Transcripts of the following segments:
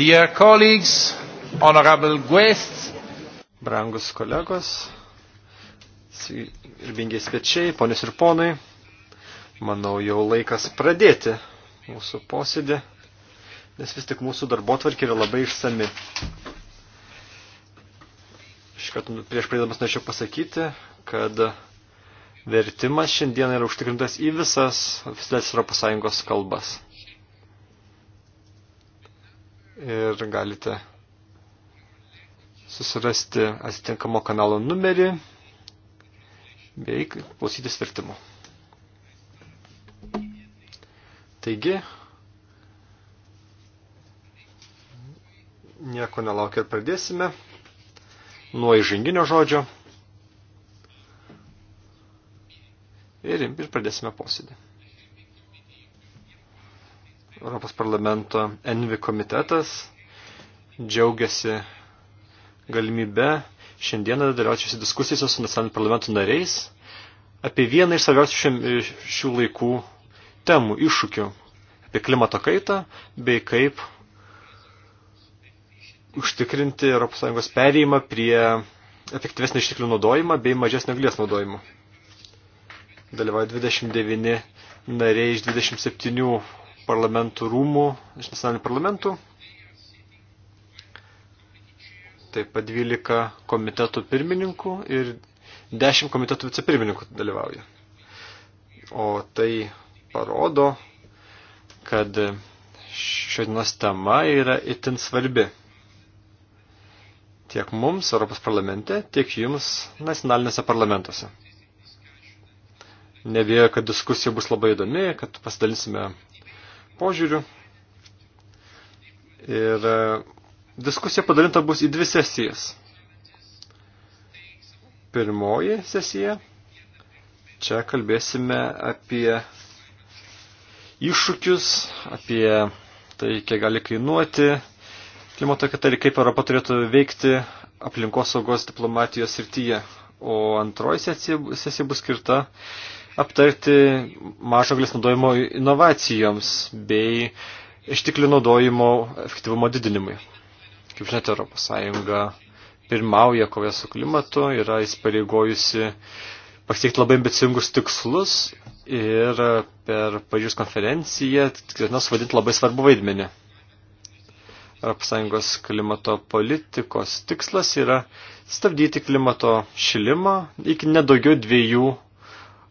Dear colleagues, honorable guests, brangus kolegos, ir bingiai svečiai, ponios ir ponai, manau jau laikas pradėti mūsų posėdį, nes vis tik mūsų darbo tvarkė yra labai išsami. Iškart prieš pradėdamas norėčiau pasakyti, kad vertimas šiandien yra užtikrintas į visas oficialias Europos Sąjungos kalbas ir galite susirasti atitinkamo kanalo numerį bei klausytis vertimo. Taigi, nieko nelaukia ir pradėsime nuo įžanginio žodžio ir, ir pradėsime posėdį. Europos parlamento Envi komitetas džiaugiasi galimybe šiandieną dalyvaučiuosi diskusijose su nacionaliniu parlamentu nariais apie vieną iš svarbiausių šių laikų temų, iššūkių, apie klimato kaitą bei kaip užtikrinti ES perėjimą prie efektyvesnį išteklių naudojimą bei mažesnio anglies naudojimo. Dalyvauja 29 nariai iš 27 parlamentų rūmų, iš nacionalinių parlamentų. Taip pat 12 komitetų pirmininkų ir 10 komitetų vicepirmininkų dalyvauja. O tai parodo, kad šiandienos tema yra itin svarbi. Tiek mums Europos parlamente, tiek jums nacionalinėse parlamentuose. Nebėjo, kad diskusija bus labai įdomi, kad pasidalinsime požiūrių. Ir e, diskusija padalinta bus į dvi sesijas. Pirmoji sesija. Čia kalbėsime apie iššūkius, apie tai, kiek gali kainuoti klimato kaita ir kaip Europa turėtų veikti aplinkosaugos diplomatijos srityje. O antroji sesija bus skirta aptarti mažo anglės naudojimo inovacijoms bei ištiklių naudojimo efektyvumo didinimui. Kaip žinote, ES pirmauja kovoje su klimatu, yra įsipareigojusi pasiekti labai ambicingus tikslus ir per Paryžiaus konferenciją ketina suvadinti labai svarbu vaidmenį. ES klimato politikos tikslas yra stabdyti klimato šilimą iki nedaugiau dviejų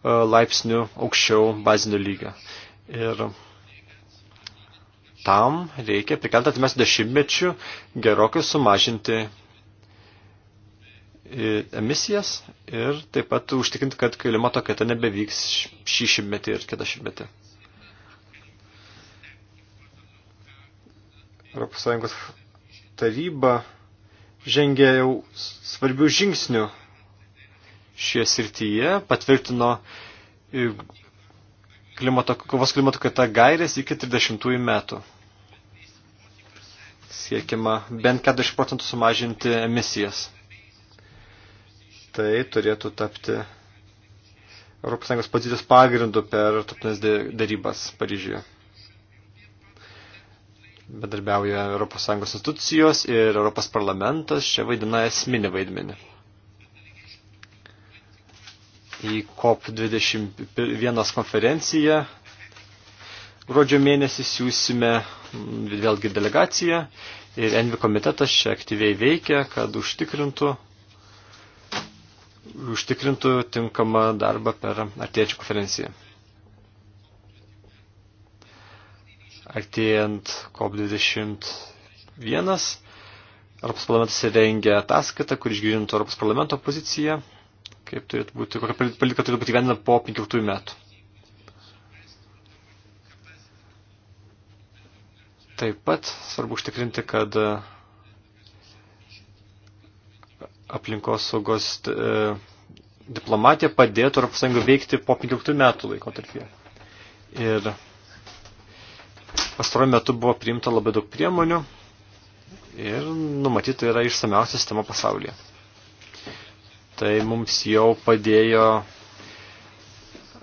E, laipsnių aukščiau bazinio lygio. Ir tam reikia per keletą atmestų dešimtmečių gerokai sumažinti emisijas ir taip pat užtikrinti, kad klimato kaita nebevyks šį šimtmetį ir kitą šimtmetį. Europos Sąjungos taryba žengė jau svarbių žingsnių šioje srityje, patvirtino e, klimato, kovos klimato kaita gairės iki 30 metų. Siekiama bent 40 procentų sumažinti emisijas. Tai turėtų tapti ES pozicijos pagrindu per tarptautinės darybas Paryžiuje. Bedarbiauja ES institucijos ir ES parlamentas čia vaidina esminį vaidmenį į COP21 konferenciją. Gruodžio mėnesį siūsime mm, vėlgi delegaciją ir Envi komitetas čia aktyviai veikia, kad užtikrintų, užtikrintų tinkamą darbą per artėčių konferenciją. Artėjant COP21 Europos parlamentas rengia ataskaitą, kur išgirintų Europos parlamento poziciją kaip turėtų būti, kokia politika turėtų būti gyvendinama po 15 metų. Taip pat svarbu užtikrinti, kad e, aplinkos saugos e, diplomatija padėtų Europos Sąjungą veikti po 15 metų laikotarpyje. Ir pastaruoju metu buvo priimta labai daug priemonių ir numatyta yra išsamiausia sistema pasaulyje tai mums jau padėjo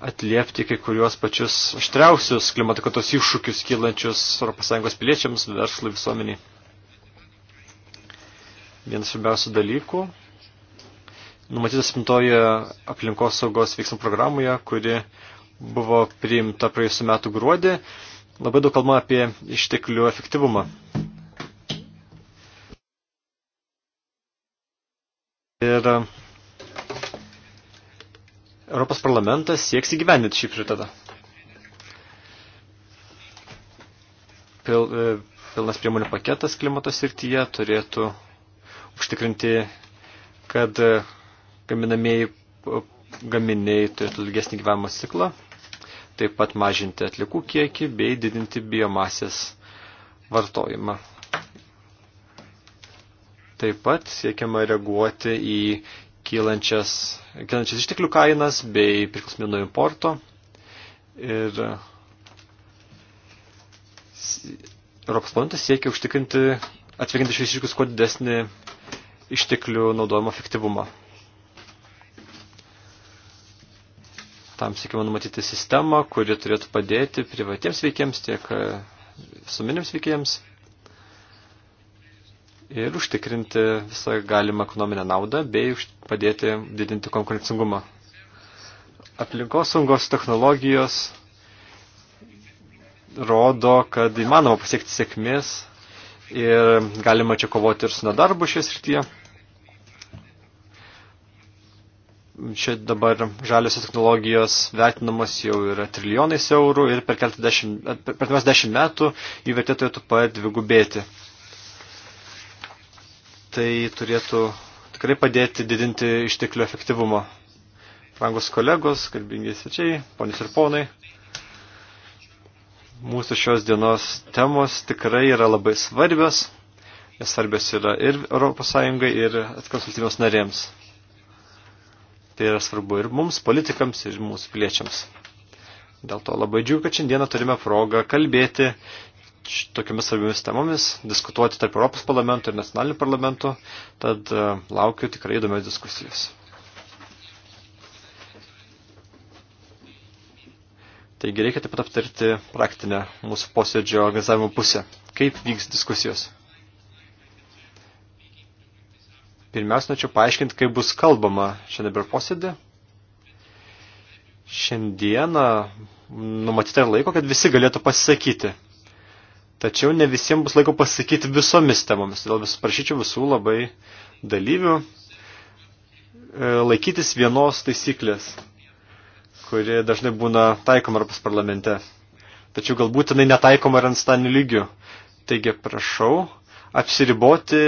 atliepti kai kuriuos pačius aštriausius klimato kaitos iššūkius kylančius ES piliečiams, verslui visuomeniai. Vienas svarbiausių dalykų numatytas simtoje aplinkos saugos veiksmų programoje, kuri buvo priimta praėjusiu metu gruodį, labai daug kalba apie išteklių efektyvumą. Ir Europos parlamentas sieks įgyvendinti šį prioritetą. Pil, e, pilnas priemonių paketas klimato srityje turėtų užtikrinti, kad e, gaminamieji gaminiai turėtų ilgesnį gyvenimo ciklą, taip pat mažinti atlikų kiekį bei didinti biomasės vartojimą. Taip pat siekiama reaguoti į kylančias, kylančias išteklių kainas bei priklausomybę nuo importo. Ir Europos planetas siekia užtikrinti, atsveikinti šiais iššūkius kuo didesnį išteklių naudojimo efektyvumą. Tam siekime numatyti sistemą, kuri turėtų padėti privatiems veikiams tiek suminėms veikėjams ir užtikrinti visą galimą ekonominę naudą bei padėti didinti konkurencingumą. Aplinkosaugos technologijos rodo, kad įmanoma pasiekti sėkmės ir galima čia kovoti ir su nedarbu šioje srityje. Čia dabar žaliosios technologijos vertinamos jau yra trilijonais eurų ir per, dešimt, per, per dešimt metų jų vertė turėtų padvigubėti. dvigubėti tai turėtų tikrai padėti didinti išteklių efektyvumą. Prangos kolegos, kalbingi svečiai, ponis ir ponai, mūsų šios dienos temos tikrai yra labai svarbios, nes svarbios yra ir ES, ir atskiros valstybės narėms. Tai yra svarbu ir mums, politikams, ir mūsų piliečiams. Dėl to labai džiugu, kad šiandieną turime progą kalbėti tokiamis svarbiomis temomis, diskutuoti tarp Europos parlamento ir nacionalinių parlamentų, tad e, laukiu tikrai įdomios diskusijos. Taigi reikia taip pat aptarti praktinę mūsų posėdžio organizavimo pusę. Kaip vyks diskusijos? Pirmiausia, norėčiau paaiškinti, kaip bus kalbama šiandien per posėdį. Šiandieną numatyta ir laiko, kad visi galėtų pasisakyti. Tačiau ne visiems bus laiko pasakyti visomis temomis. Todėl vis prašyčiau visų labai dalyvių e, laikytis vienos taisyklės, kuri dažnai būna taikoma Europos parlamente. Tačiau galbūt jinai netaikoma ir ant stanių lygių. Taigi prašau apsiriboti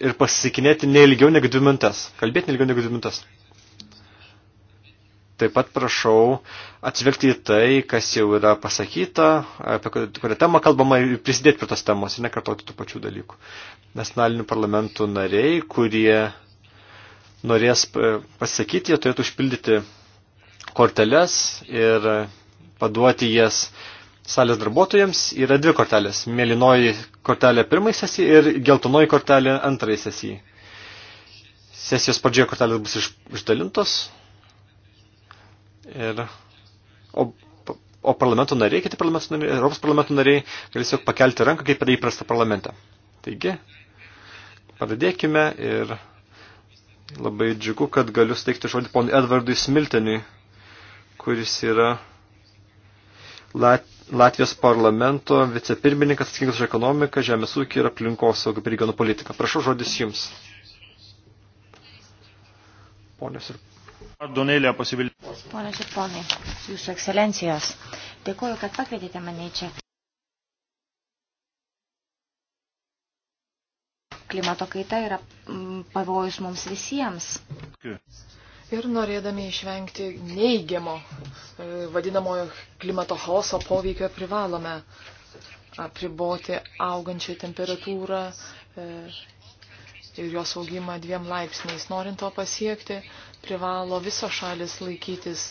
ir pasisakinėti neilgiau negu dvi minutės. Kalbėti neilgiau negu dvi minutės taip pat prašau atsvelgti į tai, kas jau yra pasakyta, apie kurią temą kalbama ir prisidėti prie tos temos ir nekartoti tų pačių dalykų. Nacionalinių parlamentų nariai, kurie norės e, pasakyti, jie turėtų užpildyti korteles ir paduoti jas salės darbuotojams. Yra dvi kortelės. Mėlynoji kortelė pirmai sesijai ir geltonoji kortelė antrai sesijai. Sesijos pradžioje kortelės bus iš, išdalintos, Ir, o, o parlamento nariai, kiti parlamento nariai, Europos parlamento nariai galės jau pakelti ranką, kaip yra įprasta parlamente. Taigi, pradėkime ir labai džiugu, kad galiu steikti žodį ponui Edvardui Smilteniui, kuris yra Lat Latvijos parlamento vicepirmininkas atsakingas už ekonomiką, žemės ūkį ir aplinkosaugą bei regionų politiką. Prašau žodis jums. Ponios ir Ponas ir ponai, jūsų ekscelencijos, dėkuoju, kad pakvietėte mane čia. Klimato kaita yra mm, pavojus mums visiems. Ir norėdami išvengti neigiamo e, vadinamojo klimato chaoso poveikio privalome apriboti augančią temperatūrą e, ir jos augimą dviem laipsniais. Norint to pasiekti, privalo visos šalis laikytis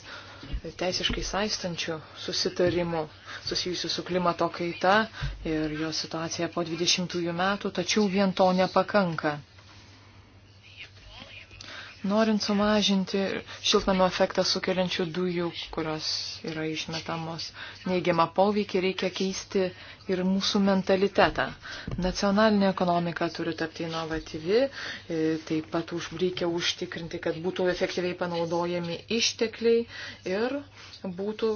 teisiškai saistančių susitarimų susijusių su klimato kaita ir jo situacija po 20 metų, tačiau vien to nepakanka. Norint sumažinti šiltnamio efektą sukeliančių dujų, kurios yra išmetamos neigiamą poveikį, reikia keisti ir mūsų mentalitetą. Nacionalinė ekonomika turi tapti inovatyvi, e, taip pat už, reikia užtikrinti, kad būtų efektyviai panaudojami ištekliai ir būtų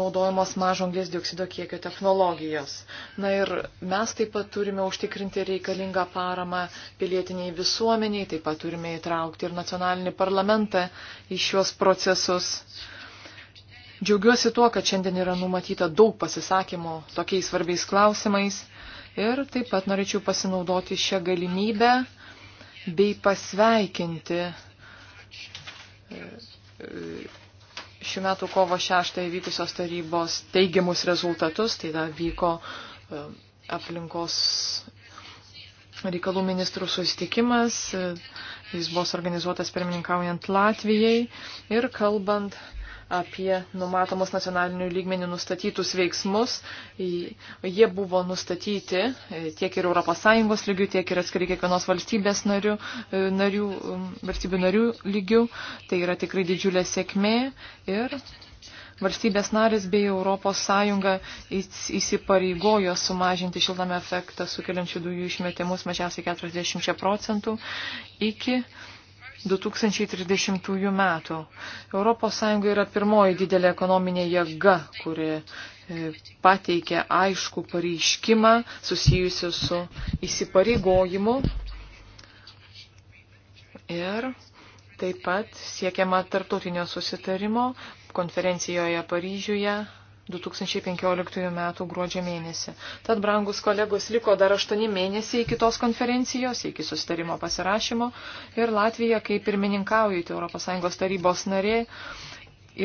naudojamos mažo anglės dioksido kiekio technologijos. Na ir mes taip pat turime užtikrinti reikalingą paramą pilietiniai visuomeniai, taip pat turime įtraukti ir nacionalinę nacionalinį parlamentą į šiuos procesus. Džiaugiuosi tuo, kad šiandien yra numatyta daug pasisakymų tokiais svarbiais klausimais ir taip pat norėčiau pasinaudoti šią galimybę bei pasveikinti e, e, šių metų kovo 6 įvykusios tarybos teigiamus rezultatus, tai da vyko e, aplinkos reikalų ministrų susitikimas, Jis buvo suorganizuotas pirmininkaujant Latvijai ir kalbant apie numatomus nacionalinių lygmenių nustatytus veiksmus. Jie buvo nustatyti e, tiek ir ES lygių, tiek ir atskiri kiekvienos valstybės narių, e, narių, valstybių narių lygių. Tai yra tikrai didžiulė sėkmė ir valstybės narės bei ES įsipareigojo sumažinti šiltame efektą sukeliančių dujų išmetimus mažiausiai 40 procentų iki 2030 metų. ES yra pirmoji didelė ekonominė jėga, kuri e, pateikė aišku pareiškimą susijusiu su įsipareigojimu ir Taip pat siekiama tarptautinio susitarimo konferencijoje Paryžiuje 2015 m. gruodžio mėnesį. Tad, brangus kolegos, liko dar 8 mėnesiai iki tos konferencijos, iki susitarimo pasirašymo ir Latvija, kaip pirmininkaujate ES tarybos narė,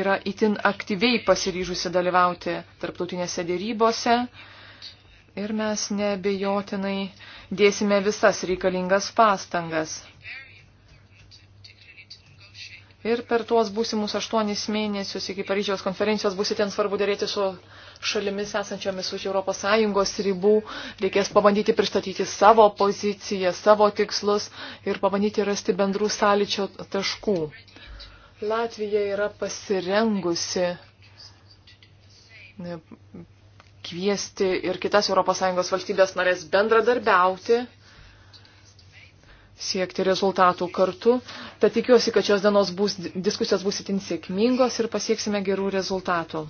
yra itin aktyviai pasiryžusi dalyvauti tarptautinėse dėrybose ir mes nebejotinai dėsime visas reikalingas pastangas. Ir per tuos būsimus aštuonis mėnesius iki Paryžiaus konferencijos bus itin svarbu dėrėti su šalimis esančiomis už ES ribų. Reikės pabandyti pristatyti savo poziciją, savo tikslus ir pabandyti rasti bendrų sąlyčio taškų. Latvija yra pasirengusi e, kviesti ir kitas ES valstybės narės bendradarbiauti siekti rezultatų kartu. Tad tikiuosi, kad šios dienos bus, diskusijos bus itin sėkmingos ir pasieksime gerų rezultatų.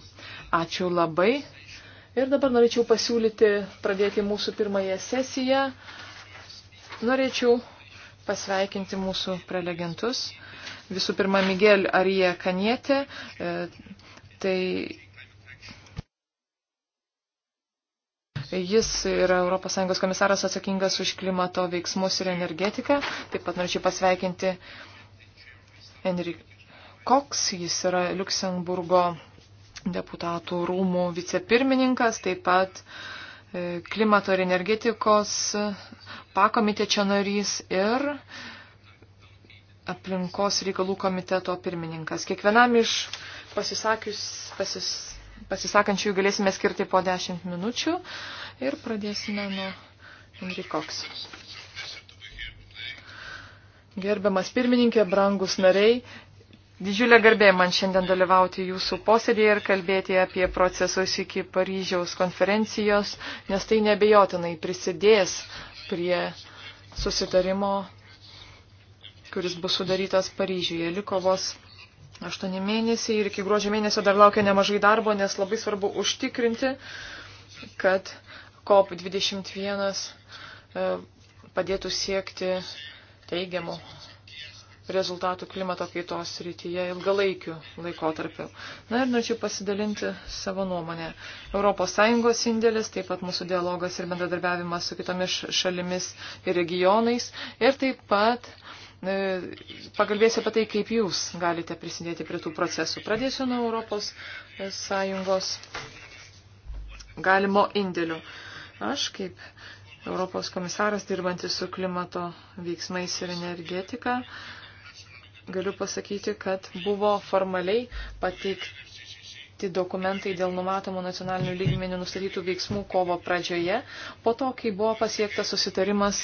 Ačiū labai. Ir dabar norėčiau pasiūlyti pradėti mūsų pirmąją sesiją. Norėčiau pasveikinti mūsų prelegentus. Visų pirma, Miguel Arija Kanietė. E, tai Jis yra ES komisaras atsakingas už klimato veiksmus ir energetiką. Taip pat norėčiau pasveikinti Enrik Koks, jis yra Luxemburgo deputatų rūmų vicepirmininkas, taip pat e, klimato ir energetikos pakomitečio narys ir aplinkos reikalų komiteto pirmininkas. Kiekvienam iš pasisakius, pasis, pasisakančių galėsime skirti po 10 minučių ir pradėsime nuo Henry Cox. Gerbiamas pirmininkė, brangus nariai, didžiulė garbė man šiandien dalyvauti jūsų posėdėje ir kalbėti apie procesus iki Paryžiaus konferencijos, nes tai nebejotinai prisidės prie susitarimo, kuris bus sudarytas Paryžiuje. Liko vos aštuoni mėnesiai ir iki gruodžio mėnesio dar laukia nemažai darbo, nes labai svarbu užtikrinti, kad COP21 e, padėtų siekti teigiamų rezultatų klimato kaitos rytyje ilgalaikiu laikotarpiu. Na ir norėčiau pasidalinti savo nuomonę. ES indėlis, taip pat mūsų dialogas ir bendradarbiavimas su kitomis šalimis ir regionais ir taip pat uh, E, pagalbėsiu apie tai, kaip jūs galite prisidėti prie tų procesų. Pradėsiu nuo Europos Sąjungos galimo indėlių. Aš kaip Europos komisaras dirbantis su klimato veiksmais ir energetika galiu pasakyti, kad buvo formaliai pateikti pateikti dokumentai dėl numatomų nacionalinių lygmenių nustatytų veiksmų kovo pradžioje, po to, kai buvo pasiektas susitarimas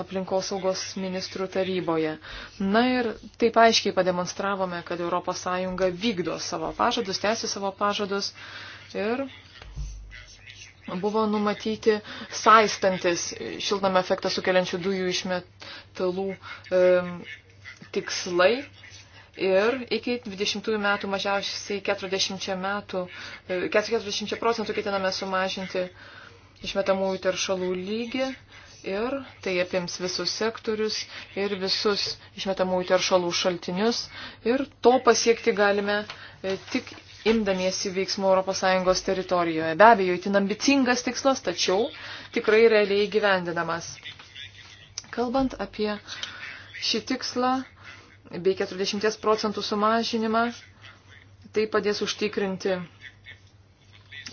aplinkosaugos ministrų taryboje. Na ir taip aiškiai pademonstravome, kad ES vykdo savo pažadus, tęsi savo pažadus ir buvo numatyti saistantis šiltnamio efektą sukeliančių dujų išmetalų e, tikslai ir iki 20 metų mažiausiai 40, metų, 40 e, procentų ketiname sumažinti išmetamųjų teršalų lygį ir tai apims visus sektorius ir visus išmetamųjų teršalų šaltinius ir to pasiekti galime e, tik imdamiesi veiksmų ES teritorijoje. Be abejo, itin ambicingas tikslas, tačiau tikrai realiai gyvendinamas. Kalbant apie šį tikslą, bei 40 procentų sumažinimą. Tai padės užtikrinti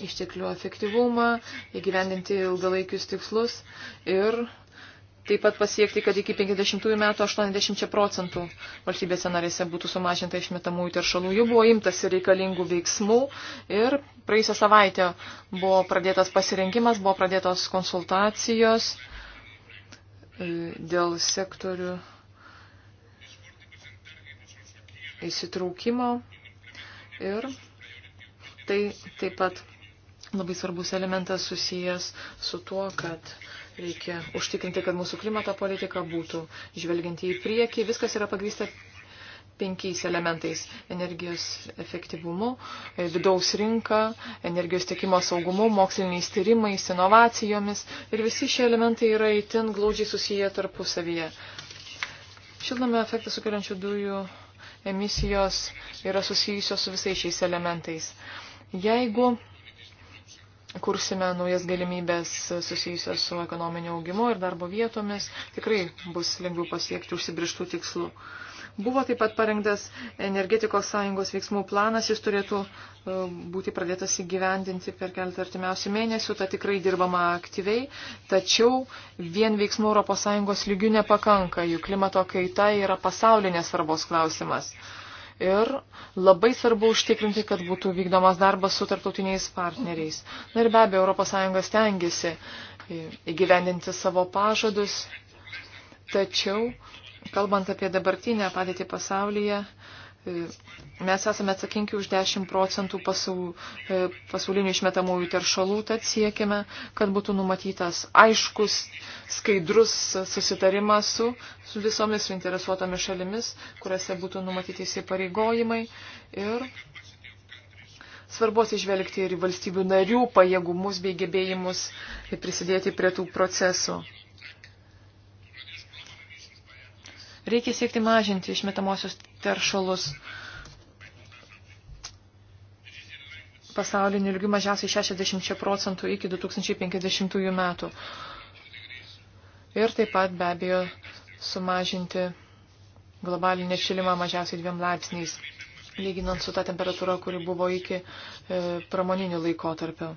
išteklių efektyvumą, įgyvendinti ilgalaikius tikslus ir taip pat pasiekti, kad iki 50 metų 80 procentų valstybėse narėse būtų sumažinta išmetamųjų teršalų. Jau buvo imtasi reikalingų veiksmų ir praėjusią savaitę buvo pradėtas pasirinkimas, buvo pradėtos konsultacijos e, dėl sektorių įsitraukimo ir tai taip pat labai svarbus elementas susijęs su tuo, kad reikia užtikrinti, kad mūsų klimato politika būtų žvelgianti į priekį. Viskas yra pagrįsta penkiais elementais - energijos efektyvumu, vidaus rinka, energijos tiekimo saugumu, moksliniais tyrimais, inovacijomis ir visi šie elementai yra įtin glaudžiai susiję tarpusavyje. Šiltnamio efektą sukeliančių dujų emisijos yra susijusios su visais šiais elementais. Jeigu kursime naujas galimybės susijusios su ekonominio augimo ir darbo vietomis, tikrai bus lengviau pasiekti užsibrištų tikslų. Buvo taip pat parengtas energetikos sąjungos veiksmų planas, jis turėtų e, būti pradėtas įgyvendinti per keletą artimiausių mėnesių, ta tikrai dirbama aktyviai, tačiau vien veiksmų ES lygių nepakanka, jų klimato kaita yra pasaulinės svarbos klausimas. Ir labai svarbu užtikrinti, kad būtų vykdomas darbas su tarptautiniais partneriais. Na ir be abejo, ES tengiasi įgyvendinti savo pažadus, tačiau Kalbant apie dabartinę padėtį pasaulyje, e, mes esame atsakingi už 10 procentų e, pasaulinių išmetamųjų teršalų, tad siekiame, kad būtų numatytas aiškus, skaidrus susitarimas su, su visomis suinteresuotomis šalimis, kuriuose būtų numatyti įsipareigojimai ir svarbu atsižvelgti ir į valstybių narių pajėgumus bei gebėjimus prisidėti prie tų procesų. Reikia siekti mažinti išmetamosius teršalus. pasauliniu lygiu mažiausiai 60 procentų iki 2050 metų. Ir taip pat be abejo sumažinti globalinį šilimą mažiausiai dviem laipsniais, lyginant su ta temperatūra, kuri buvo iki e, pramoninių laikotarpio.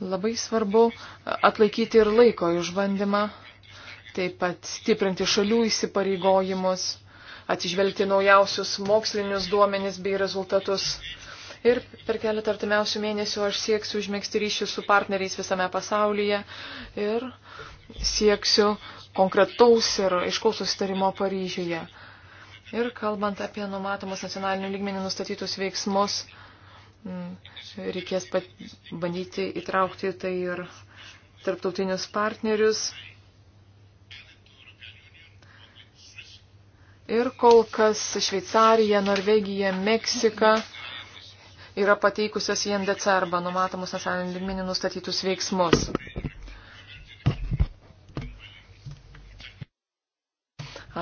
Labai svarbu atlaikyti ir laiko išbandymą taip pat stiprinti šalių įsipareigojimus, atsižvelgti naujausius mokslinius duomenis bei rezultatus. Ir per keletą artimiausių mėnesių aš sieksiu užmėgsti ryšius su partneriais visame pasaulyje ir sieksiu konkretaus ir aiškaus susitarimo Paryžiuje. Ir kalbant apie numatomus nacionalinių lygmenį nustatytus veiksmus, mm, reikės bandyti įtraukti tai ir tarptautinius partnerius Ir kol kas Šveicarija, Norvegija, Meksika yra pateikusios į NDC arba numatomus nacionalinį lygmenį nustatytus veiksmus.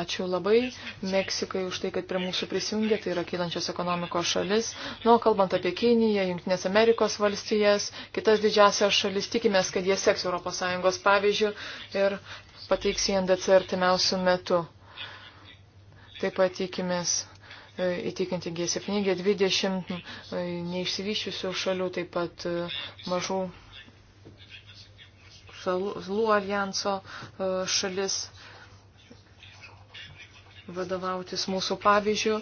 Ačiū labai Meksikai už tai, kad prie mūsų prisijungė, tai yra kylančios ekonomikos šalis. Nu, kalbant apie Kiniją, Junktinės Amerikos valstijas, kitas didžiasias šalis, tikimės, kad jie seks ES pavyzdžių ir pateiks į NDC artimiausių metų. Taip pat tikimės e, įtikinti G7, G20 e, neišsivyščiusių šalių, taip pat e, mažų šalų alijanso šalis vadovautis mūsų pavyzdžių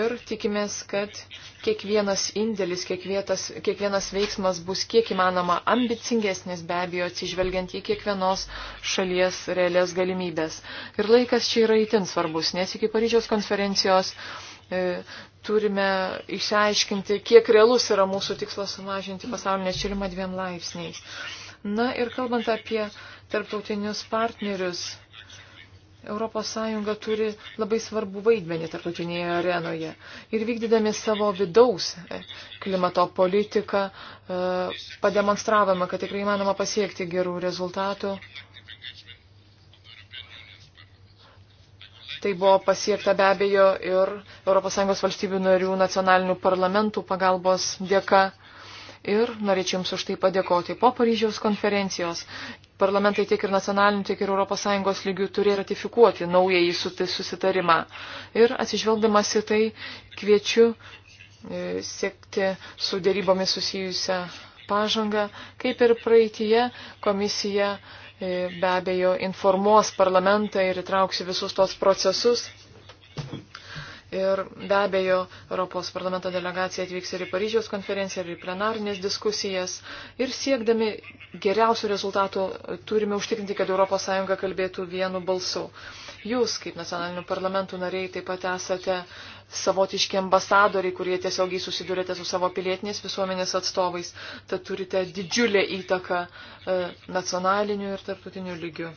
ir tikimės, kad kiekvienas indėlis, kiekvienas, kiekvienas veiksmas bus kiek įmanoma ambicingesnis, be abejo, atsižvelgiant į kiekvienos šalies realias galimybės. Ir laikas čia yra itin svarbus, nes iki Paryžiaus konferencijos e, turime išsiaiškinti, kiek realus yra mūsų tikslas sumažinti pasaulinę šilimą dviem laipsniais. Na ir kalbant apie tarptautinius partnerius, ES turi labai svarbų vaidmenį tarptautinėje arenoje. Ir vykdydami savo vidaus e, klimato politiką e, pademonstravome, kad tikrai įmanoma pasiekti gerų rezultatų. Tai buvo pasiekta be abejo ir ES valstybių narių nacionalinių parlamentų pagalbos dėka ir norėčiau Jums už tai padėkoti. Po Paryžiaus konferencijos parlamentai tiek ir nacionaliniu, tiek ir ES lygių turi ratifikuoti naująjį susitarimą. Ir atsižvelgdamas į tai kviečiu e, siekti su dėrybomis susijusią pažangą, kaip ir praeitie komisija e, be abejo informuos parlamentą ir įtrauksi visus tos procesus. Ir be abejo, Europos parlamento delegacija atvyks ir į Paryžiaus konferenciją, ir į plenarinės diskusijas. Ir siekdami geriausių rezultatų turime užtikrinti, kad ES kalbėtų vienu balsu. Jūs, kaip nacionalinių parlamentų nariai, taip pat esate savotiški ambasadoriai, kurie tiesiogiai susidurėte su savo pilietinės visuomenės atstovais, tad turite didžiulę įtaką e, nacionaliniu ir tarptautiniu lygiu.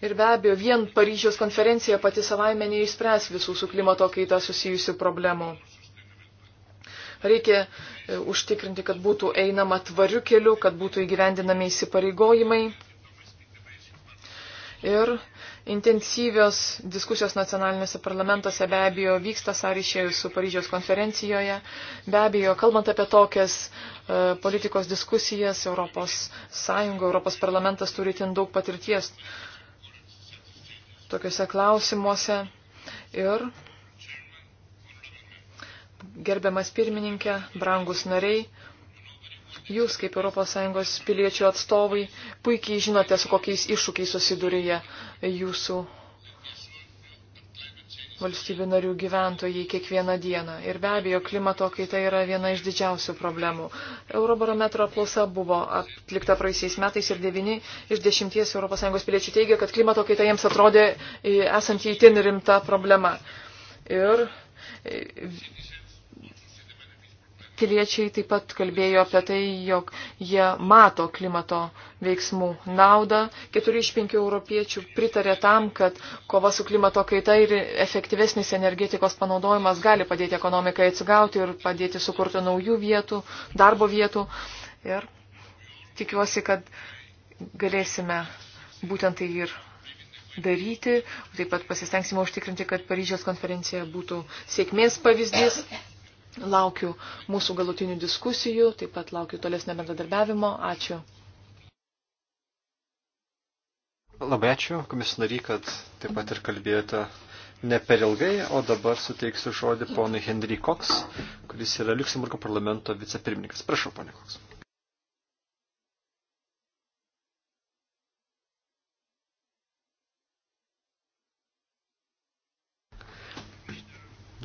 Ir be abejo, vien Paryžiaus konferencija pati savaime neišspręs visų su klimato kaita susijusių problemų. Reikia e, užtikrinti, kad būtų einama tvariu keliu, kad būtų įgyvendinami įsipareigojimai. Ir intensyvios diskusijos nacionalinėse parlamentuose be abejo vyksta sąryšėjus su Paryžiaus konferencijoje. Be abejo, kalbant apie tokias e, politikos diskusijas, Europos Sąjunga, Europos parlamentas turi tin daug patirties tokiuose klausimuose. Ir gerbiamas pirmininkė, brangus nariai, Jūs, kaip ES piliečių atstovai, puikiai žinote, su kokiais iššūkiais susidurėja jūsų valstybių narių gyventojai kiekvieną dieną. Ir be abejo, klimato kaita yra viena iš didžiausių problemų. Eurobarometro apklausa buvo atlikta praeisiais metais ir 9 iš 10 ES piliečių teigia, kad klimato kaita jiems atrodė e, esanti įtin rimta problema. Ir e, piliečiai taip pat kalbėjo apie tai, jog jie mato klimato veiksmų naudą. Keturi iš penkių europiečių pritarė tam, kad kova su klimato kaita ir efektyvesnis energetikos panaudojimas gali padėti ekonomikai atsigauti ir padėti sukurti naujų vietų, darbo vietų. Ir tikiuosi, kad galėsime būtent tai ir daryti. Taip pat pasistengsime užtikrinti, kad Paryžiaus konferencija būtų sėkmės pavyzdys. Laukiu mūsų galutinių diskusijų, taip pat laukiu tolesnio bendradarbiavimo. Ačiū. Labai ačiū, komisijos nary, kad taip pat ir kalbėjote ne per ilgai, o dabar suteiksiu žodį ponui Henry Cox, kuris yra Luxemburgo parlamento vicepirmininkas. Prašau, ponė Cox.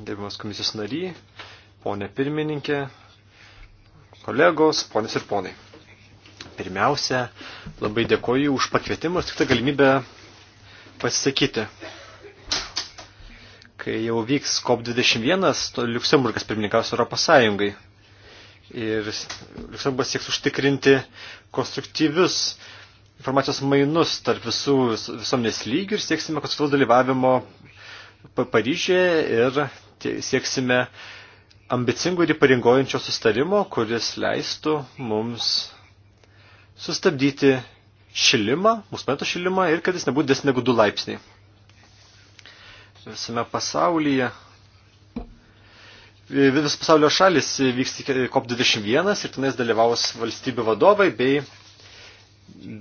Gerbiamas komisijos nary, ponė pirmininkė, kolegos, ponės ir ponai. Pirmiausia, labai dėkoju už pakvietimą ir tik tą galimybę pasisakyti. Kai jau vyks COP21, Liuksemburgas pirmininkaus Europos Sąjungai. Ir Liuksemburgas sieks užtikrinti konstruktyvius informacijos mainus tarp visų visuomenės lygių ir sieksime konstruktyvaus dalyvavimo Paryžėje ir sieksime uh, ambicingų ir įparingojančio sustarimo, kuris leistų mums sustabdyti šilimą, mūsų planetos šilimą ir kad jis nebūtų desnė negu 2 laipsniai. Visame pasaulyje vis pasaulio šalis vyks COP21 ir tenais dalyvaus valstybių vadovai bei,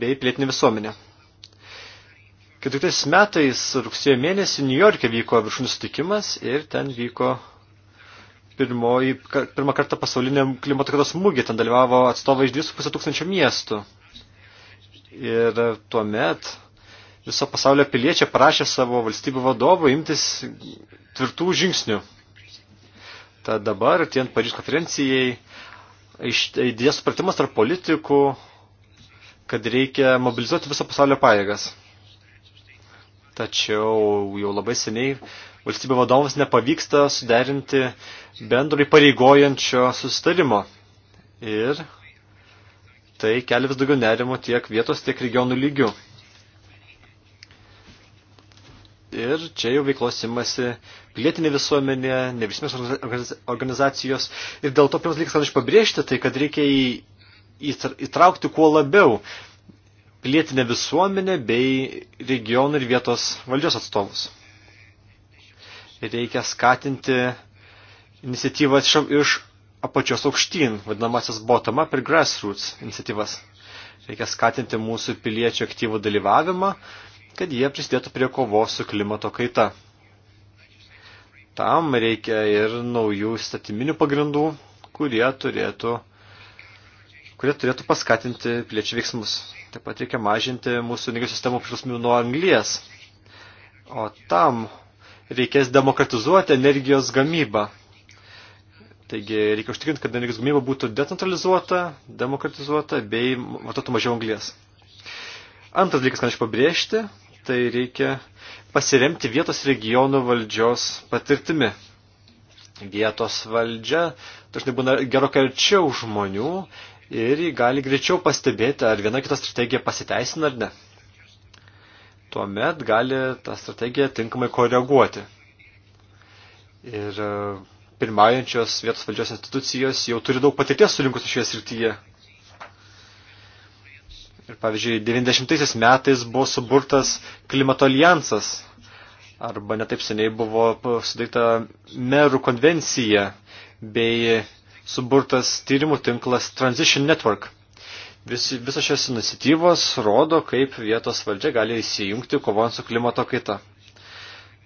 bei pilietinė visuomenė. 14 metais rugsėjo mėnesį New York'e vyko viršūnių sutikimas ir ten vyko pirmoji, pirmą kartą pasauliniam klimato kaitos smūgį. Ten dalyvavo atstovai iš 2,5 tūkstančio miestų. Ir tuomet viso pasaulio piliečiai prašė savo valstybių vadovų imtis tvirtų žingsnių. Tad dabar, tient Paryžiaus konferencijai, didės supratimas tarp politikų, kad reikia mobilizuoti viso pasaulio pajėgas. Tačiau jau labai seniai valstybių vadovams nepavyksta suderinti bendrai pareigojančio sustarimo. Ir tai kelia vis daugiau nerimo tiek vietos, tiek regionų lygių. Ir čia jau veiklos imasi pilietinė visuomenė, nevyriausybės organizacijos. Ir dėl to pirmas dalykas, kad aš pabrėžti, tai kad reikia į, įtraukti kuo labiau pilietinę visuomenę bei regionų ir vietos valdžios atstovus reikia skatinti iniciatyvas iš apačios aukštyn, vadinamasis bottom-up ir grassroots iniciatyvas. Reikia skatinti mūsų piliečių aktyvų dalyvavimą, kad jie prisidėtų prie kovos su klimato kaita. Tam reikia ir naujų statyminių pagrindų, kurie turėtų, kurie turėtų paskatinti piliečių veiksmus. Taip pat reikia mažinti mūsų energijos sistemų priklausomybę nuo anglies. O tam reikės demokratizuoti energijos gamybą. Taigi reikia užtikrinti, kad energijos gamyba būtų decentralizuota, demokratizuota bei vartotų mažiau anglės. Antras dalykas, ką aš pabrėžti, tai reikia pasiremti vietos regionų valdžios patirtimi. Vietos valdžia dažnai būna gerokai arčiau žmonių ir jį gali greičiau pastebėti, ar viena kita strategija pasiteisina ar ne tuomet gali tą strategiją tinkamai koreguoti. Ir e, pirmaujančios vietos valdžios institucijos jau turi daug patirties surinkusi šioje srityje. Ir pavyzdžiui, 90 metais buvo suburtas klimato alijansas, arba netaip seniai buvo sudaryta merų konvencija, bei suburtas tyrimų tinklas Transition Network. Visi, visos šios iniciatyvos rodo, kaip vietos valdžia gali įsijungti kovant su klimato kaita.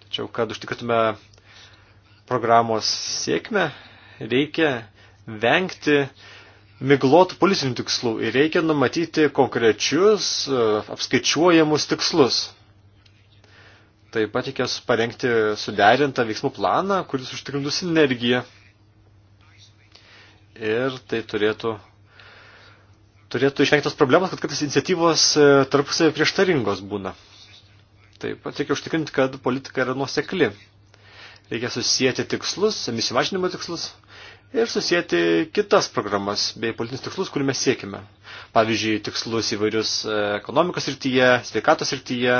Tačiau, kad užtikrintume programos sėkmę, reikia vengti miglotų politinių tikslų ir reikia numatyti konkrečius, e, apskaičiuojamus tikslus. Taip pat reikės parengti suderintą veiksmų planą, kuris užtikrintų sinergiją. Ir tai turėtų turėtų išvengtos problemos, kad kartais iniciatyvos e, tarpusavį prieštaringos būna. Taip pat reikia užtikrinti, kad politika yra nuosekli. Reikia susijęti tikslus, emisijų mažinimo tikslus ir susijęti kitas programas bei politinius tikslus, kurių mes siekime. Pavyzdžiui, tikslus įvairius e, ekonomikos rytyje, sveikatos rytyje,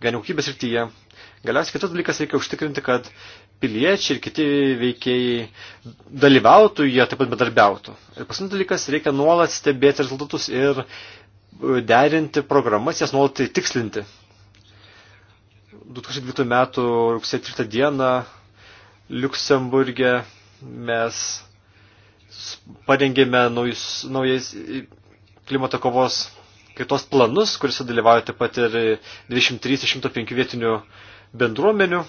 gyvenimo kokybės rytyje. Galiausiai kitas dalykas reikia užtikrinti, kad piliečiai ir kiti veikėjai dalyvautų, jie taip pat bedarbiautų. Ir paskutinis dalykas, reikia nuolat stebėti rezultatus ir e, derinti programas, jas nuolat tai tikslinti. 2012 metų rugsėjo 3 dieną Liuksemburgė mes parengėme naujus, naujais klimato kovos kaitos planus, kuriuose dalyvauja taip pat ir 23-105 vietinių bendruomenių.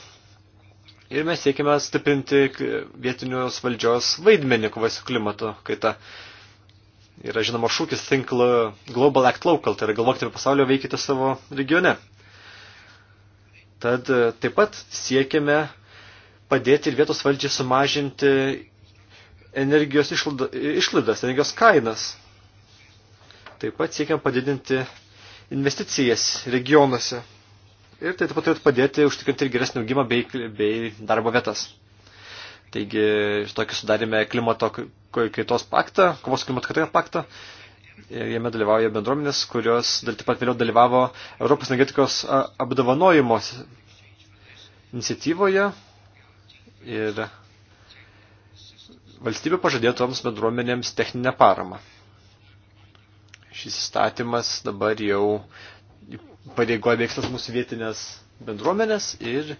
Ir mes siekime stiprinti vietinius valdžios vaidmenį kovai su klimato kaita. Yra žinoma šūkis Think Global Act Local, tai yra galvokite apie pasaulio, veikite savo regione. Tad e, taip pat siekime padėti ir vietos valdžiai sumažinti energijos išlaidas, energijos kainas. Taip pat siekiam padidinti investicijas regionuose ir tai taip pat turėtų padėti užtikrinti ir geresnį augimą bei, bei darbo vietas. Taigi, tokį sudarėme klimato kaitos paktą, kovos klimato kaitos paktą. Jame dalyvauja bendruomenės, kurios taip pat vėliau dalyvavo Europos energetikos apdovanojimo iniciatyvoje. Ir valstybė pažadėjo toms bendruomenėms techninę paramą. Šis įstatymas dabar jau pareigoja veikslas mūsų vietinės bendruomenės ir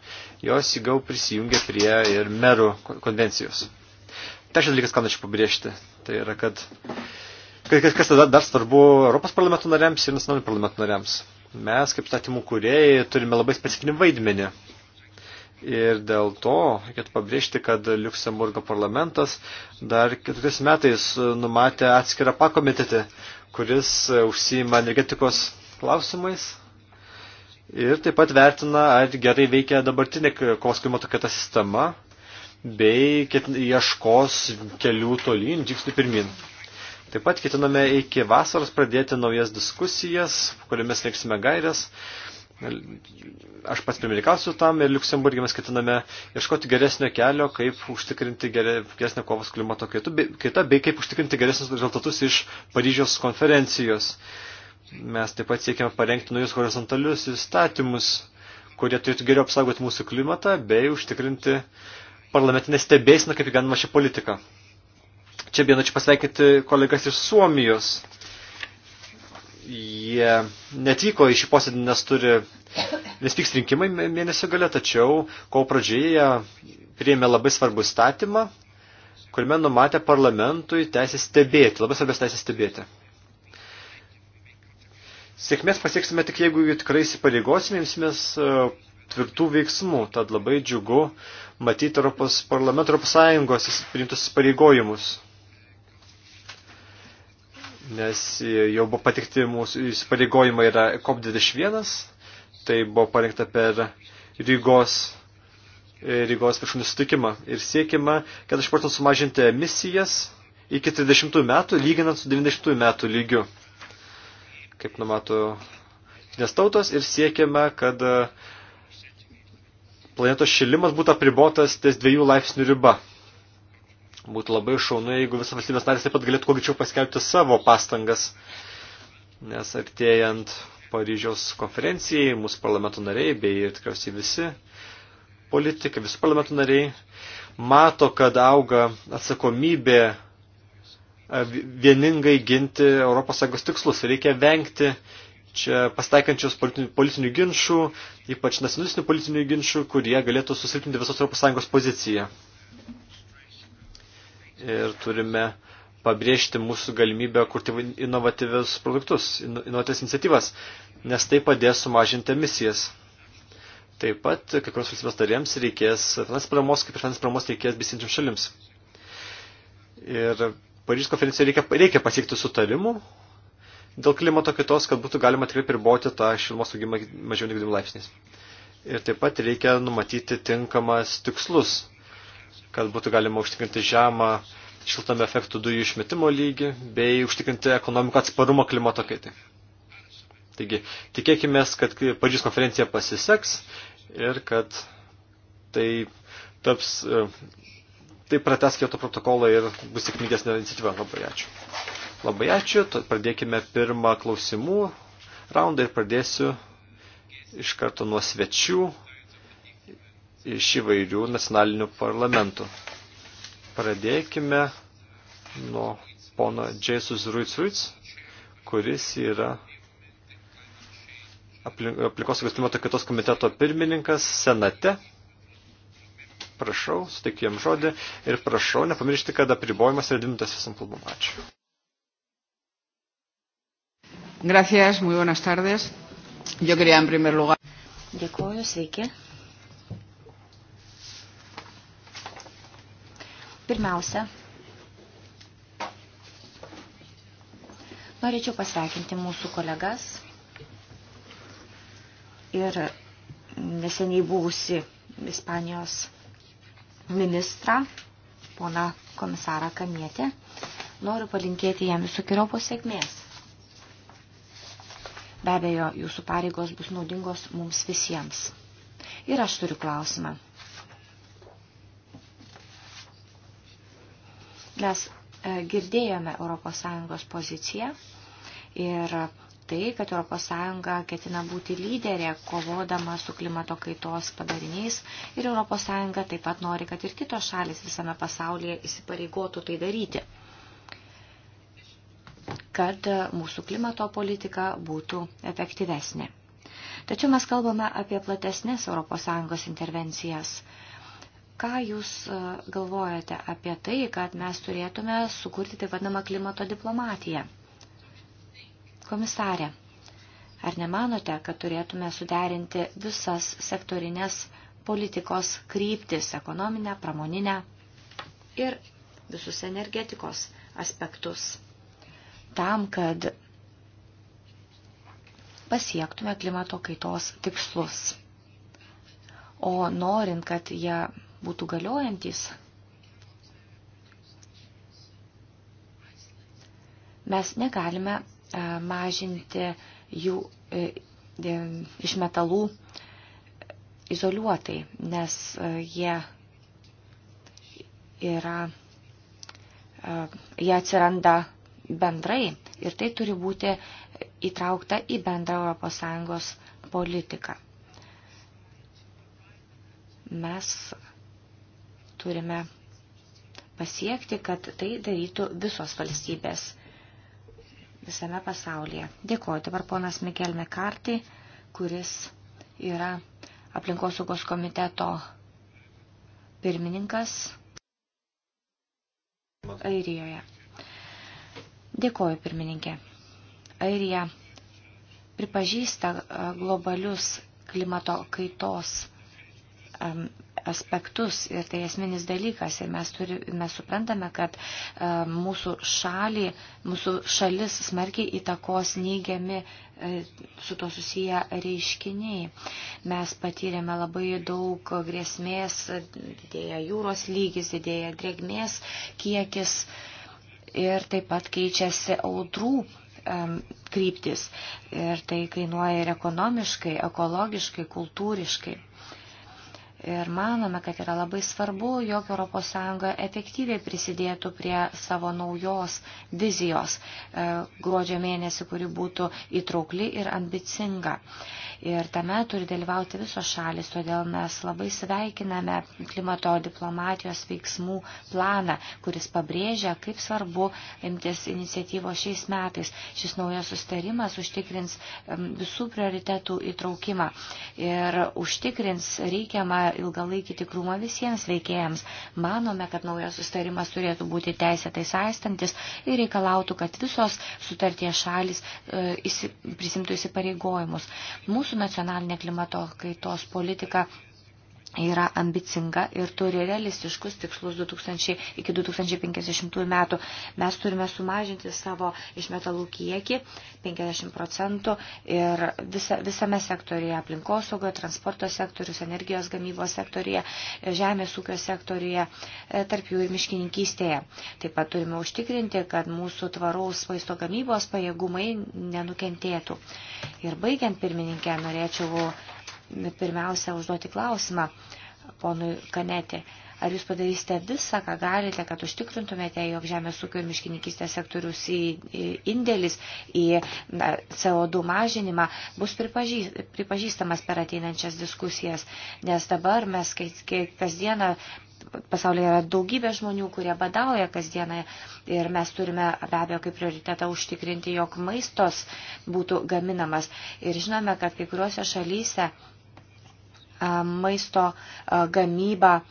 jos įgau prisijungia prie ir merų konvencijos. Trečias dalykas, ką norėčiau pabrėžti, tai yra, kad, kad kas tada dar svarbu Europos parlamento nariams ir nacionalinių parlamento nariams. Mes, kaip statymų kūrėjai, turime labai specifinį vaidmenį. Ir dėl to reikėtų pabrėžti, kad Luxemburgo parlamentas dar keturis metais numatė atskirą pakomitetį, kuris užsijima energetikos klausimais ir taip pat vertina, ar gerai veikia dabartinė kovos klimato kaita sistema, bei ieškos kelių tolyn, žingsnių pirmin. Taip pat ketiname iki vasaros pradėti naujas diskusijas, kuriomis reiksime gairias. Aš pats pirmininkausiu tam ir Luksemburgė mes ketiname ieškoti geresnio kelio, kaip užtikrinti geresnę kovos klimato kaitą, bei kaip užtikrinti geresnius rezultatus iš Paryžiaus konferencijos. Mes taip pat siekiame parengti naujus horizontalius įstatymus, kurie turėtų geriau apsaugoti mūsų klimatą bei užtikrinti parlamentinę stebėsiną, kaip įganoma šią politiką. Čia bėna čia pasveikinti kolegas iš Suomijos. Jie netvyko į šį posėdį, nes turi, nes vyks rinkimai mėnesio gale, tačiau kovo pradžioje priėmė labai svarbų statymą, kuriame numatė parlamentui teisę stebėti, labai svarbės teisę stebėti. Sėkmės pasieksime tik jeigu tikrai įsipareigosime, imsimės e, tvirtų veiksmų. Tad labai džiugu matyti Europos parlamento Europos Sąjungos priimtus įsipareigojimus. Nes jau buvo patikti mūsų įsipareigojimai yra COP21, tai buvo parinkta per Rygos, e, Rygos viršūnį sutikimą ir siekima 40 procentų sumažinti emisijas iki 30 metų, lyginant su 90 metų lygiu kaip numato nes tautos ir siekiame, kad e, planetos šilimas būtų apribotas ties dviejų laipsnių riba. Būtų labai šaunu, jeigu visas valstybės narės taip pat galėtų kuo greičiau paskelbti savo pastangas, nes artėjant Paryžiaus konferencijai, mūsų parlamento nariai, bei ir tikriausiai visi politikai, visų parlamento nariai, mato, kad auga atsakomybė vieningai ginti ES tikslus. Reikia vengti čia pastaikančios politinių, politinių ginčių, ypač nacionalistinių politinių ginčių, kurie galėtų susilpinti visos ES poziciją. Ir turime pabrėžti mūsų galimybę kurti inovatyvius produktus, inovatyvias iniciatyvas, nes tai padės sumažinti emisijas. Taip pat kai kurios valstybės darėms reikės finansinės paramos, kaip ir finansinės paramos reikės besinčiams šalims. Ir Paryžiaus konferencija reikia, reikia pasiekti sutarimų dėl klimato kitos, kad būtų galima tikrai priboti tą šilumos augimą mažiau negu 2 laipsniais. Ir taip pat reikia numatyti tinkamas tikslus, kad būtų galima užtikrinti žemą šiltame efektų dujų išmetimo lygį bei užtikrinti ekonomiką atsparumą klimato kaitai. Taigi, tikėkime, kad Paryžiaus konferencija pasiseks ir kad tai taps tai prates kieto protokolą ir bus sėkmingesnė iniciatyva. Labai ačiū. Labai ačiū. Pradėkime pirmą klausimų raundą ir pradėsiu iš karto nuo svečių iš įvairių nacionalinių parlamentų. Pradėkime nuo pono Jesus Ruiz kuris yra aplikosaugos klimato kitos komiteto pirmininkas Senate prašau, suteikiu jam žodį ir prašau, nepamiršti, kad apribojimas yra dvimtas visam kalbam. Ačiū. Gracias, muy buenas tardes. Yo quería en primer lugar. Dėkuoju, sveiki. Pirmiausia, norėčiau pasveikinti mūsų kolegas ir neseniai buvusi Ispanijos ministrą, pona komisarą Kamietę. Noriu palinkėti jam visokiojopos sėkmės. Be abejo, jūsų pareigos bus naudingos mums visiems. Ir aš turiu klausimą. Mes e, girdėjome ES poziciją ir tai, kad ES ketina būti lyderė kovodama su klimato kaitos padariniais ir ES taip pat nori, kad ir kitos šalis visame pasaulyje įsipareigotų tai daryti, kad mūsų klimato politika būtų efektyvesnė. Tačiau mes kalbame apie platesnės ES intervencijas ką Jūs e, galvojate apie tai, kad mes turėtume sukurti taip vadinamą klimato diplomatiją? Komisarė, ar nemanote, kad turėtume suderinti visas sektorinės politikos kryptis – ekonominę, pramoninę ir visus energetikos aspektus – tam, kad pasiektume klimato kaitos tikslus? O norint, kad jie būtų galiojantis, mes negalime E, mažinti jų e, e, iš metalų izoliuotai, nes jie yra, jie atsiranda bendrai ir tai turi būti įtraukta į bendrą ES politiką. Mes turime pasiekti, kad tai darytų visos valstybės visame pasaulyje. Dėkuoju dabar ponas Mikel Mekarti, kuris yra aplinkosaugos komiteto pirmininkas Airijoje. Dėkuoju pirmininkė. Airija pripažįsta globalius klimato kaitos aspektus ir tai esminis dalykas ir mes, turi, mes suprantame, kad e, mūsų šalį, mūsų šalis smarkiai įtakos neigiami e, su to susiję reiškiniai. Mes patyrėme labai daug grėsmės, didėja jūros lygis, didėja drėgmės kiekis ir taip pat keičiasi audrų e, kryptis. Ir tai kainuoja ir ekonomiškai, ekologiškai, kultūriškai. Ir manome, kad yra labai svarbu, jog ES efektyviai prisidėtų prie savo naujos vizijos e, gruodžio mėnesį, kuri būtų įtraukli ir ambicinga ir tame turi dalyvauti visos šalis, todėl mes labai sveikiname klimato diplomatijos veiksmų planą, kuris pabrėžia, kaip svarbu imtis iniciatyvos šiais metais. Šis naujas sustarimas užtikrins visų prioritetų įtraukimą ir užtikrins reikiamą ilgalaikį tikrumą visiems veikėjams. Manome, kad naujas sustarimas turėtų būti teisėtai saistantis ir reikalautų, kad visos sutarties šalis e, prisimtų įsipareigojimus. Mūsų mūsų nacionalinė klimato kaitos politika yra ambicinga ir turi realistiškus tikslus 2000, iki 2050 metų. Mes turime sumažinti savo išmetalų kiekį 50 procentų ir visa, visame sektorija - aplinkosaugoje, transporto sektorius, energijos gamybos sektorija, žemės ūkio sektorija, e, tarp jų ir miškininkystėje. Taip pat turime užtikrinti, kad mūsų tvaraus maisto gamybos pajėgumai nenukentėtų. Ir baigiant pirmininkę, norėčiau pirmiausia užduoti klausimą ponui Kanetė. Ar jūs padarysite visą, ką galite, kad užtikrintumėte, jog žemės ūkio ir miškininkystės sektorius į, į indėlis į na, CO2 mažinimą bus pripažįstamas per ateinančias diskusijas, nes dabar mes kasdieną pasaulyje yra daugybė žmonių, kurie badauja kasdieną ir mes turime be abejo kaip prioritetą užtikrinti, jog maistos būtų gaminamas. Ir žinome, kad kai kuriuose šalyse maisto gamyba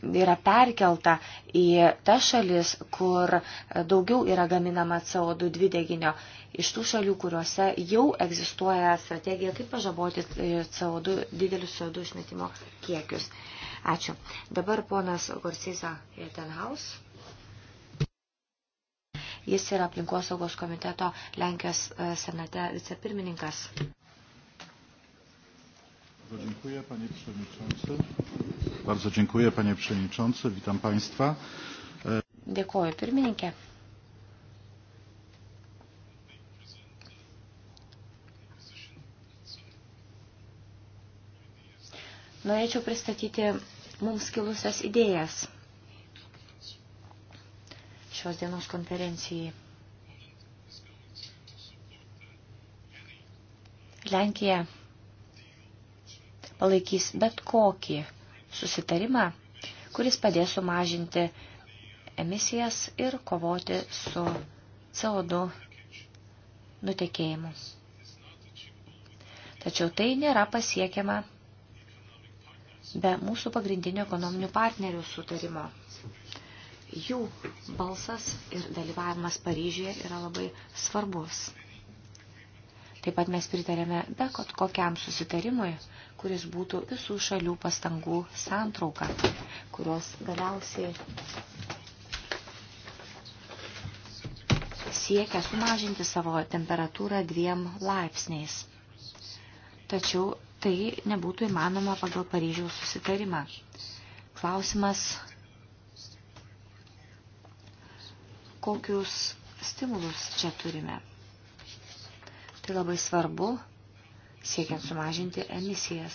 yra perkelta į tas šalis, kur daugiau yra gaminama CO2 dvideginio, iš tų šalių, kuriuose jau egzistuoja strategija, kaip pažaboti e, CO2, didelius CO2 išmetimo kiekius. Ačiū. Dabar ponas Gorsiza Tenhaus. Jis yra aplinkosaugos komiteto Lenkijos e, senate vicepirmininkas. Bardzo dziękuję, panie przewodniczący. Bardzo dziękuję, panie przewodniczący. Witam państwa. E, Dėkuoju, pirmininkė. Norėčiau pristatyti mums kilusias idėjas šios dienos konferencijai. Lenkija palaikys bet kokį susitarimą, kuris padės sumažinti emisijas ir kovoti su CO2 nutekėjimu. Tačiau tai nėra pasiekiama be mūsų pagrindinių ekonominių partnerių sutarimo. Jų balsas ir dalyvavimas Paryžiuje yra labai svarbus. Taip pat mes pritarėme be kokiam susitarimui, kuris būtų visų šalių pastangų santrauka, kurios galiausiai siekia sumažinti savo temperatūrą dviem laipsniais. Tačiau tai nebūtų įmanoma pagal Paryžiaus susitarimą. Klausimas, kokius stimulus čia turime. Tai labai svarbu, siekiant sumažinti emisijas.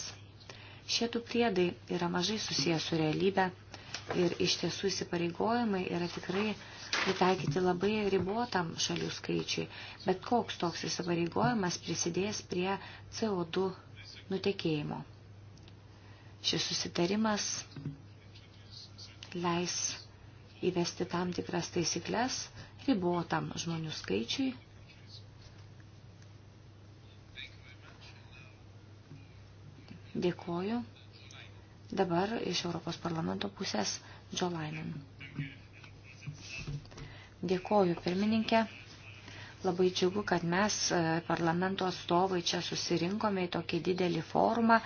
Šie du priedai yra mažai susijęs su realybė ir iš tiesų įsipareigojimai yra tikrai pritaikyti labai ribotam šalių skaičiui, bet koks toks įsipareigojimas prisidės prie CO2 nutekėjimo. Šis susitarimas leis įvesti tam tikras taisyklės ribotam žmonių skaičiui Dėkuoju. Dabar iš Europos parlamento pusės Joe Lainen. Dėkuoju, pirmininkė. Labai džiugu, kad mes e, parlamento atstovai čia susirinkome į tokį didelį forumą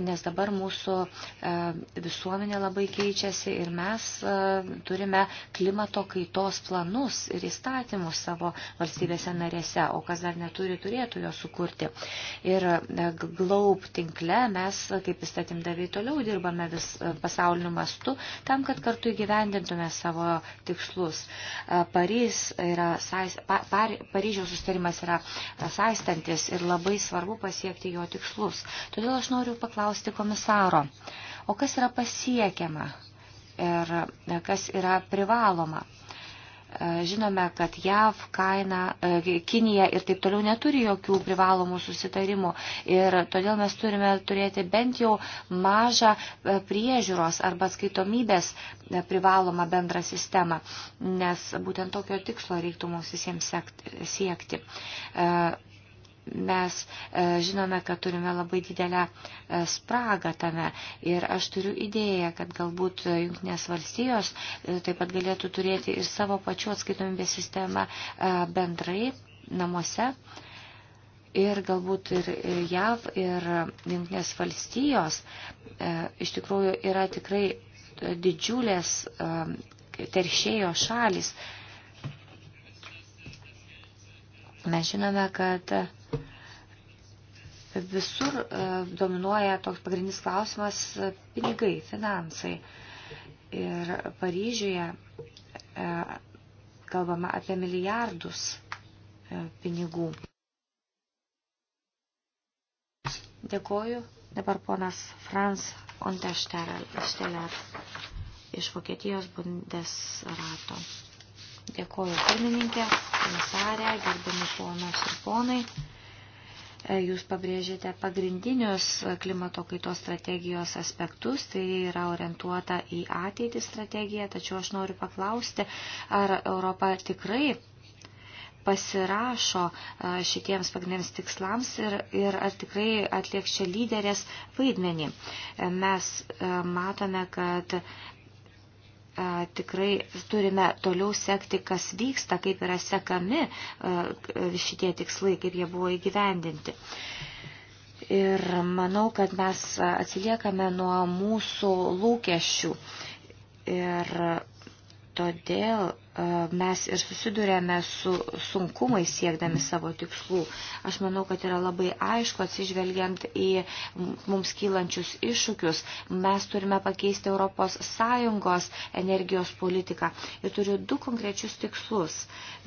nes dabar mūsų e, visuomenė labai keičiasi ir mes e, turime klimato kaitos planus ir įstatymus savo valstybėse narėse, o kas dar neturi, turėtų jo sukurti. Ir e, Globe tinkle mes, kaip įstatymdaviai, toliau dirbame vis pasauliniu mastu tam, kad kartu įgyvendintume savo tikslus. Paryž yra, Paryžiaus sustarimas yra saistantis ir labai svarbu pasiekti jo tikslus. Todėl aš noriu paklausti paklausti komisaro, o kas yra pasiekiama ir kas yra privaloma. E, žinome, kad JAV, kaina, e, Kinija ir taip toliau neturi jokių privalomų susitarimų ir todėl mes turime turėti bent jau mažą e, priežiūros arba skaitomybės privalomą bendrą sistemą, nes būtent tokio tikslo reiktų mums visiems siekti mes e, žinome, kad turime labai didelę e, spragą tame. Ir aš turiu idėją, kad galbūt e, Junktinės valstijos taip pat galėtų turėti ir savo pačių atskaitomybės sistemą bendrai namuose. Ir galbūt ir JAV, ir Junktinės valstijos iš tikrųjų yra tikrai didžiulės teršėjo šalis. Mes žinome, kad visur e, dominuoja toks pagrindinis klausimas e, – pinigai, finansai. Ir Paryžiuje e, kalbama apie milijardus pinigų. Dėkoju. Dabar ponas Franz Untersteller iš Vokietijos Bundesrato. Dėkoju pirmininkė, komisarė, gerbiami ponas ir ponai. E, jūs pabrėžėte pagrindinius klimato kaitos strategijos aspektus, tai yra orientuota į ateitį strategiją, tačiau aš noriu paklausti, ar Europa tikrai pasirašo e, šitiems pagrindiniams tikslams ir, ir ar tikrai atliekščia lyderės vaidmenį. E, mes matome, kad tikrai turime toliau sekti, kas vyksta, kaip yra sekami šitie tikslai, kaip jie buvo įgyvendinti. Ir manau, kad mes atsiliekame nuo mūsų lūkesčių. Ir todėl E, mes ir susidurėme su sunkumai siekdami savo tikslų. Aš manau, kad yra labai aišku, atsižvelgiant į mums kylančius iššūkius, mes turime pakeisti ES energijos politiką. Ir turiu du konkrečius tikslus.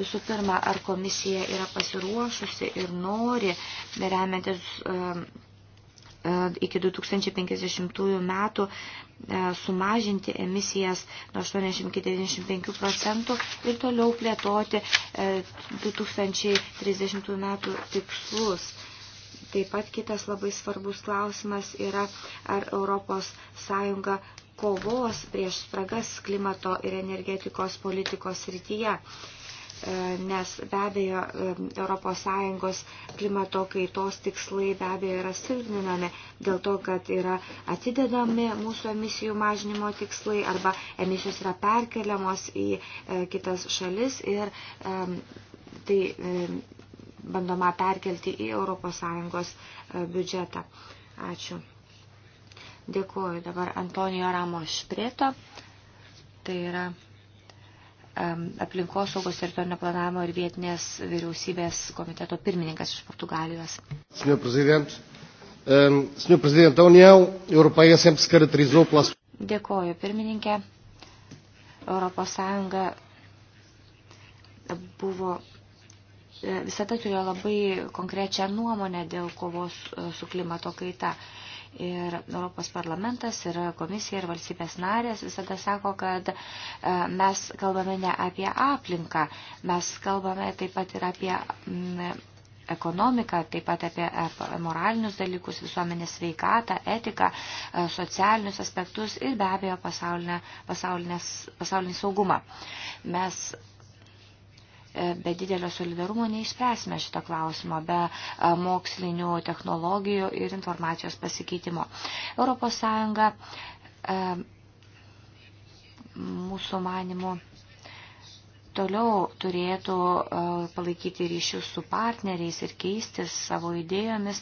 Visų pirma, ar komisija yra pasiruošusi ir nori, remiantis. Um, E, iki 2050 metų e, sumažinti emisijas nuo 80 iki 95 procentų ir toliau plėtoti 2030 e, metų tikslus. Taip pat kitas labai svarbus klausimas yra, ar Europos Sąjunga kovos prieš spragas klimato ir energetikos politikos srityje nes be abejo ES klimato kaitos tikslai be abejo yra silpninami dėl to, kad yra atidedami mūsų emisijų mažinimo tikslai arba emisijos yra perkeliamos į e, kitas šalis ir tai bandoma perkelti į ES e, biudžetą. Ačiū. Dėkuoju dabar Antonijo Ramos Šprėto. Tai yra aplinkosaugos ir to neplanavimo ir vietinės vyriausybės komiteto pirmininkas iš Portugalijos. Senhor Presidente, um, Senhor Presidente, a União Europeia sempre se caracterizou pela... Dėkoju, pirmininkė. Europos Sąjunga buvo e, visada turėjo labai konkrečią nuomonę dėl kovos e, su klimato kaita. Ir Europos parlamentas, ir komisija, ir valstybės narės visada sako, kad e, mes kalbame ne apie aplinką, mes kalbame taip pat ir apie mm, ekonomiką, taip pat apie e, moralinius dalykus, visuomenės sveikatą, etiką, e, socialinius aspektus ir be abejo pasaulinę, pasaulinės, pasaulinį saugumą. Mes E, be didelio solidarumo neišspręsime šito klausimo, be e, mokslinių technologijų ir informacijos pasikeitimo. Europos Sąjunga e, mūsų manimu toliau turėtų e, palaikyti ryšius su partneriais ir keistis savo idėjomis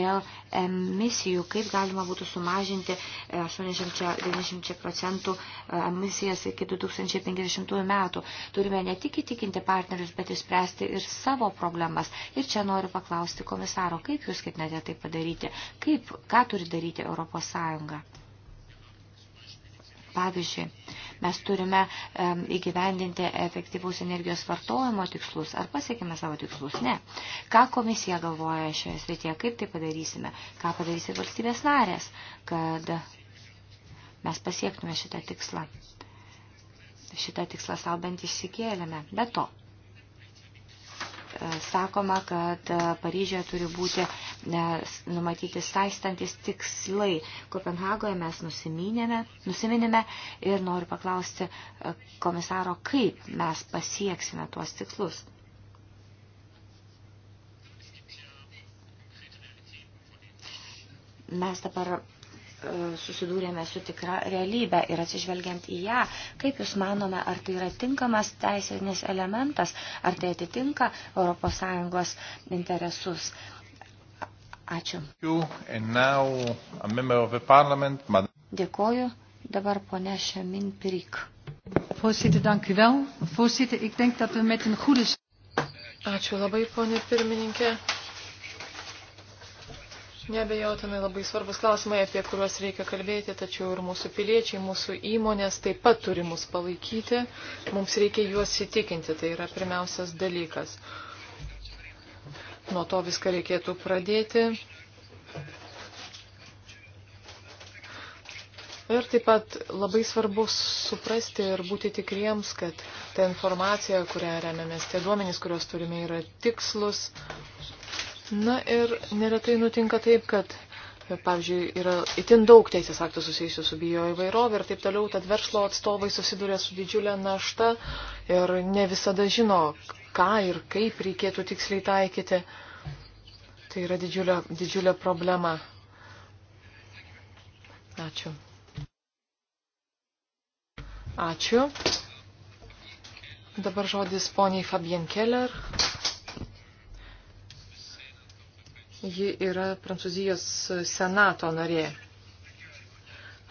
dėl emisijų, kaip galima būtų sumažinti 80-90 e, procentų e, emisijas iki 2050 metų. Turime ne tik įtikinti partnerius, bet išspręsti ir savo problemas. Ir čia noriu paklausti komisaro, kaip jūs ketinate tai padaryti, kaip, ką turi daryti Europos Sąjunga. Pavyzdžiui, mes turime um, įgyvendinti efektyvus energijos vartojimo tikslus. Ar pasiekime savo tikslus? Ne. Ką komisija galvoja šioje srityje? Kaip tai padarysime? Ką padarys ir valstybės narės, kad mes pasiektume šitą tikslą? Šitą tikslą savo bent išsikėlėme. Be to, sakoma, kad e, Paryžioje turi būti e, numatyti saistantis tikslai. Kopenhagoje mes nusiminėme ir noriu paklausti e, komisaro, kaip mes pasieksime tuos tikslus. Mes dabar E, susidūrėme su tikra realybė ir atsižvelgiant į ją, kaip Jūs manome, ar tai yra tinkamas teisinis elementas, ar tai atitinka ES interesus. Ačiū. Dėkoju. Dabar ponia Šemin Pirik. Voorzitter, dank u wel. Voorzitter, ik denk dat we met een goede... Ačiū labai, ponė pirmininkė. Nebejotinai labai svarbus klausimai, apie kuriuos reikia kalbėti, tačiau ir mūsų piliečiai, mūsų įmonės taip pat turi mus palaikyti, mums reikia juos įtikinti, tai yra pirmiausias dalykas. Nuo to viską reikėtų pradėti. Ir taip pat labai svarbu suprasti ir būti tikriems, kad ta informacija, kurią remiamės, tie duomenys, kuriuos turime, yra tikslus. Na ir neretai nutinka taip, kad, pavyzdžiui, yra itin daug teisės aktų susijusių su bijo įvairovė ir taip toliau, tad verslo atstovai susiduria su didžiulė našta ir ne visada žino, ką ir kaip reikėtų tiksliai taikyti. Tai yra didžiulė, didžiulė problema. Ačiū. Ačiū. Dabar žodis poniai Fabien Keller. Ji yra Prancūzijos senato narė.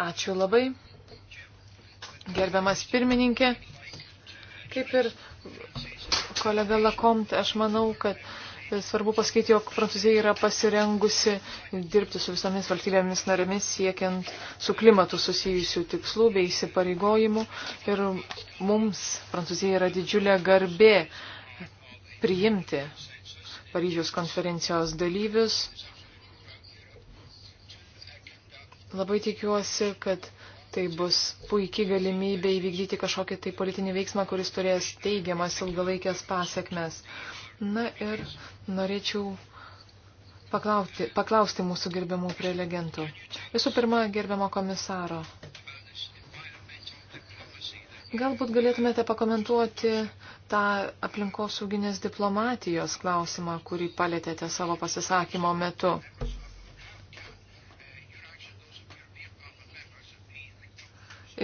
Ačiū labai. Gerbiamas pirmininkė, kaip ir kolega Lakomt, aš manau, kad svarbu pasakyti, jog Prancūzija yra pasirengusi dirbti su visomis valstybėmis narėmis, siekiant su klimatu susijusių tikslų bei įsipareigojimų. Ir mums Prancūzija yra didžiulė garbė priimti Paryžiaus konferencijos dalyvius. Labai tikiuosi, kad tai bus puikiai galimybė įvykdyti kažkokį tai politinį veiksmą, kuris turės teigiamas ilgalaikės pasiekmes. Na ir norėčiau paklausti, paklausti mūsų gerbiamų prelegentų. Visų pirma, gerbiamo komisaro. Galbūt galėtumėte pakomentuoti tą aplinkosauginės diplomatijos klausimą, kurį palėtėte savo pasisakymo metu.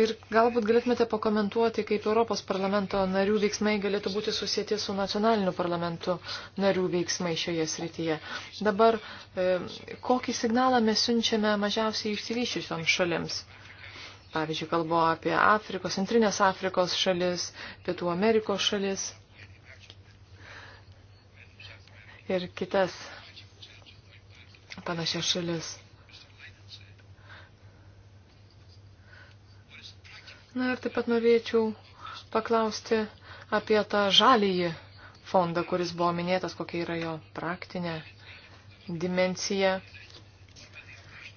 Ir galbūt galėtumėte pakomentuoti, kaip Europos parlamento narių veiksmai galėtų būti susijęti su nacionaliniu parlamentu narių veiksmai šioje srityje. Dabar e, kokį signalą mes siunčiame mažiausiai išsivyščiusioms šalims? Pavyzdžiui, kalbu apie Afrikos, Centrinės Afrikos šalis, Pietų Amerikos šalis ir kitas panašias šalis. Na ir taip pat norėčiau paklausti apie tą žalįjį fondą, kuris buvo minėtas, kokia yra jo praktinė dimencija.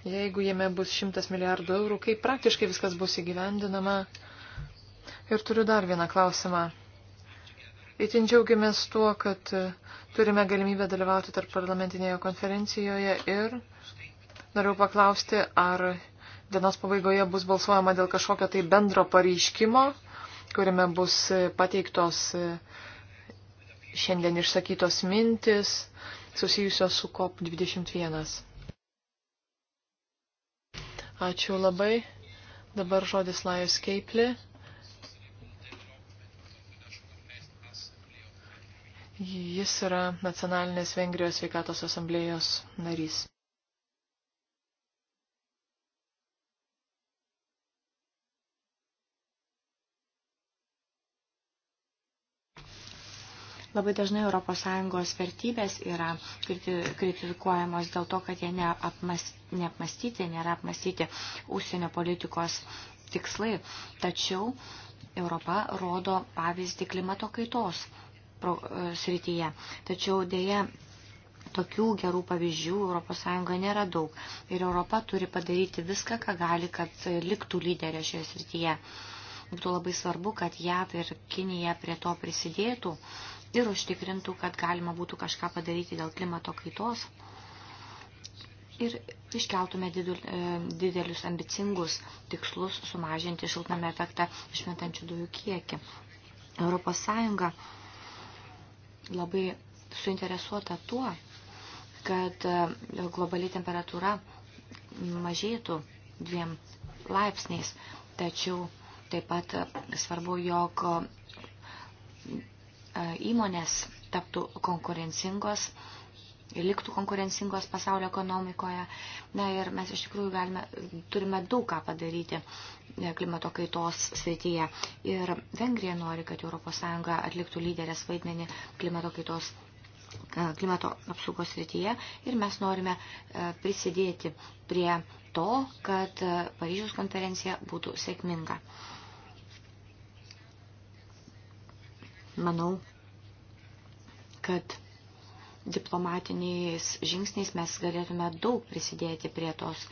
Jeigu jame bus 100 milijardų eurų, kaip praktiškai viskas bus įgyvendinama? Ir turiu dar vieną klausimą. Įtin džiaugiamės tuo, kad turime galimybę dalyvauti tarp parlamentinėje konferencijoje ir noriu paklausti, ar dienos pabaigoje bus balsuojama dėl kažkokio tai bendro pareiškimo, kuriame bus pateiktos šiandien išsakytos mintis susijusios su COP21. Ačiū labai. Dabar žodis Lajos Keiplė. Jis yra nacionalinės Vengrijos sveikatos asamblėjos narys. Labai dažnai ES vertybės yra kritikuojamos dėl to, kad jie neapmastyti, nėra apmastyti užsienio politikos tikslai. Tačiau Europa rodo pavyzdį klimato kaitos e, srityje. Tačiau dėja tokių gerų pavyzdžių ES nėra daug. Ir Europa turi padaryti viską, ką gali, kad liktų lyderė šioje srityje. Būtų labai svarbu, kad JAV ir Kinija prie to prisidėtų ir užtikrintų, kad galima būtų kažką padaryti dėl klimato kaitos ir iškeltume e, didelius ambicingus tikslus sumažinti šiltnamio efektą išmetančių dujų kiekį. Europos Sąjunga labai suinteresuota tuo, kad e, globali temperatūra mažėtų dviem laipsniais, tačiau taip pat svarbu, jog E, įmonės taptų konkurencingos ir liktų konkurencingos pasaulio ekonomikoje. Na ir mes iš tikrųjų galime, turime daug ką padaryti e, klimato kaitos srityje. Ir Vengrija nori, kad ES atliktų lyderės vaidmenį klimato kaitos e, klimato apsaugos srityje ir mes norime prisidėti prie to, kad Paryžiaus konferencija būtų sėkminga. Manau, kad diplomatiniais žingsniais mes galėtume daug prisidėti prie tos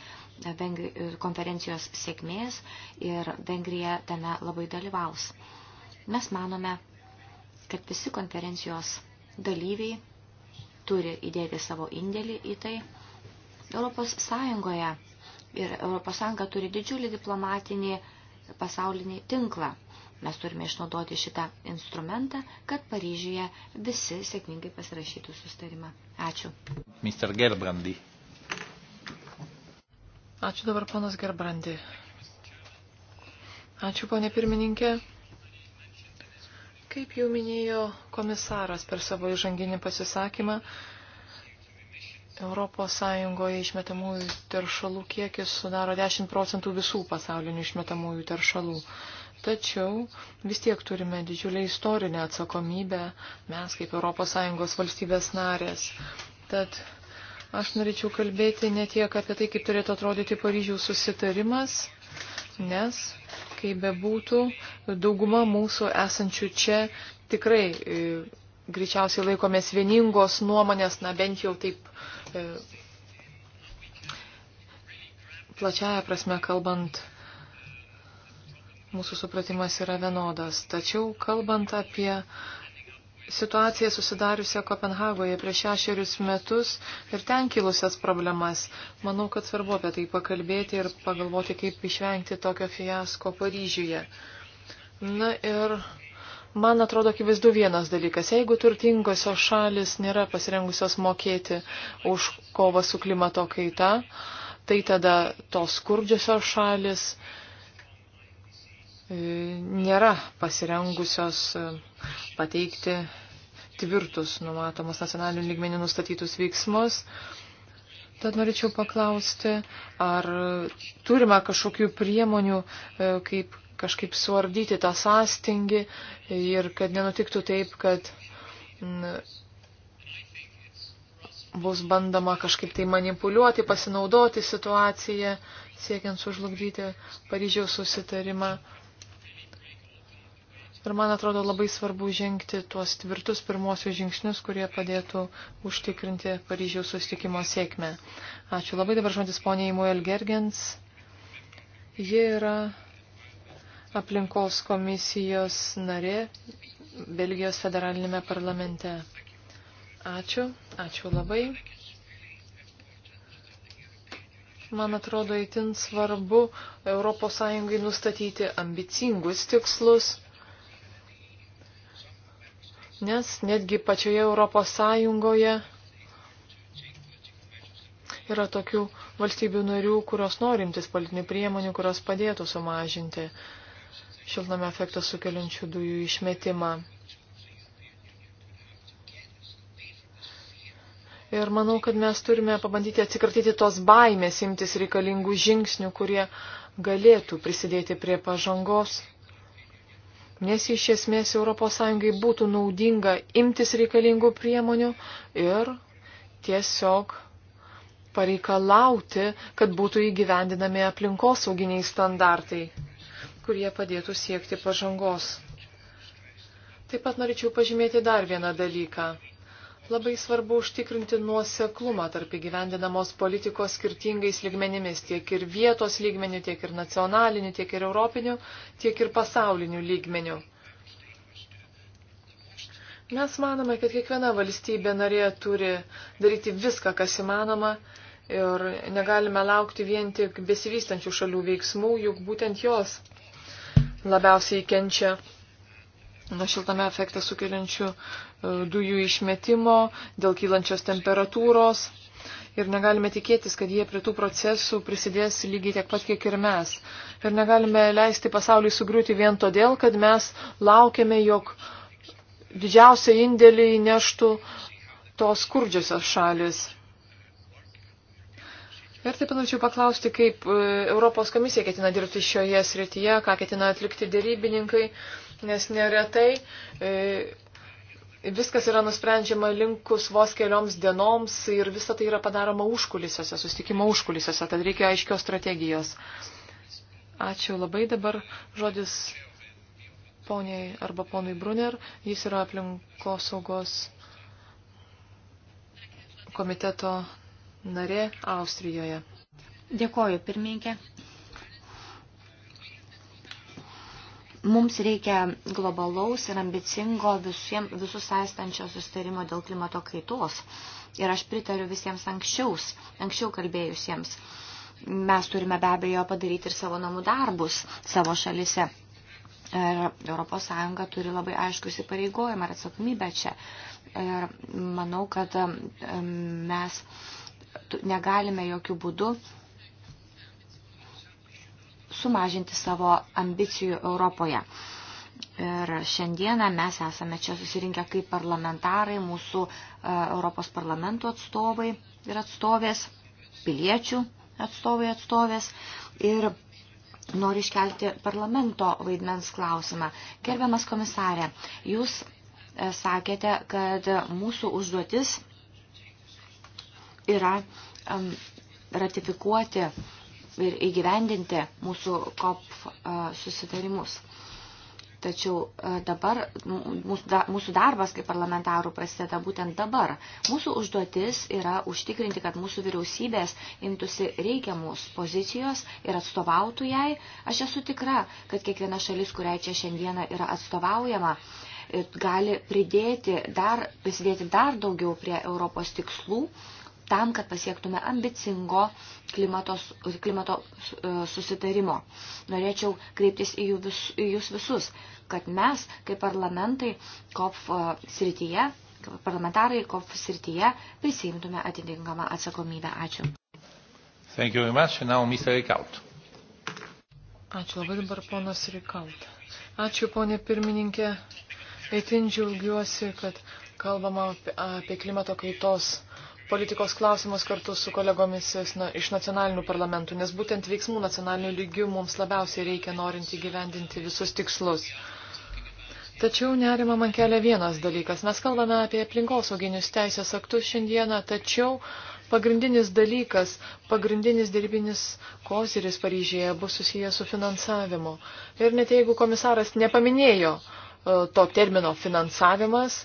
konferencijos sėkmės ir Vengrija tame labai dalyvaus. Mes manome, kad visi konferencijos dalyviai turi įdėti savo indėlį į tai. Europos Sąjungoje ir Europos Sąjunga turi didžiulį diplomatinį pasaulinį tinklą. Mes turime išnaudoti šitą instrumentą, kad Paryžiuje visi sėkmingai pasirašytų sustarimą. Ačiū. Mr. Gerbrandi. Ačiū dabar panas Gerbrandi. Ačiū, ponė pirmininkė. Kaip jau minėjo komisaras per savo įžanginį pasisakymą, ES išmetamųjų teršalų kiekis sudaro 10 procentų visų pasaulinių išmetamųjų teršalų. Tačiau vis tiek turime didžiulę istorinę atsakomybę mes kaip ES valstybės narės. Tad aš norėčiau kalbėti ne tiek apie tai, kaip turėtų atrodyti Paryžiaus susitarimas, nes, kaip bebūtų, dauguma mūsų esančių čia tikrai e, greičiausiai laikomės vieningos nuomonės, na bent jau taip. E, plačiaja prasme kalbant mūsų supratimas yra vienodas. Tačiau kalbant apie situaciją susidariusią Kopenhagoje prieš šešerius metus ir ten kilusias problemas, manau, kad svarbu apie tai pakalbėti ir pagalvoti, kaip išvengti tokio fiasko Paryžiuje. Na ir Man atrodo, akivaizdu vienas dalykas. Jeigu turtingosios šalis nėra pasirengusios mokėti už kovą su klimato kaita, tai tada tos skurdžiosios šalis E, nėra pasirengusios e, pateikti tvirtus numatomus nacionalinių lygmenių nustatytus veiksmus. Tad norėčiau paklausti, ar turime kažkokių priemonių, e, kaip kažkaip suardyti tą sąstingį ir kad nenutiktų taip, kad bus bandama kažkaip tai manipuliuoti, pasinaudoti situaciją, siekiant sužlugdyti Paryžiaus susitarimą. Ir man atrodo labai svarbu žengti tuos tvirtus pirmosius žingsnius, kurie padėtų užtikrinti Paryžiaus susitikimo sėkmę. Ačiū labai dabar žodis poniai Muel Gergens. Ji yra aplinkos komisijos narė Belgijos federalinėme parlamente. Ačiū, ačiū labai. Man atrodo, įtin svarbu ES nustatyti ambicingus tikslus nes netgi pačioje Europos Sąjungoje yra tokių valstybių narių, kurios norimtis politinių priemonių, kurios padėtų sumažinti šiltnamio efektą sukeliančių dujų išmetimą. Ir manau, kad mes turime pabandyti atsikratyti tos baimės imtis reikalingų žingsnių, kurie galėtų prisidėti prie pažangos nes iš esmės ES būtų naudinga imtis reikalingų priemonių ir tiesiog pareikalauti, kad būtų įgyvendinami aplinkosauginiai standartai, kurie padėtų siekti pažangos. Taip pat norėčiau pažymėti dar vieną dalyką. Labai svarbu užtikrinti nuoseklumą tarp įgyvendinamos politikos skirtingais lygmenimis, tiek ir vietos lygmenių, tiek ir nacionalinių, tiek ir europinių, tiek ir pasaulinių lygmenių. Mes manome, kad kiekviena valstybė narė turi daryti viską, kas įmanoma ir negalime laukti vien tik besivystančių šalių veiksmų, juk būtent jos labiausiai kenčia nuo šiltame efektą sukeliančių E, dujų išmetimo, dėl kylančios temperatūros. Ir negalime tikėtis, kad jie prie tų procesų prisidės lygiai tiek pat, kiek ir mes. Ir negalime leisti pasauliui sugriūti vien todėl, kad mes laukiame, jog didžiausią indėlį įneštų tos skurdžiosios šalis. Ir taip norėčiau paklausti, kaip e, Europos komisija ketina dirbti šioje srityje, ką ketina atlikti dėrybininkai, nes neretai e, viskas yra nusprendžiama linkus vos kelioms dienoms ir visa tai yra padaroma užkulisiuose, sustikimo užkulisiuose, tad reikia aiškios strategijos. Ačiū labai dabar žodis poniai arba ponui Brunner, jis yra aplinkosaugos komiteto narė Austrijoje. Dėkoju, pirmininkė. Mums reikia globalaus ir ambicingo visiem, visus saistančio sustarimo dėl klimato kaitos. Ir aš pritariu visiems anksčiaus, anksčiau kalbėjusiems. Mes turime be abejo padaryti ir savo namų darbus savo šalise. Ir ES turi labai aiškių įsipareigojimą ir atsakomybę čia. Ir manau, kad mes negalime jokių būdų sumažinti savo ambicijų Europoje. Ir šiandieną mes esame čia susirinkę kaip parlamentarai, mūsų e, Europos parlamento atstovai ir atstovės, piliečių atstovai atstovės. Ir noriu iškelti parlamento vaidmens klausimą. Gerbiamas komisarė, jūs e, sakėte, kad mūsų užduotis yra ratifikuoti ir įgyvendinti mūsų COP susitarimus. Tačiau dabar mūsų darbas kaip parlamentarų prasideda būtent dabar. Mūsų užduotis yra užtikrinti, kad mūsų vyriausybės imtųsi reikiamus pozicijos ir atstovautų jai. Aš esu tikra, kad kiekviena šalis, kuriai čia šiandieną yra atstovaujama, gali pridėti dar, prisidėti dar daugiau prie Europos tikslų tam, kad pasiektume ambicingo klimatos, klimato e, susitarimo. Norėčiau kreiptis į, vis, į jūs visus, kad mes, kaip parlamentai, COP e, srityje, parlamentarai COP srityje, prisimtume atitinkamą atsakomybę. Ačiū. Thank you very much. Now, Mr. Rikaut. Ačiū labai dabar, ponas Rikaut. Ačiū, ponė pirmininkė. Eitin džiaugiuosi, kad kalbama apie klimato kaitos politikos klausimus kartu su kolegomis iš nacionalinių parlamentų, nes būtent veiksmų nacionalinių lygių mums labiausiai reikia norint įgyvendinti visus tikslus. Tačiau nerima man kelia vienas dalykas. Mes kalbame apie aplinkosauginius teisės aktus šiandieną, tačiau pagrindinis dalykas, pagrindinis dirbinis koziris Paryžėje bus susijęs su finansavimu. Ir net jeigu komisaras nepaminėjo e, to termino finansavimas,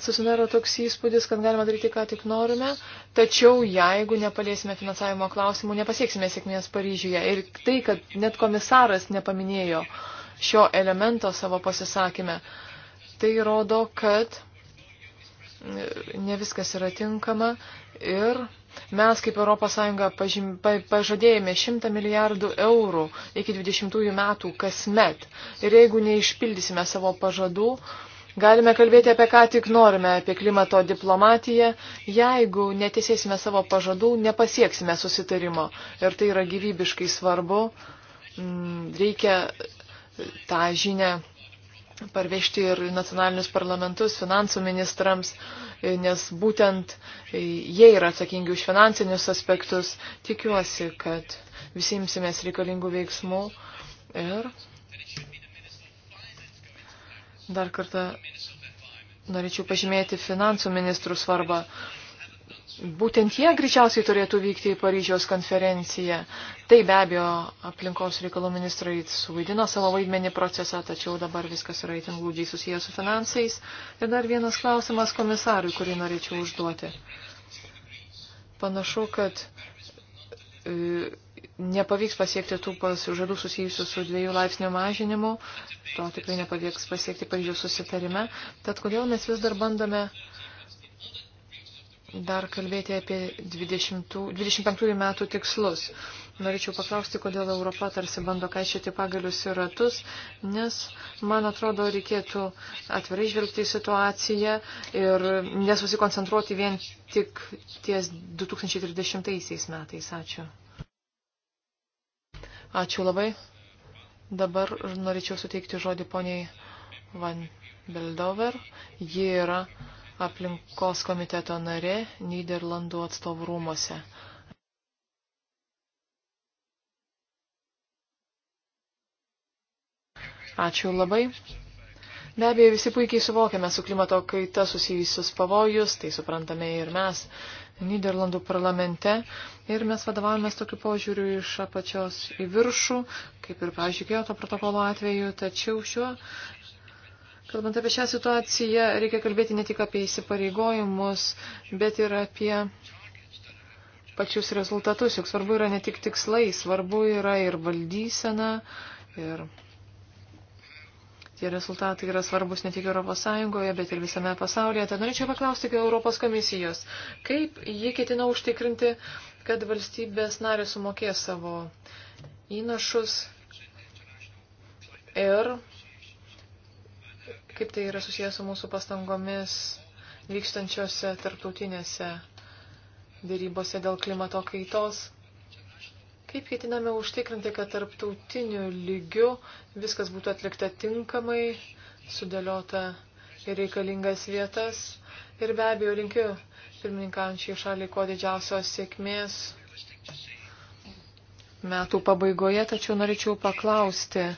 susidaro toks įspūdis, kad galima daryti, ką tik norime, tačiau jeigu nepaliesime finansavimo klausimų, nepasieksime sėkmės Paryžiuje. Ir tai, kad net komisaras nepaminėjo šio elemento savo pasisakymę, tai rodo, kad ne viskas yra tinkama ir mes kaip ES pažym, pa, pažadėjome 100 milijardų eurų iki 20 metų kasmet. Ir jeigu neišpildysime savo pažadų, Galime kalbėti apie ką tik norime, apie klimato diplomatiją, jeigu netiesėsime savo pažadų, nepasieksime susitarimo. Ir tai yra gyvybiškai svarbu. Mm, reikia e, tą žinę parvežti ir nacionalinius parlamentus, finansų ministrams, e, nes būtent e, jie yra atsakingi už finansinius aspektus. Tikiuosi, kad visi imsimės reikalingų veiksmų ir Dar kartą norėčiau pažymėti finansų ministrų svarbą. Būtent jie greičiausiai turėtų vykti į Paryžiaus konferenciją. Tai be abejo, aplinkos reikalų ministrai suvaidino savo vaidmenį procesą, tačiau dabar viskas yra itin glūdžiai susijęs su finansais. Ir dar vienas klausimas komisarui, kurį norėčiau užduoti. Panašu, kad e, nepavyks pasiekti tų pasižadų susijusių su dviejų laipsnių mažinimu, to tikrai nepavyks pasiekti Paryžiaus susitarime. Tad kodėl mes vis dar bandome dar kalbėti apie 20, 25 metų tikslus. Norėčiau paklausti, kodėl Europa tarsi bando kaišyti pagalius ir ratus, nes, man atrodo, reikėtų atvirai žvelgti į situaciją ir nesusikoncentruoti vien tik ties 2030 metais. Ačiū. Ačiū labai. Dabar norėčiau suteikti žodį poniai Van Beldover. Ji yra aplinkos komiteto narė Niderlandų atstovų rūmose. Ačiū labai. Be abejo, visi puikiai suvokiame su klimato kaita susijusius pavojus, tai suprantame ir mes Niderlandų parlamente. Ir mes vadovavomės tokiu požiūriu iš apačios į viršų, kaip ir, pavyzdžiui, Kyoto protokolo atveju. Tačiau šiuo, kalbant apie šią situaciją, reikia kalbėti ne tik apie įsipareigojimus, bet ir apie pačius rezultatus. Juk svarbu yra ne tik tikslai, svarbu yra ir valdysena, ir Tie rezultatai yra svarbus ne tik ES, bet ir visame pasaulyje. Tad norėčiau paklausti Europos komisijos, kaip ji ketina užtikrinti, kad valstybės narės sumokės savo įnašus ir kaip tai yra susijęs su mūsų pastangomis vykstančiose tarptautinėse dėrybose dėl klimato kaitos. Kaip ketiname užtikrinti, kad tarptautiniu lygiu viskas būtų atlikta tinkamai, sudėliota į reikalingas vietas. Ir be abejo linkiu pirmininkančiai šaliai kuo didžiausios sėkmės metų pabaigoje, tačiau norėčiau paklausti,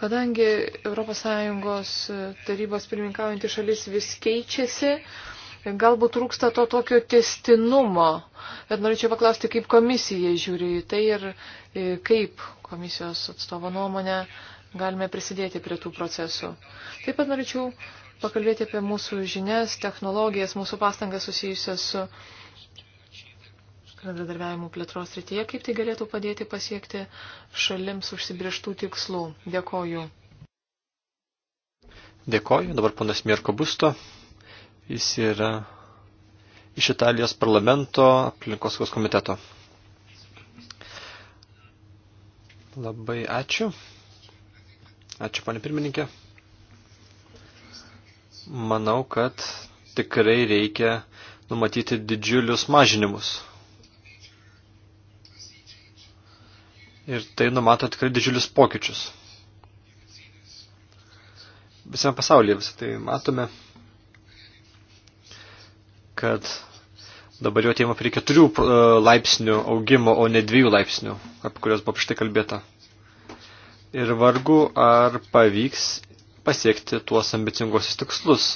kadangi ES tarybos pirmininkaujantys šalis vis keičiasi, Galbūt trūksta to tokio testinumo. Ir norėčiau paklausti, kaip komisija žiūri į tai ir e, kaip komisijos atstovo nuomonę galime prisidėti prie tų procesų. Taip pat norėčiau pakalbėti apie mūsų žinias, technologijas, mūsų pastangas susijusias su bendradarbiavimų plėtros rytyje, kaip tai galėtų padėti pasiekti šalims užsibrieštų tikslų. Dėkoju. Dėkoju. Dabar ponas Mirko Busto, Jis yra iš Italijos parlamento aplinkosaugos komiteto. Labai ačiū. Ačiū, panė pirmininkė. Manau, kad tikrai reikia numatyti didžiulius mažinimus. Ir tai numato tikrai didžiulius pokyčius. Visame pasaulyje visą tai matome kad dabar jau atėjama prie 4 e, laipsnių augimo, o ne 2 laipsnių, apie kurios buvo prieš tai kalbėta. Ir vargu ar pavyks pasiekti tuos ambicingosius tikslus,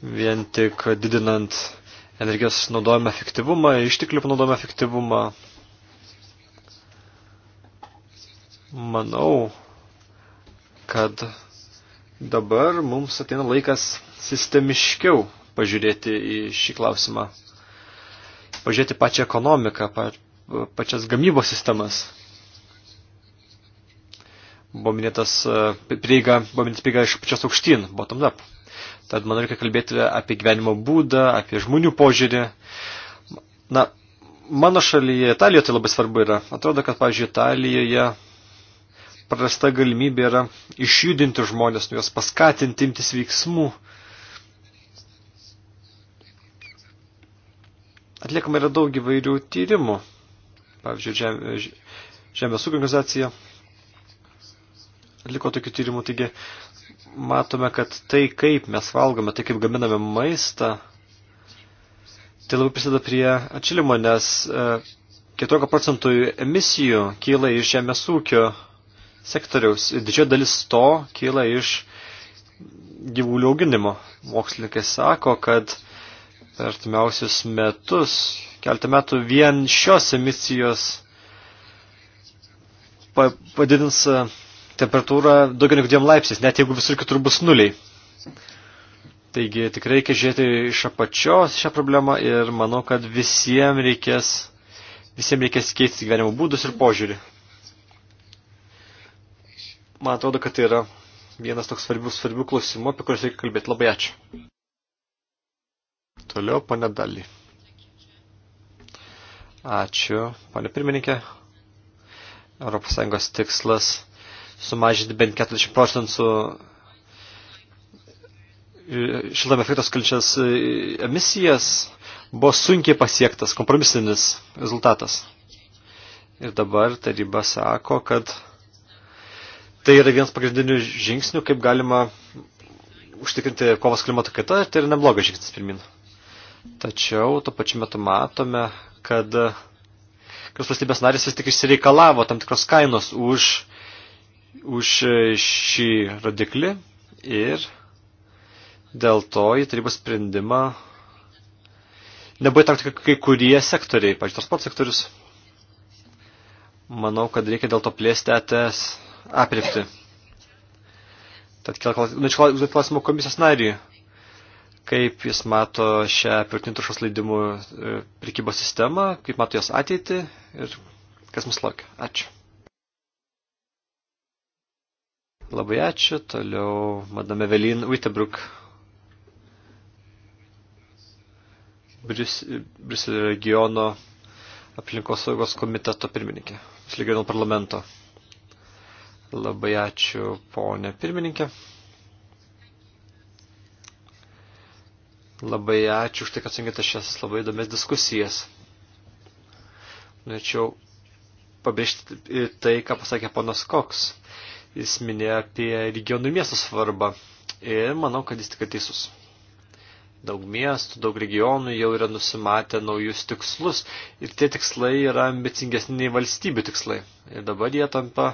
vien tik didinant energijos naudojimo efektyvumą, išteklių panaudojimo efektyvumą. Manau, kad dabar mums ateina laikas sistemiškiau pažiūrėti į šį klausimą. Pažiūrėti pačią ekonomiką, pa, pačias gamybos sistemas. Buvo minėtas e, prieiga, buvo minėtas prieiga iš pačios aukštyn, bottom up. Tad man reikia kalbėti apie gyvenimo būdą, apie žmonių požiūrį. Na, mano šalyje, Italijoje tai labai svarbu yra. Atrodo, kad, pavyzdžiui, Italijoje prarasta galimybė yra išjudinti žmonės, nu juos paskatinti imtis veiksmų, Atliekama yra daug įvairių tyrimų. Pavyzdžiui, Žemės ūkio organizacija atliko tokių tyrimų, taigi matome, kad tai, kaip mes valgome, tai kaip gaminame maistą, tai labai prisideda prie atšilimo, nes 14 e, procentų emisijų kyla iš žemės ūkio sektoriaus. Didžioji dalis to kyla iš gyvulių auginimo. Mokslininkai sako, kad per artimiausius metus, keltą metų vien šios emisijos padidins e, temperatūrą daugiau negu dviem laipsniais, net jeigu visur kitur bus nuliai. Taigi tikrai reikia žiūrėti iš apačios šią problemą ir manau, kad visiems reikės, visiems reikės keisti gyvenimo būdus ir požiūrį. Man atrodo, kad tai yra vienas toks svarbių, svarbių klausimų, apie kuriuos reikia kalbėti. Labai ačiū. Toliau, pane Dali. Ačiū, pane pirmininkė. ES tikslas sumažinti bent 40 procentų šiltame efektą sukeliančias e, emisijas buvo sunkiai pasiektas kompromisinis rezultatas. Ir dabar taryba sako, kad tai yra vienas pagrindinių žingsnių, kaip galima užtikrinti kovas klimato kaita, tai yra neblogas žingsnis pirmin. Tačiau tuo pačiu metu matome, kad kas valstybės narės vis tik išsireikalavo tam tikros kainos už, už šį rodiklį ir dėl to į tarybos sprendimą nebuvo tam tikrai kai kurie sektoriai, pažiūrėjau, transporto sektorius. Manau, kad reikia dėl to plėsti ETS apripti. Tad kelklas, nu, klausimų komisijos nariui kaip jis mato šią pirtinių taršos leidimų e, prikybos sistemą, kaip mato jos ateitį ir kas mus laukia. Ačiū. Labai ačiū. Toliau Madame Velin Wittebruk. Bris, Briselio regiono aplinkos saugos komiteto pirmininkė. Briselio regiono parlamento. Labai ačiū, ponė pirmininkė. Labai ačiū už tai, kad sungėte šias labai įdomias diskusijas. Norėčiau pabrėžti tai, ką pasakė ponas Koks. Jis minėjo apie regionų miestų svarbą ir manau, kad jis tikrai teisus. Daug miestų, daug regionų jau yra nusimatę naujus tikslus ir tie tikslai yra ambicingesni nei valstybių tikslai. Ir dabar jie tampa,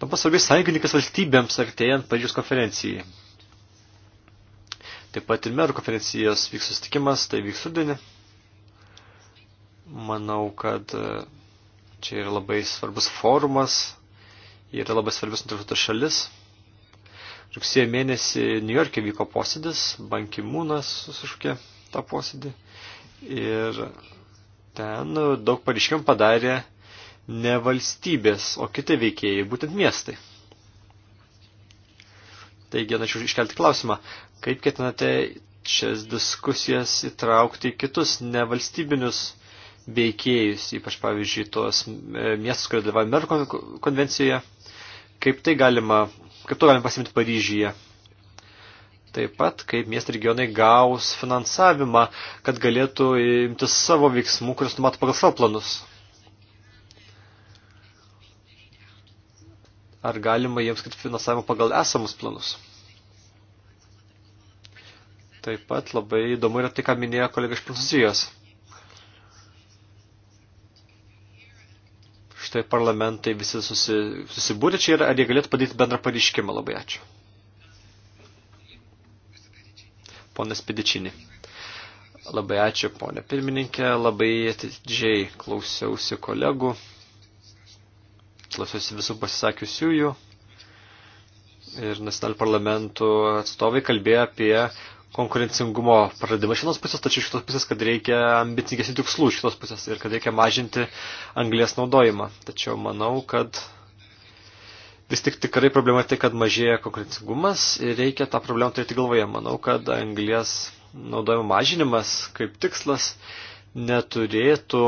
tampa svarbiais sąjungininkas valstybėms artėjant Paryžiaus konferencijai. Taip pat ir merų konferencijos vyks susitikimas, tai vyks rudenį. Manau, kad e, čia yra labai svarbus forumas, yra labai svarbus nutrauktas šalis. Rugsėjo mėnesį New York'e vyko posėdis, bankimūnas susiškė tą posėdį. Ir ten daug pareiškimų padarė ne valstybės, o kiti veikėjai, būtent miestai. Taigi, norėčiau iškelti klausimą, kaip ketinate šias diskusijas įtraukti į kitus nevalstybinius veikėjus, ypač pavyzdžiui tos e, miestus, kurie dalyvauja Merko konvencijoje, kaip tai galima, kaip to galima pasimti Paryžyje. Taip pat, kaip miestai regionai gaus finansavimą, kad galėtų imtis savo veiksmų, kuris numato pagal savo planus. ar galima jiems skirti finansavimą pagal esamus planus. Taip pat labai įdomu yra tai, ką minėjo kolega iš Prancūzijos. Štai parlamentai visi susi, susibūrė čia ir ar jie galėtų padaryti bendrą pareiškimą. Labai ačiū. Ponas Pidičinį. Labai ačiū, ponė pirmininkė, labai atidžiai klausiausi kolegų klausiausi visų pasisakiusiųjų ir nacionalinių parlamentų atstovai kalbėjo apie konkurencingumo praradimą šitos pusės, tačiau šitos pusės, kad reikia ambicingesnių tikslų šitos pusės ir kad reikia mažinti anglės naudojimą. Tačiau manau, kad vis tik tikrai problema tai, kad mažėja konkurencingumas ir reikia tą problemą turėti galvoje. Manau, kad anglės naudojimo mažinimas kaip tikslas neturėtų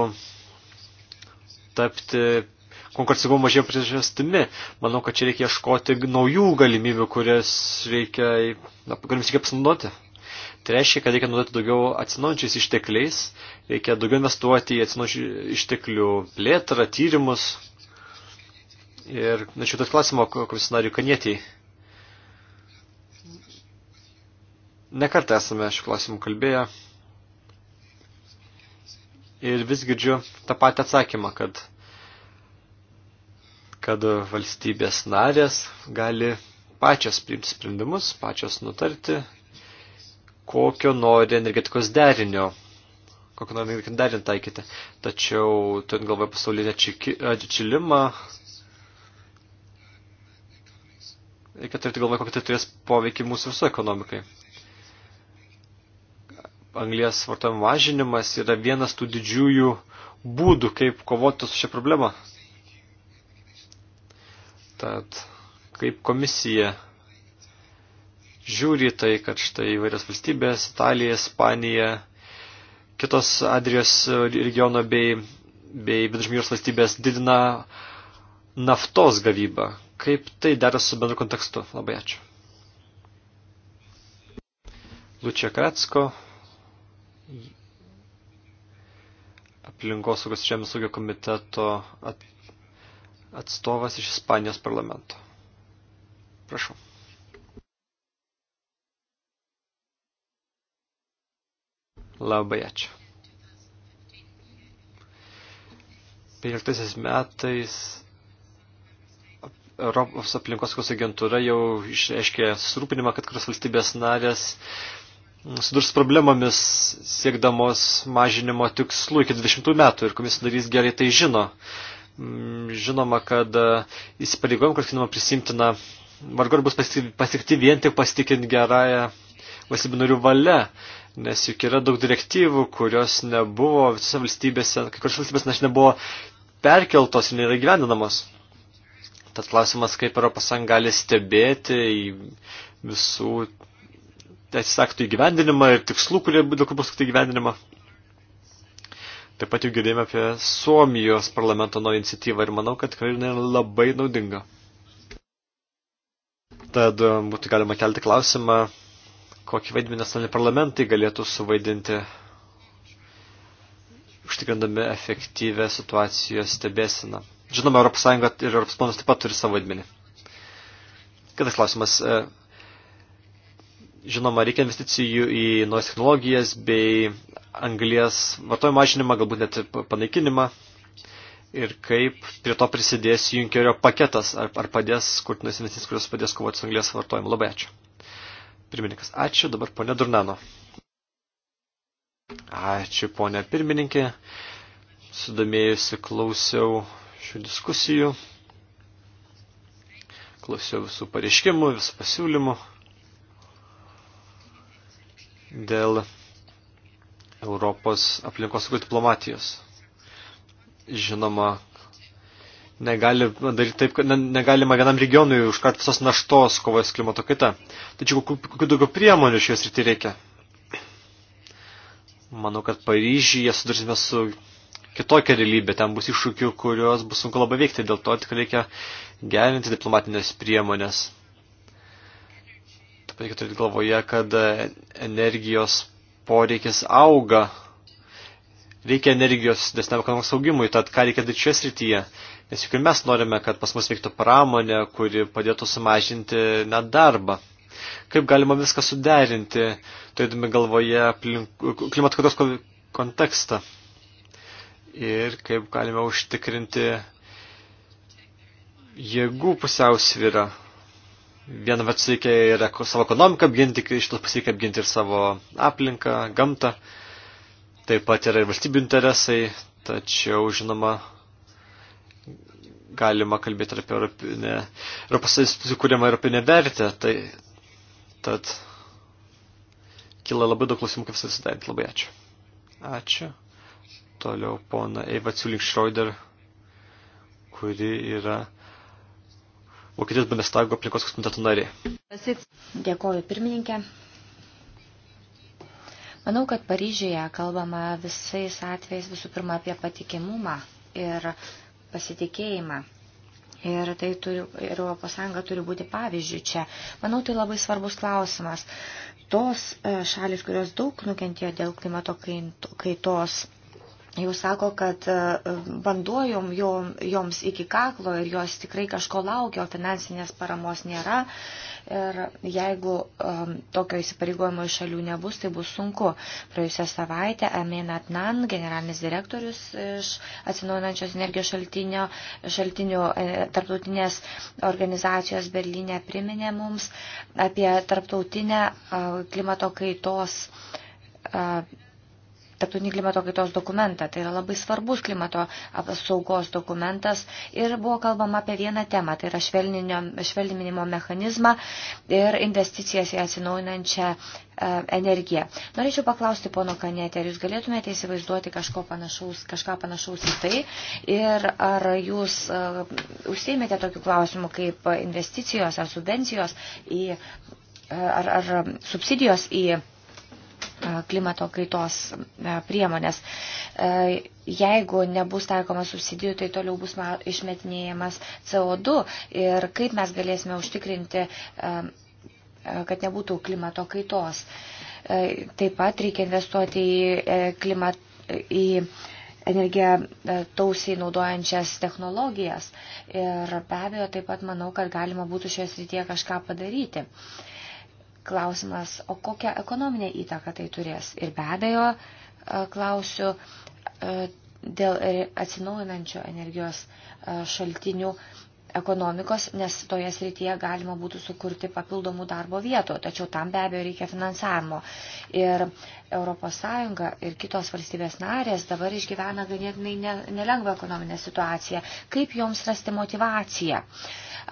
tapti konkurencingumo mažėjimo priežastimi. Manau, kad čia reikia ieškoti naujų galimybių, kurias reikia, na, galim reikia apsinaudoti. Tai reiškia, kad reikia naudoti daugiau atsinaujančiais ištekliais, reikia daugiau investuoti į atsinaujančių išteklių plėtrą, tyrimus. Ir, na, šitas klausimą komisinarių kanietiai. Nekartą esame šiuo klausimu kalbėję. Ir vis girdžiu tą patį atsakymą, kad kad valstybės narės gali pačios priimti sprendimus, pačios nutarti, kokio nori energetikos derinio, kokio nori energetikos derinio taikyti. Tačiau, turint galvoje pasaulinę atšilimą, reikia turėti galvoje, kokį tai turės poveikį mūsų visų ekonomikai. Anglijas vartojimo mažinimas yra vienas tų didžiųjų būdų, kaip kovoti su šia problema. Tad kaip komisija žiūri tai, kad štai įvairias valstybės, Italija, Ispanija, kitos Adrijos regiono bei, bei Biržmyros valstybės didina naftos gavybą. Kaip tai dera su bendru kontekstu? Labai ačiū. Lučia Kratsko, aplinkosaugos žemės ūkio komiteto atstovas iš Ispanijos parlamento. Prašau. Labai ačiū. 15 metais Europos aplinkosaugos agentūra jau išreiškė susirūpinimą, kad kurios valstybės narės sudurs problemomis siekdamos mažinimo tikslų iki 20 metų ir komisija darys gerai tai žino. Mm, žinoma, kad e, įsipareigojimų, kur skinama prisimtina, vargu ar bus pasiekti vien tik pasitikint gerąją valstybių narių valią, nes juk yra daug direktyvų, kurios nebuvo visose valstybėse, kai kurios valstybės neš nebuvo perkeltos ir nėra gyvendinamos. Tad klausimas, kaip Europos Sąjunga gali stebėti visų teisės aktų įgyvendinimą ir tikslų, kurie būtų kur bus įgyvendinimą. Taip pat jau girdėjome apie Suomijos parlamento naują iniciatyvą ir manau, kad tikrai yra labai naudinga. Tad e, būtų galima kelti klausimą, kokį vaidmenį nacionaliniai parlamentai galėtų suvaidinti, užtikrindami efektyvę situacijos stebėsiną. Žinoma, ES ir ES taip pat turi savo vaidmenį. Kitas klausimas. E, žinoma, reikia investicijų į naujas technologijas bei anglės vartojimo mažinimą, galbūt net panaikinimą ir kaip prie to prisidės Junkerio paketas, ar, ar padės kurtinas investicijas, kurios padės kovoti su anglės vartojimu. Labai ačiū. Pirmininkas, ačiū, dabar ponė Durnano. Ačiū, ponė pirmininkė. Sudomėjusi klausiau šių diskusijų, klausiau visų pareiškimų, visų pasiūlymų dėl Europos aplinkos diplomatijos. Žinoma, negali daryti taip, kad negalima vienam regionui užkart visos naštos kovos klimato kaita. Tačiau kokių daugiau priemonių šios rytį reikia? Manau, kad Paryžyje sudursime su kitokia realybė, ten bus iššūkių, kuriuos bus sunku labai veikti, dėl to tik reikia gerinti diplomatinės priemonės. Taip pat reikia turėti galvoje, kad energijos poreikis auga. Reikia energijos desniam ekonomikos augimui, tad ką reikia daryti šioje srityje? Nes juk ir mes norime, kad pas mus veiktų pramonė, kuri padėtų sumažinti nedarbą. Kaip galima viską suderinti, turėdami galvoje klimato kaitos kontekstą? Ir kaip galime užtikrinti jėgų pusiausvyrą Viena vertus reikia ir savo ekonomiką apginti, iš tos pasiekia apginti ir savo aplinką, gamtą. Taip pat yra ir valstybių interesai, tačiau, žinoma, galima kalbėti apie europinę, Europos sukūrimą europinę vertę. Tai, tad kyla labai daug klausimų, kaip visą sudaryti. Labai ačiū. Ačiū. Toliau pona Eiva Ciulink Schroeder, kuri yra Vokietijos Bundestago aplinkos komiteto narė. Dėkoju pirmininkė. Manau, kad Paryžėje kalbama visais atvejais visų pirma apie patikimumą ir pasitikėjimą. Ir tai turi, ir Europos Sąjunga turi būti pavyzdžių čia. Manau, tai labai svarbus klausimas. Tos e, šalis, kurios daug nukentėjo dėl klimato kaitos, jau sako, kad banduojom e, jom, joms iki kaklo ir jos tikrai kažko laukia, o finansinės paramos nėra. Ir jeigu um, tokio įsipareigojimo iš šalių nebus, tai bus sunku. Praėjusią savaitę Amin Atnan, generalinis direktorius iš atsinaujinančios energijos šaltinio, šaltinių e, tarptautinės organizacijos Berlyne priminė mums apie tarptautinę e, klimato kaitos e, tarptautinį klimato kaitos dokumentą. Tai yra labai svarbus klimato apsaugos dokumentas ir buvo kalbama apie vieną temą, tai yra švelninimo mechanizmą ir investicijas į atsinaujinančią e, energiją. Norėčiau paklausti pono Kanėtė, ar jūs galėtumėte įsivaizduoti panašaus, kažką panašaus į tai ir ar jūs uh, e, užsėmėte tokių klausimų kaip investicijos ar subvencijos į, e, ar, ar subsidijos į E, klimato kaitos e, priemonės. E, jeigu nebus taikoma subsidijų, tai toliau bus išmetinėjamas CO2 ir kaip mes galėsime užtikrinti, kad nebūtų klimato kaitos. Taip pat reikia investuoti į, klimat, į energiją tausiai naudojančias technologijas. Ir be abejo, taip pat manau, kad galima būtų šioje srityje kažką padaryti. Uh, Klausimas, o kokią ekonominę įtaką tai turės? Ir be abejo, e, klausiu e, dėl atsinaujinančio energijos e, šaltinių ekonomikos, nes toje srityje galima būtų sukurti papildomų darbo vietų, tačiau tam be abejo reikia finansavimo. Ir ES ir kitos valstybės narės dabar išgyvena ganėtinai nelengvą ekonominę situaciją. Kaip joms rasti motivaciją?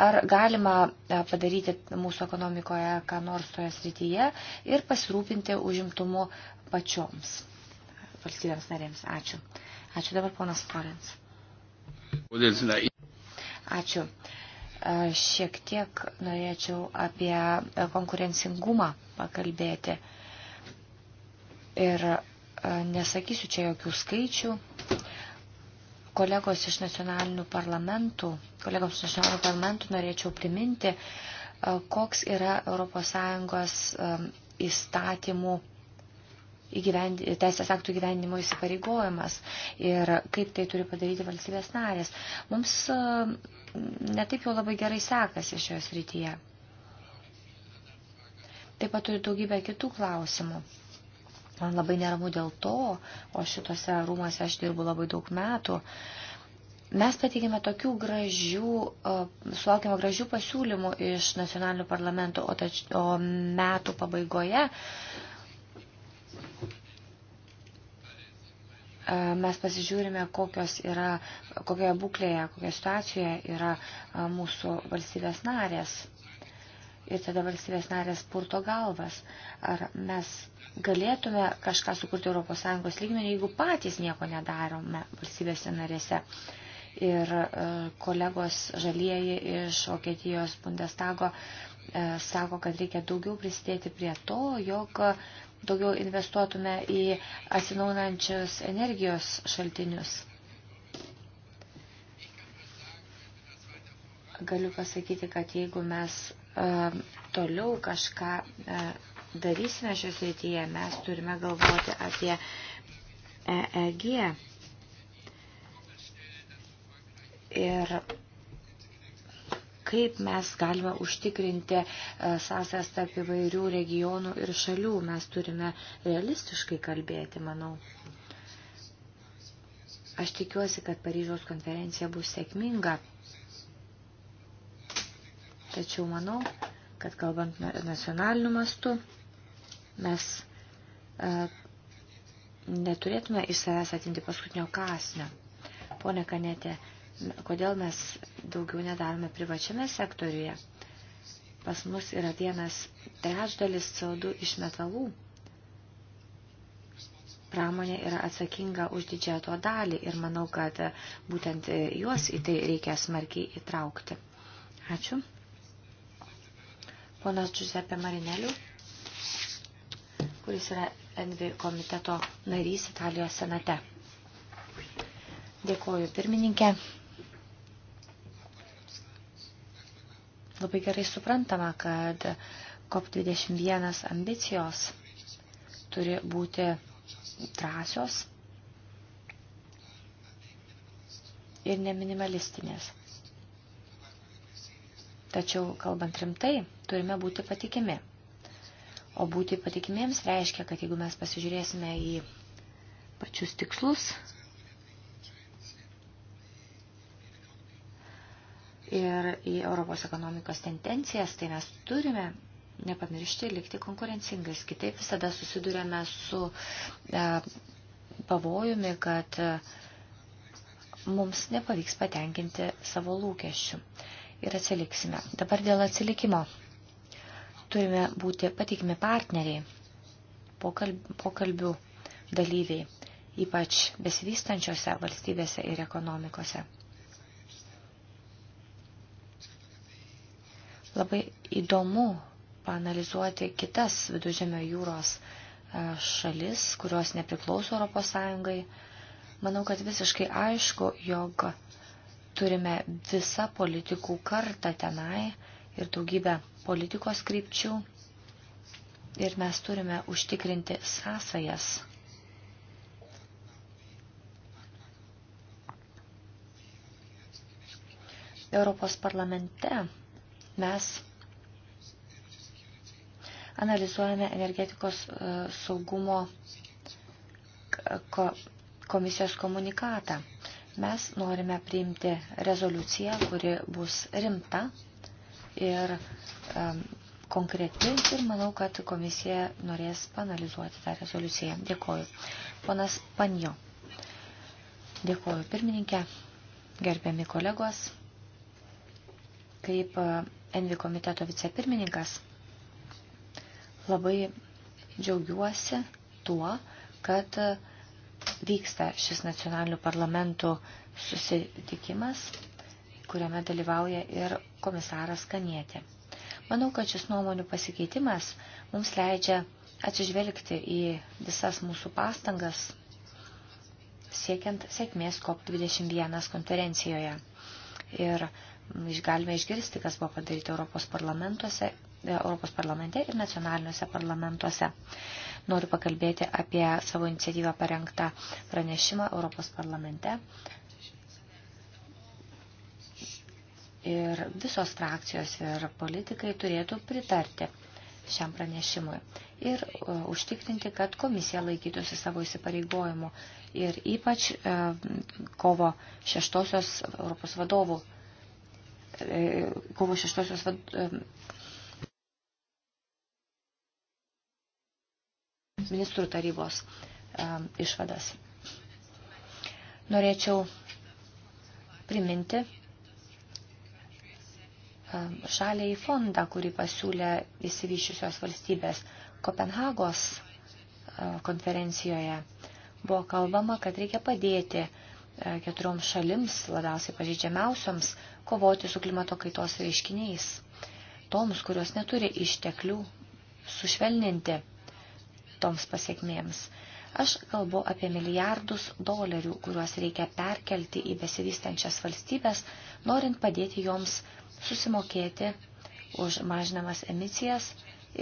Ar galima e, padaryti mūsų ekonomikoje ką nors toje srityje ir pasirūpinti užimtumu pačioms valstybėms narėms? Ačiū. Ačiū dabar ponas Florence. Ačiū. Šiek tiek norėčiau apie konkurencingumą pakalbėti. Ir nesakysiu čia jokių skaičių. Kolegos iš nacionalinių parlamentų, kolegos iš nacionalinių parlamentų norėčiau priminti, koks yra ES įstatymų įgyvendi, teisės aktų gyvenimo įsipareigojimas ir kaip tai turi padaryti valstybės narės. Mums e, netaip jau labai gerai sekasi šioje srityje. Taip pat turiu daugybę kitų klausimų. Man labai neramu dėl to, o šitose rūmose aš dirbu labai daug metų. Mes pateikėme tokių gražių, e, sulaukėme gražių pasiūlymų iš nacionalinių parlamentų, o, tač, o metų pabaigoje uh, E, mes pasižiūrime, kokios yra, kokioje būklėje, kokioje situacijoje yra e, mūsų valstybės narės. Ir tada valstybės narės purto galvas. Ar mes galėtume kažką sukurti ES lygmenį, jeigu patys nieko nedarome valstybėse narėse. Ir e, kolegos žalieji iš Vokietijos Bundestago sako, kad reikia daugiau prisidėti prie to, jog daugiau investuotume į atsinaunančius energijos šaltinius. Galiu pasakyti, kad jeigu mes uh, toliau kažką uh, darysime šios rytyje, mes turime galvoti apie EEG. Ir kaip mes galime užtikrinti e, sąsęs tarp įvairių regionų ir šalių. Mes turime realistiškai kalbėti, manau. Aš tikiuosi, kad Paryžiaus konferencija bus sėkminga. Tačiau manau, kad kalbant nacionaliniu mastu, mes e, neturėtume iš savęs atinti paskutinio kasnio. Pone Kanetė, kodėl mes daugiau nedarome privačiame sektoriuje. Pas mus yra vienas trečdalis CO2 iš metalų. Pramonė yra atsakinga už didžiato dalį ir manau, kad e, būtent e, juos į tai reikia smarkiai įtraukti. Ačiū. Ponas Giuseppe Marineliu, kuris yra Envi komiteto narys Italijos senate. Dėkuoju pirmininkė. Labai gerai suprantama, kad COP21 ambicijos turi būti drąsios ir neminimalistinės. Tačiau, kalbant rimtai, turime būti patikimi. O būti patikimiems reiškia, kad jeigu mes pasižiūrėsime į pačius tikslus, ir į Europos ekonomikos tendencijas, tai mes turime nepamiršti likti konkurencingais. Kitaip visada susidurėme su e, pavojumi, kad e, mums nepavyks patenkinti savo lūkesčių ir atsiliksime. Dabar dėl atsilikimo. Turime būti patikimi partneriai, pokalb, pokalbių dalyviai, ypač besivystančiose valstybėse ir ekonomikose. Labai įdomu panalizuoti kitas vidužėmio jūros e, šalis, kurios nepriklauso Europos Sąjungai. Manau, kad visiškai aišku, jog turime visą politikų kartą tenai ir daugybę politikos krypčių ir mes turime užtikrinti sąsajas. Europos parlamente mes analizuojame energetikos e, saugumo komisijos komunikatą. Mes norime priimti rezoliuciją, kuri bus rimta ir um, konkreti ir manau, kad komisija norės panalizuoti tą rezoliuciją. Dėkoju. Ponas Panjo. Dėkoju pirmininkė, gerbiami kolegos. Kaip uh, Envi komiteto vicepirmininkas, labai džiaugiuosi tuo, kad vyksta šis nacionalinių parlamentų susitikimas, kuriame dalyvauja ir komisaras Kanietė. Manau, kad šis nuomonių pasikeitimas mums leidžia atsižvelgti į visas mūsų pastangas siekiant sėkmės COP21 konferencijoje. Ir galime išgirsti, kas buvo padaryti Europos, parlamentuose, e, Europos parlamente ir nacionaliniuose parlamentuose. Noriu pakalbėti apie savo iniciatyvą parengtą pranešimą Europos parlamente. Ir visos frakcijos ir politikai turėtų pritarti šiam pranešimui ir e, užtikrinti, kad komisija laikytųsi savo įsipareigojimų ir ypač e, kovo šeštosios Europos vadovų E, kovo šeštosios e, ministrų tarybos e, išvadas. Norėčiau priminti šaliai fondą, kurį pasiūlė įsivyščiusios valstybės Kopenhagos konferencijoje. Buvo kalbama, kad reikia padėti uh, E, keturioms šalims, labiausiai pažeidžiamiausioms, kovoti su klimato kaitos reiškiniais, toms, kurios neturi išteklių, sušvelninti toms pasiekmėms. Aš kalbu apie milijardus dolerių, kuriuos reikia perkelti į besivystančias valstybės, norint padėti joms susimokėti už mažinamas emisijas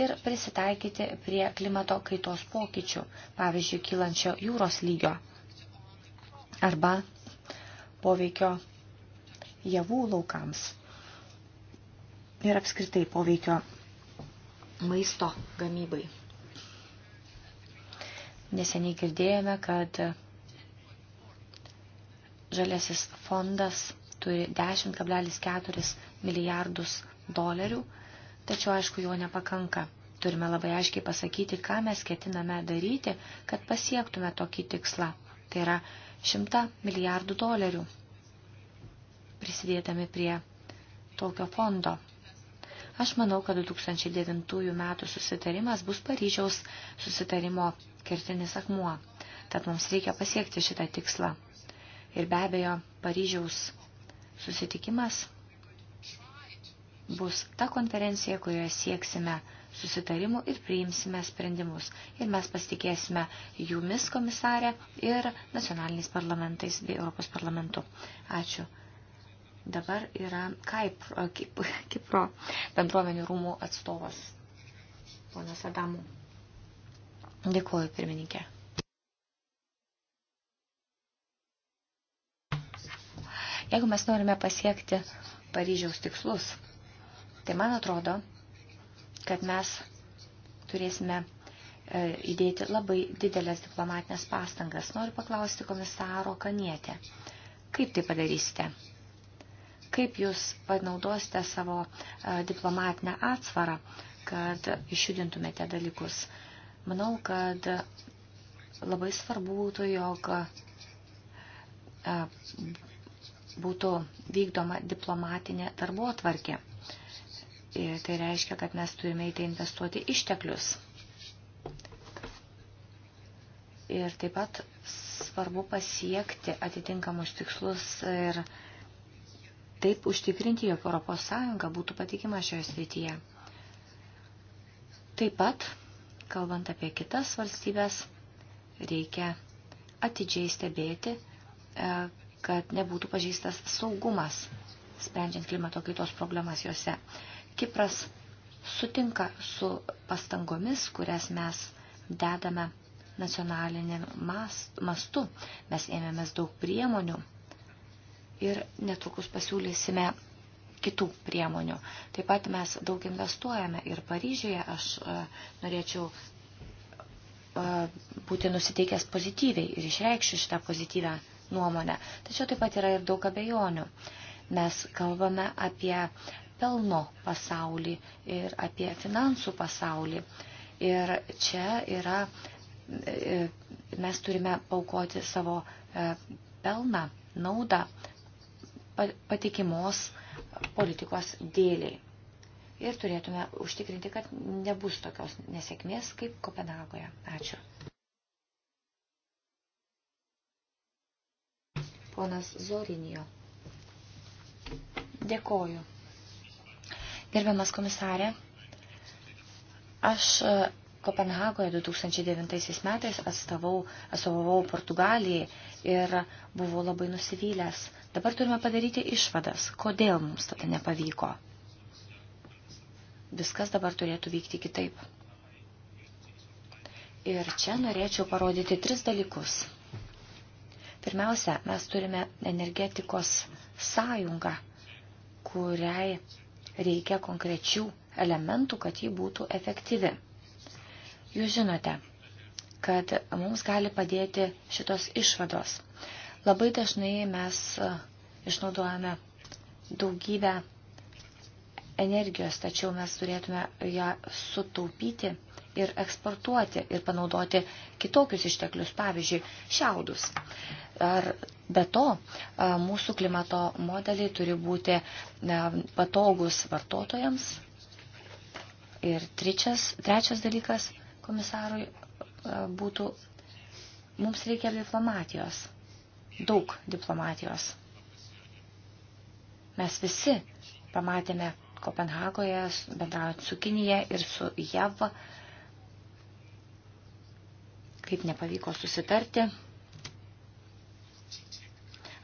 ir prisitaikyti prie klimato kaitos pokyčių, pavyzdžiui, kylančio jūros lygio arba poveikio javų laukams ir apskritai poveikio maisto gamybai. Neseniai girdėjome, kad žaliasis fondas turi 10,4 milijardus dolerių, tačiau aišku jo nepakanka. Turime labai aiškiai pasakyti, ką mes ketiname daryti, kad pasiektume tokį tikslą. Tai yra 100 milijardų dolerių, prisidėdami prie tokio fondo. Aš manau, kad 2009 metų susitarimas bus Paryžiaus susitarimo kertinis akmuo, tad mums reikia pasiekti šitą tikslą. Ir be abejo, Paryžiaus susitikimas bus ta konferencija, kurioje sieksime susitarimų ir priimsime sprendimus. Ir mes pasitikėsime jumis, komisarė, ir nacionaliniais parlamentais bei Europos parlamentu. Ačiū. Dabar yra Kaipro, Kipro bendruomenių rūmų atstovas, ponas Adamų. Dėkuoju, pirmininkė. Jeigu mes norime pasiekti Paryžiaus tikslus, tai man atrodo, kad mes turėsime e, įdėti labai didelės diplomatinės pastangas. Noriu paklausti komisaro Kanietė. Kaip tai padarysite? Kaip jūs panaudosite savo e, diplomatinę atsvarą, kad išjudintumėte dalykus? Manau, kad labai svarbu būtų, jog e, būtų vykdoma diplomatinė darbo atvarkė. Ir tai reiškia, kad mes turime į tai investuoti išteklius. Ir taip pat svarbu pasiekti atitinkamus tikslus ir taip užtikrinti, jog Europos Sąjunga būtų patikima šioje srityje. Taip pat, kalbant apie kitas valstybės, reikia atidžiai stebėti, e, kad nebūtų pažįstas saugumas, sprendžiant klimato kaitos problemas juose. Kipras sutinka su pastangomis, kurias mes dedame nacionaliniam mastu. Mes ėmėmės daug priemonių ir netrukus pasiūlysime kitų priemonių. Taip pat mes daug investuojame ir Paryžiuje aš e, norėčiau e, būti nusiteikęs pozityviai ir išreikščiu šitą pozityvę nuomonę. Tačiau taip pat yra ir daug abejonių. Mes kalbame apie pelno pasaulį ir apie finansų pasaulį. Ir čia yra, e, mes turime paukoti savo e, pelną, naudą patikimos politikos dėliai. Ir turėtume užtikrinti, kad nebus tokios nesėkmės kaip Kopenhagoje. Ačiū. Ponas Zorinijo. Dėkoju. Gerbiamas komisarė, aš e, Kopenhagoje 2009 metais atstovau, atstovau Portugalijai ir buvau labai nusivylęs. Dabar turime padaryti išvadas, kodėl mums tada nepavyko. Viskas dabar turėtų vykti kitaip. Ir čia norėčiau parodyti tris dalykus. Pirmiausia, mes turime energetikos sąjungą, kuriai reikia konkrečių elementų, kad ji būtų efektyvi. Jūs žinote, kad mums gali padėti šitos išvados. Labai dažnai mes e, išnaudojame daugybę energijos, tačiau mes turėtume ją sutaupyti ir eksportuoti ir panaudoti kitokius išteklius, pavyzdžiui, šiaudus. Ar be to mūsų klimato modeliai turi būti patogus vartotojams. Ir tričias, trečias dalykas komisarui būtų, mums reikia diplomatijos, daug diplomatijos. Mes visi pamatėme Kopenhagoje, bendraujant su Kinija ir su JAV, kaip nepavyko susitarti.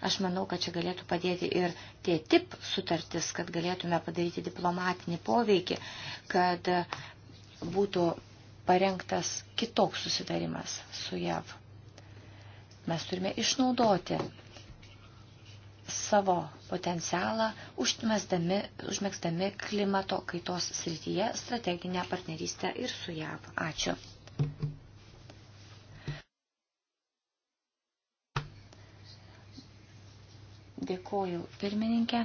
Aš manau, kad čia galėtų padėti ir tie tip sutartis, kad galėtume padaryti diplomatinį poveikį, kad būtų parengtas kitoks susitarimas su JAV. Mes turime išnaudoti savo potencialą, užmėgsdami klimato kaitos srityje strateginę partnerystę ir su JAV. Ačiū. Dėkuoju pirmininkė,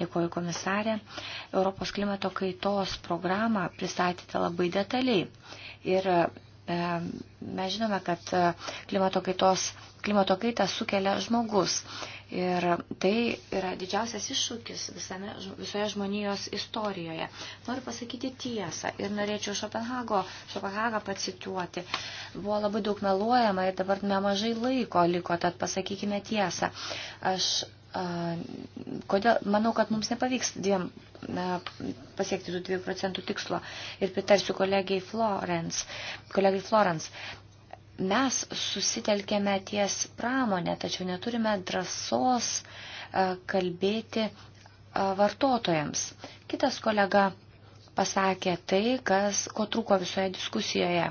dėkuoju komisarė. Europos klimato kaitos programą pristatėte labai detaliai. Ir E, mes žinome, kad e, klimato, kaitos, klimato kaitą sukelia žmogus. Ir tai yra didžiausias iššūkis visame, visoje žmonijos istorijoje. Noriu pasakyti tiesą ir norėčiau Šopenhago, Šopenhagą pacituoti. Buvo labai daug meluojama ir dabar nemažai laiko liko, tad pasakykime tiesą. Aš Kodėl, manau, kad mums nepavyks dviem pasiekti tų 2 procentų tikslo ir pritarsiu kolegijai Florence. Kolegijai Florence, mes susitelkėme ties pramonę, tačiau neturime drąsos kalbėti vartotojams. Kitas kolega pasakė tai, kas, ko trūko visoje diskusijoje.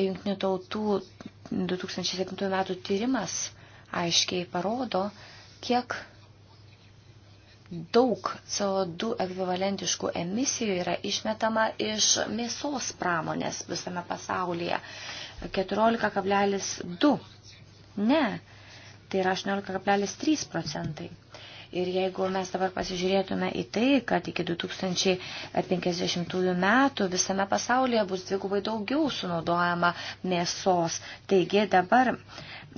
Junktinių tautų 2007 metų tyrimas aiškiai parodo, kiek daug CO2 ekvivalentiškų emisijų yra išmetama iš mėsos pramonės visame pasaulyje. 14,2. Ne, tai yra 18,3 procentai. Ir jeigu mes dabar pasižiūrėtume į tai, kad iki 2050 metų visame pasaulyje bus dvigubai daugiau sunaudojama mėsos. Taigi dabar uh,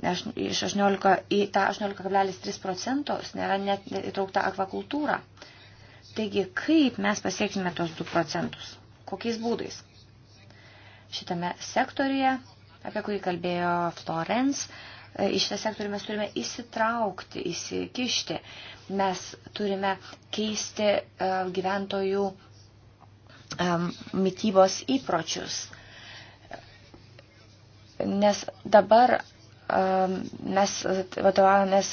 iš 18 į tą 18,3 procentus nėra net įtraukta akvakultūra. Taigi, kaip mes pasieksime tos 2 procentus? Kokiais būdais? Šitame sektorija, apie kurį kalbėjo Florence, e, į šitą sektorių mes turime įsitraukti, įsikišti. Mes turime keisti e, gyventojų e, mytybos įpročius. Nes dabar Ehm, mes vadovavomės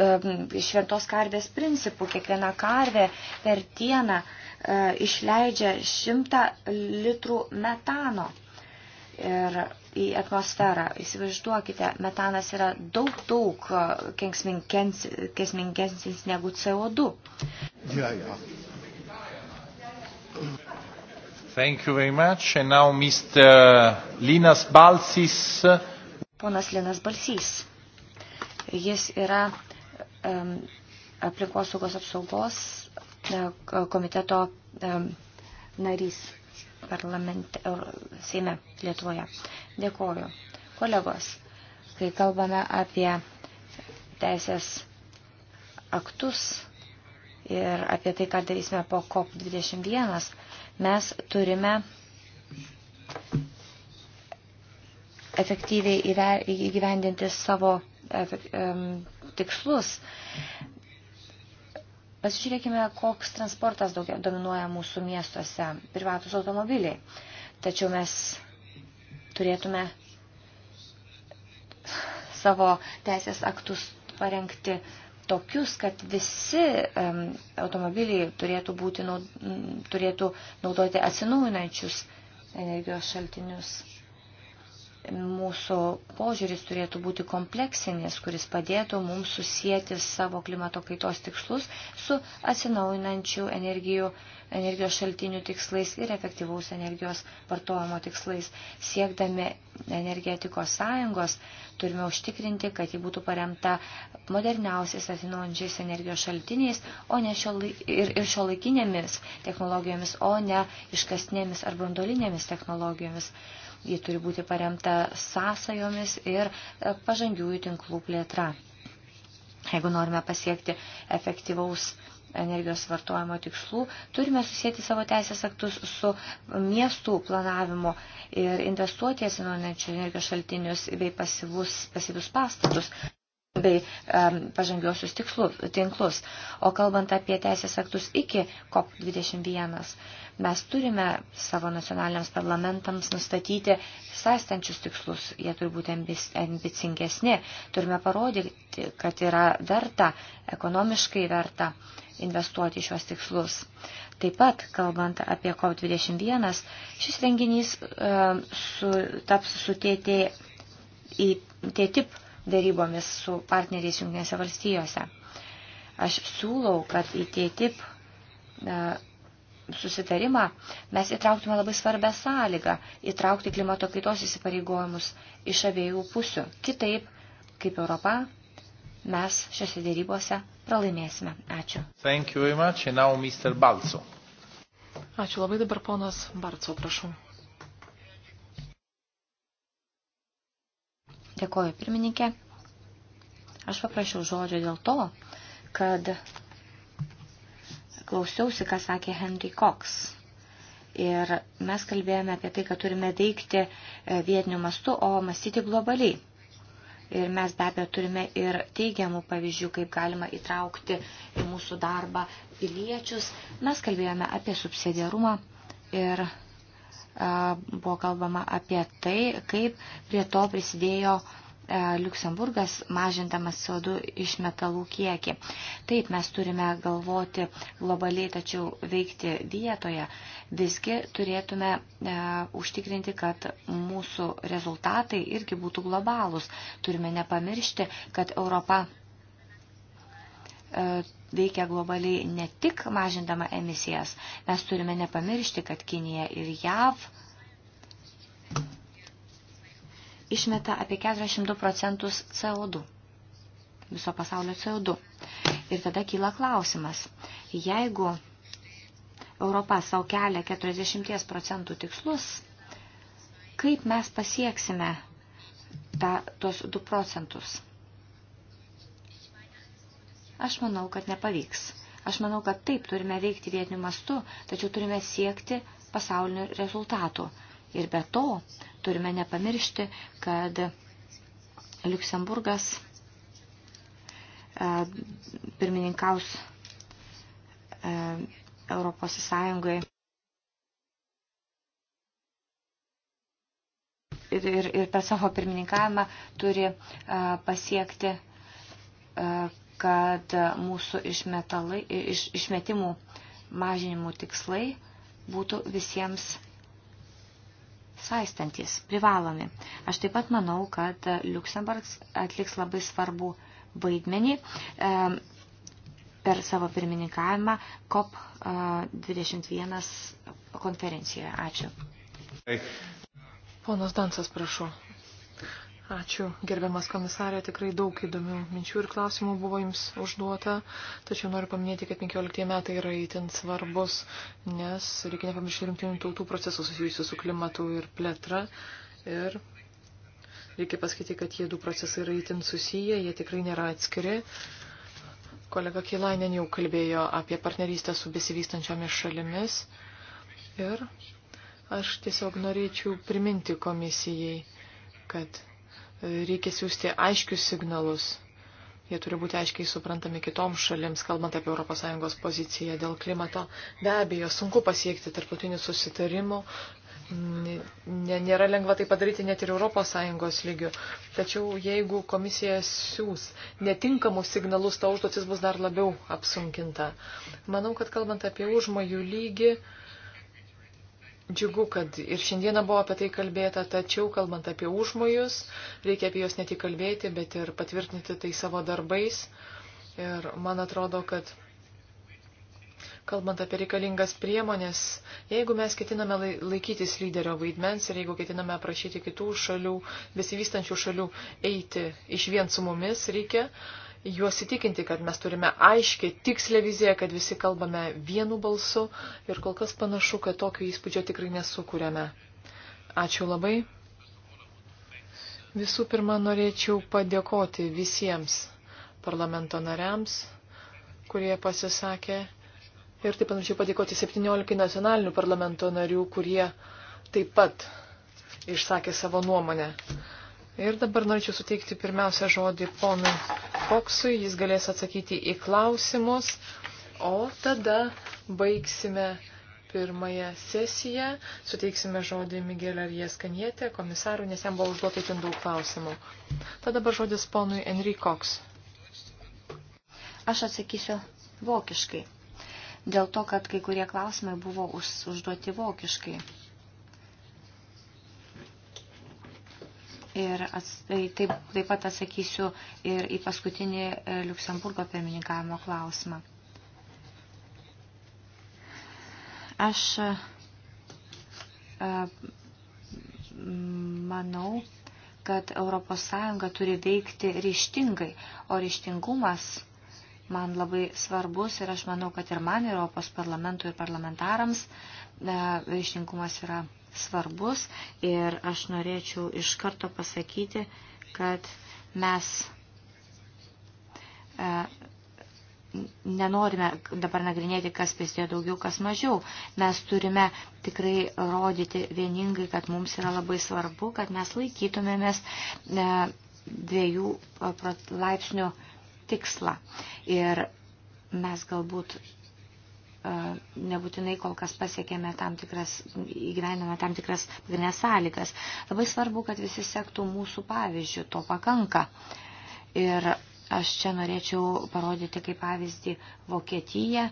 ehm, šventos karvės principų. Kiekviena karvė per dieną e, išleidžia 100 litrų metano ir į atmosferą. Įsivaizduokite, metanas yra daug, daug e, kenksmingesnis negu CO2. Ja, ja. Thank you very much. And now Mr. Linas Balsis ponas Linas Balsys. Jis yra um, aplinkosaugos apsaugos e, komiteto um, narys parlamente, Seime Lietuvoje. Dėkoju. Kolegos, kai kalbame apie teisės aktus ir apie tai, ką darysime po COP21, mes turime efektyviai įgyvendinti savo tikslus. Pasižiūrėkime, koks transportas daugia, dominuoja mūsų miestuose – privatus automobiliai. Tačiau mes turėtume savo teisės aktus parengti tokius, kad visi um, automobiliai turėtų, būti, naud, turėtų naudoti atsinaujinančius energijos šaltinius mūsų požiūris turėtų būti kompleksinis, kuris padėtų mums susijęti savo klimato kaitos tikslus su atsinaujinančių energijų, energijos šaltinių tikslais ir efektyvaus energijos vartojimo tikslais. Siekdami energetikos sąjungos turime užtikrinti, kad ji būtų paremta moderniausiais atsinaujančiais energijos šaltiniais o ne šio, ir, ir šio laikinėmis technologijomis, o ne iškastinėmis ar brandolinėmis technologijomis. technologijomis Ji turi būti paremta sąsajomis ir e, pažangiųjų tinklų plėtra. Jeigu norime pasiekti efektyvaus energijos vartojimo tikslų, turime susijęti savo teisės aktus su miestų planavimo ir investuoti atsinaujinančių energijos šaltinius bei pasyvus, pasyvius pastatus bei um, pažangiosius tikslus, tinklus. O kalbant apie teisės aktus iki COP21, mes turime savo nacionaliniams parlamentams nustatyti sąstančius tikslus. Jie turi būti ambicingesni. Turime parodyti, kad yra verta, ekonomiškai verta investuoti šios tikslus. Taip pat, kalbant apie COP21, šis renginys uh, su, taps su TTIP dėrybomis su partneriais Junktinėse valstijose. Aš siūlau, kad į TTIP e, susitarimą mes įtrauktume labai svarbę sąlygą – įtraukti klimato kaitos įsipareigojimus iš abiejų pusių. Kitaip, kaip Europa, mes šiose dėrybose pralaimėsime. Ačiū. Thank you very much. And now Mr. Balco. Ačiū labai dabar ponas Barco, prašau. Dėkoju, pirmininkė. Aš paprašiau žodžio dėl to, kad klausiausi, ką sakė Henry Cox. Ir mes kalbėjome apie tai, kad turime veikti e, vietiniu mastu, o mąstyti globaliai. Ir mes be abejo turime ir teigiamų pavyzdžių, kaip galima įtraukti į mūsų darbą piliečius. Mes kalbėjome apie subsidiarumą ir buvo kalbama apie tai, kaip prie to prisidėjo Liuksemburgas mažintamas CO2 iš metalų kiekį. Taip, mes turime galvoti globaliai, tačiau veikti vietoje. Visgi turėtume e, užtikrinti, kad mūsų rezultatai irgi būtų globalūs. Turime nepamiršti, kad Europa e, veikia globaliai ne tik mažindama emisijas. Mes turime nepamiršti, kad Kinija ir JAV išmeta apie 42 procentus CO2, viso pasaulio CO2. Ir tada kyla klausimas, jeigu Europa savo kelia 40 procentų tikslus, kaip mes pasieksime ta, tos 2 procentus? Aš manau, kad nepavyks. Aš manau, kad taip turime veikti vietiniu mastu, tačiau turime siekti pasaulinių rezultatų. Ir be to turime nepamiršti, kad Luksemburgas e, pirmininkaus e, Europos Sąjungai. Ir, ir, ir per savo pirmininkavimą turi uh, pasiekti uh, kad mūsų išmetalai, iš, išmetimų mažinimų tikslai būtų visiems saistantis, privalomi. Aš taip pat manau, kad Luxemburgs atliks labai svarbų vaidmenį e, per savo pirmininkavimą COP21 konferencijoje. Ačiū. Ponas Dansas, prašau. Ačiū, gerbiamas komisarė, tikrai daug įdomių minčių ir klausimų buvo jums užduota, tačiau noriu paminėti, kad 15 metai yra įtin svarbus, nes reikia nepamiršti rinktinių tautų procesų susijusių su klimatu ir plėtra. Ir reikia pasakyti, kad jie du procesai yra įtin susiję, jie tikrai nėra atskiri. Kolega Kilainen jau kalbėjo apie partnerystę su besivystančiomis šalimis. Ir aš tiesiog norėčiau priminti komisijai, kad reikia siūsti aiškius signalus. Jie turi būti aiškiai suprantami kitoms šalims, kalbant apie ES poziciją dėl klimato. Be abejo, sunku pasiekti tarptautinių susitarimų. Nėra lengva tai padaryti net ir ES lygių. Tačiau jeigu komisija siūs netinkamus signalus, ta užduotis bus dar labiau apsunkinta. Manau, kad kalbant apie užmojų lygį, uh, Džiugu, kad ir šiandieną buvo apie tai kalbėta, tačiau kalbant apie užmojus, reikia apie juos ne tik kalbėti, bet ir patvirtinti tai savo darbais. Ir man atrodo, kad kalbant apie reikalingas priemonės, jeigu mes ketiname laikytis lyderio vaidmens ir jeigu ketiname prašyti kitų šalių, besivystančių šalių eiti iš vien su mumis, reikia uh, juos įtikinti, kad mes turime aiškę, tikslę viziją, kad visi kalbame vienu balsu ir kol kas panašu, kad tokio įspūdžio tikrai nesukūrėme. Ačiū labai. Visų pirma, norėčiau padėkoti visiems parlamento nariams, kurie pasisakė. Ir taip pat norėčiau padėkoti 17 nacionalinių parlamento narių, kurie taip pat išsakė savo nuomonę. Ir dabar norėčiau suteikti pirmiausia žodį ponui Foksui, jis galės atsakyti į klausimus, o tada baigsime pirmąją sesiją, suteiksime žodį Miguel Arijas Kanietė, komisarui, nes jam buvo užduota itin daug klausimų. Tada dabar žodis ponui Enry Koks. Aš atsakysiu vokiškai, dėl to, kad kai kurie klausimai buvo už, užduoti vokiškai. Ir ats, tai taip, taip pat atsakysiu ir į paskutinį e, Luksemburgo pirmininkavimo klausimą. Aš e, e, manau, kad ES turi veikti ryštingai, o ryštingumas man labai svarbus ir aš manau, kad ir man Europos parlamentui ir parlamentarams ryštingumas yra svarbus ir aš norėčiau iš karto pasakyti, kad mes e, nenorime dabar nagrinėti, kas prisidėjo daugiau, kas mažiau. Mes turime tikrai rodyti vieningai, kad mums yra labai svarbu, kad mes laikytumėmės e, dviejų e, laipsnių tikslą. Ir mes galbūt nebūtinai kol kas pasiekėme tam tikras, įgyvenime tam tikras pagrindinės sąlygas. Labai svarbu, kad visi sektų mūsų pavyzdžių, to pakanka. Ir aš čia norėčiau parodyti kaip pavyzdį Vokietiją,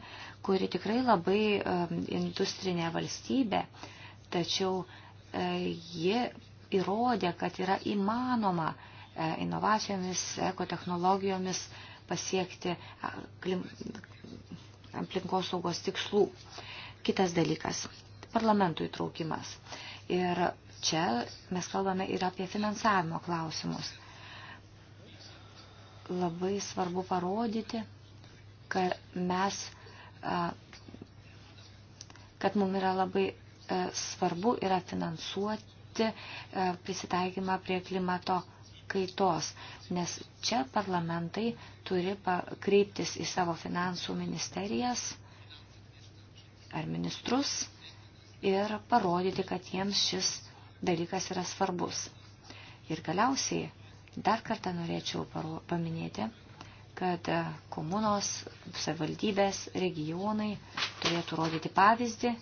kuri tikrai labai industrinė valstybė, tačiau ji įrodė, kad yra įmanoma inovacijomis, ekotechnologijomis pasiekti aplinkosaugos tikslų. Kitas dalykas - parlamentų įtraukimas. Ir čia mes kalbame ir apie finansavimo klausimus. Labai svarbu parodyti, kad mes, kad mums yra labai e, svarbu yra finansuoti e, prisitaikymą prie klimato kaitos, nes čia parlamentai turi kreiptis į savo finansų ministerijas ar ministrus ir parodyti, kad jiems šis dalykas yra svarbus. Ir galiausiai dar kartą norėčiau paminėti, kad komunos, savivaldybės, regionai turėtų rodyti pavyzdį.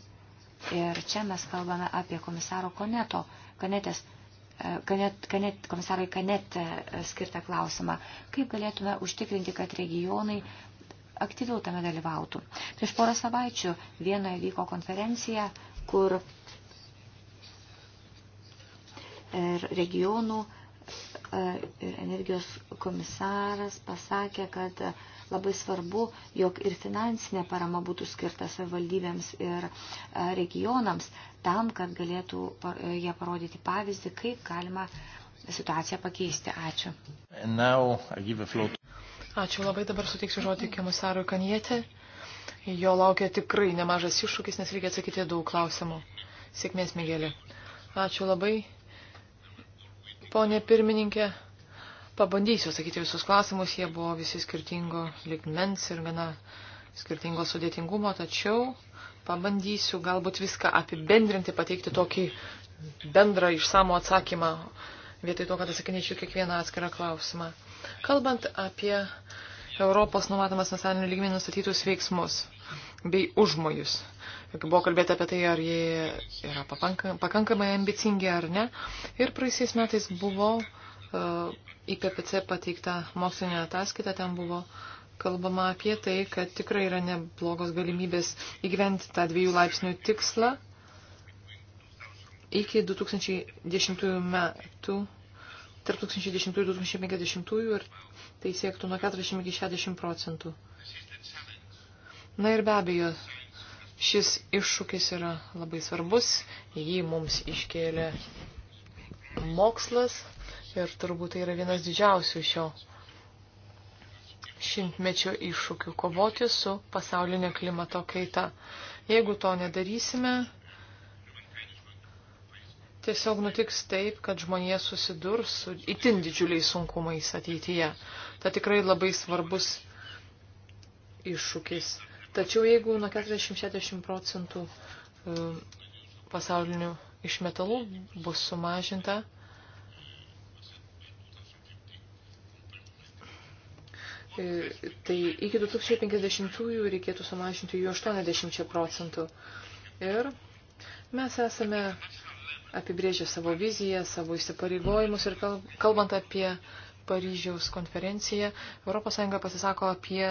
Ir čia mes kalbame apie komisaro Koneto, Kanetės Kanet, kanet, komisarai Kanet e, skirtą klausimą, kaip galėtume užtikrinti, kad regionai aktyviau tame dalyvautų. Prieš porą savaičių vienoje vyko konferencija, kur ir regionų e, ir energijos komisaras pasakė, kad Labai svarbu, jog ir finansinė parama būtų skirta savivaldybėms ir e, regionams tam, kad galėtų e, jie parodyti pavyzdį, kaip galima situaciją pakeisti. Ačiū. Ačiū labai, dabar suteiksiu žodį komisarui Kanietė. Jo laukia tikrai nemažas iššūkis, nes reikia atsakyti daug klausimų. Sėkmės, Migeli. Ačiū labai. Pone pirmininkė, Pabandysiu sakyti visus klausimus, jie buvo visi skirtingo ligmens ir gana skirtingo sudėtingumo, tačiau pabandysiu galbūt viską apibendrinti, pateikti tokį bendrą išsamų atsakymą, vietoj to, kad atsakinėčiau kiekvieną atskirą klausimą. Kalbant apie Europos numatomas nacionalinių lygmenį nustatytus veiksmus bei užmojus. Buvo kalbėta apie tai, ar jie yra pakankamai ambicingi ar ne. Ir praeisiais metais buvo uh, į e, PPC pateiktą mokslinę ataskaitą. Ten buvo kalbama apie tai, kad tikrai yra neblogos galimybės įgyventi tą dviejų laipsnių tikslą iki 2010 metų, tarp 2010 ir 2050 ir tai siektų nuo 40 iki 60 procentų. Na ir be abejo, šis iššūkis yra labai svarbus, jį mums iškėlė mokslas, ir turbūt tai yra vienas didžiausių šio šimtmečio iššūkių - kovoti su pasaulinė klimato kaita. Jeigu to nedarysime, tiesiog nutiks taip, kad žmonė susidurs su itin didžiuliais sunkumais ateityje. Ta tikrai labai svarbus iššūkis. Tačiau jeigu nuo 40-60 procentų e, pasaulinių išmetalų bus sumažinta, E, tai iki 2050-ųjų reikėtų sumažinti jų 80 procentų. Ir mes esame apibrėžę savo viziją, savo įsipareigojimus ir kalbant apie Paryžiaus konferenciją, ES pasisako apie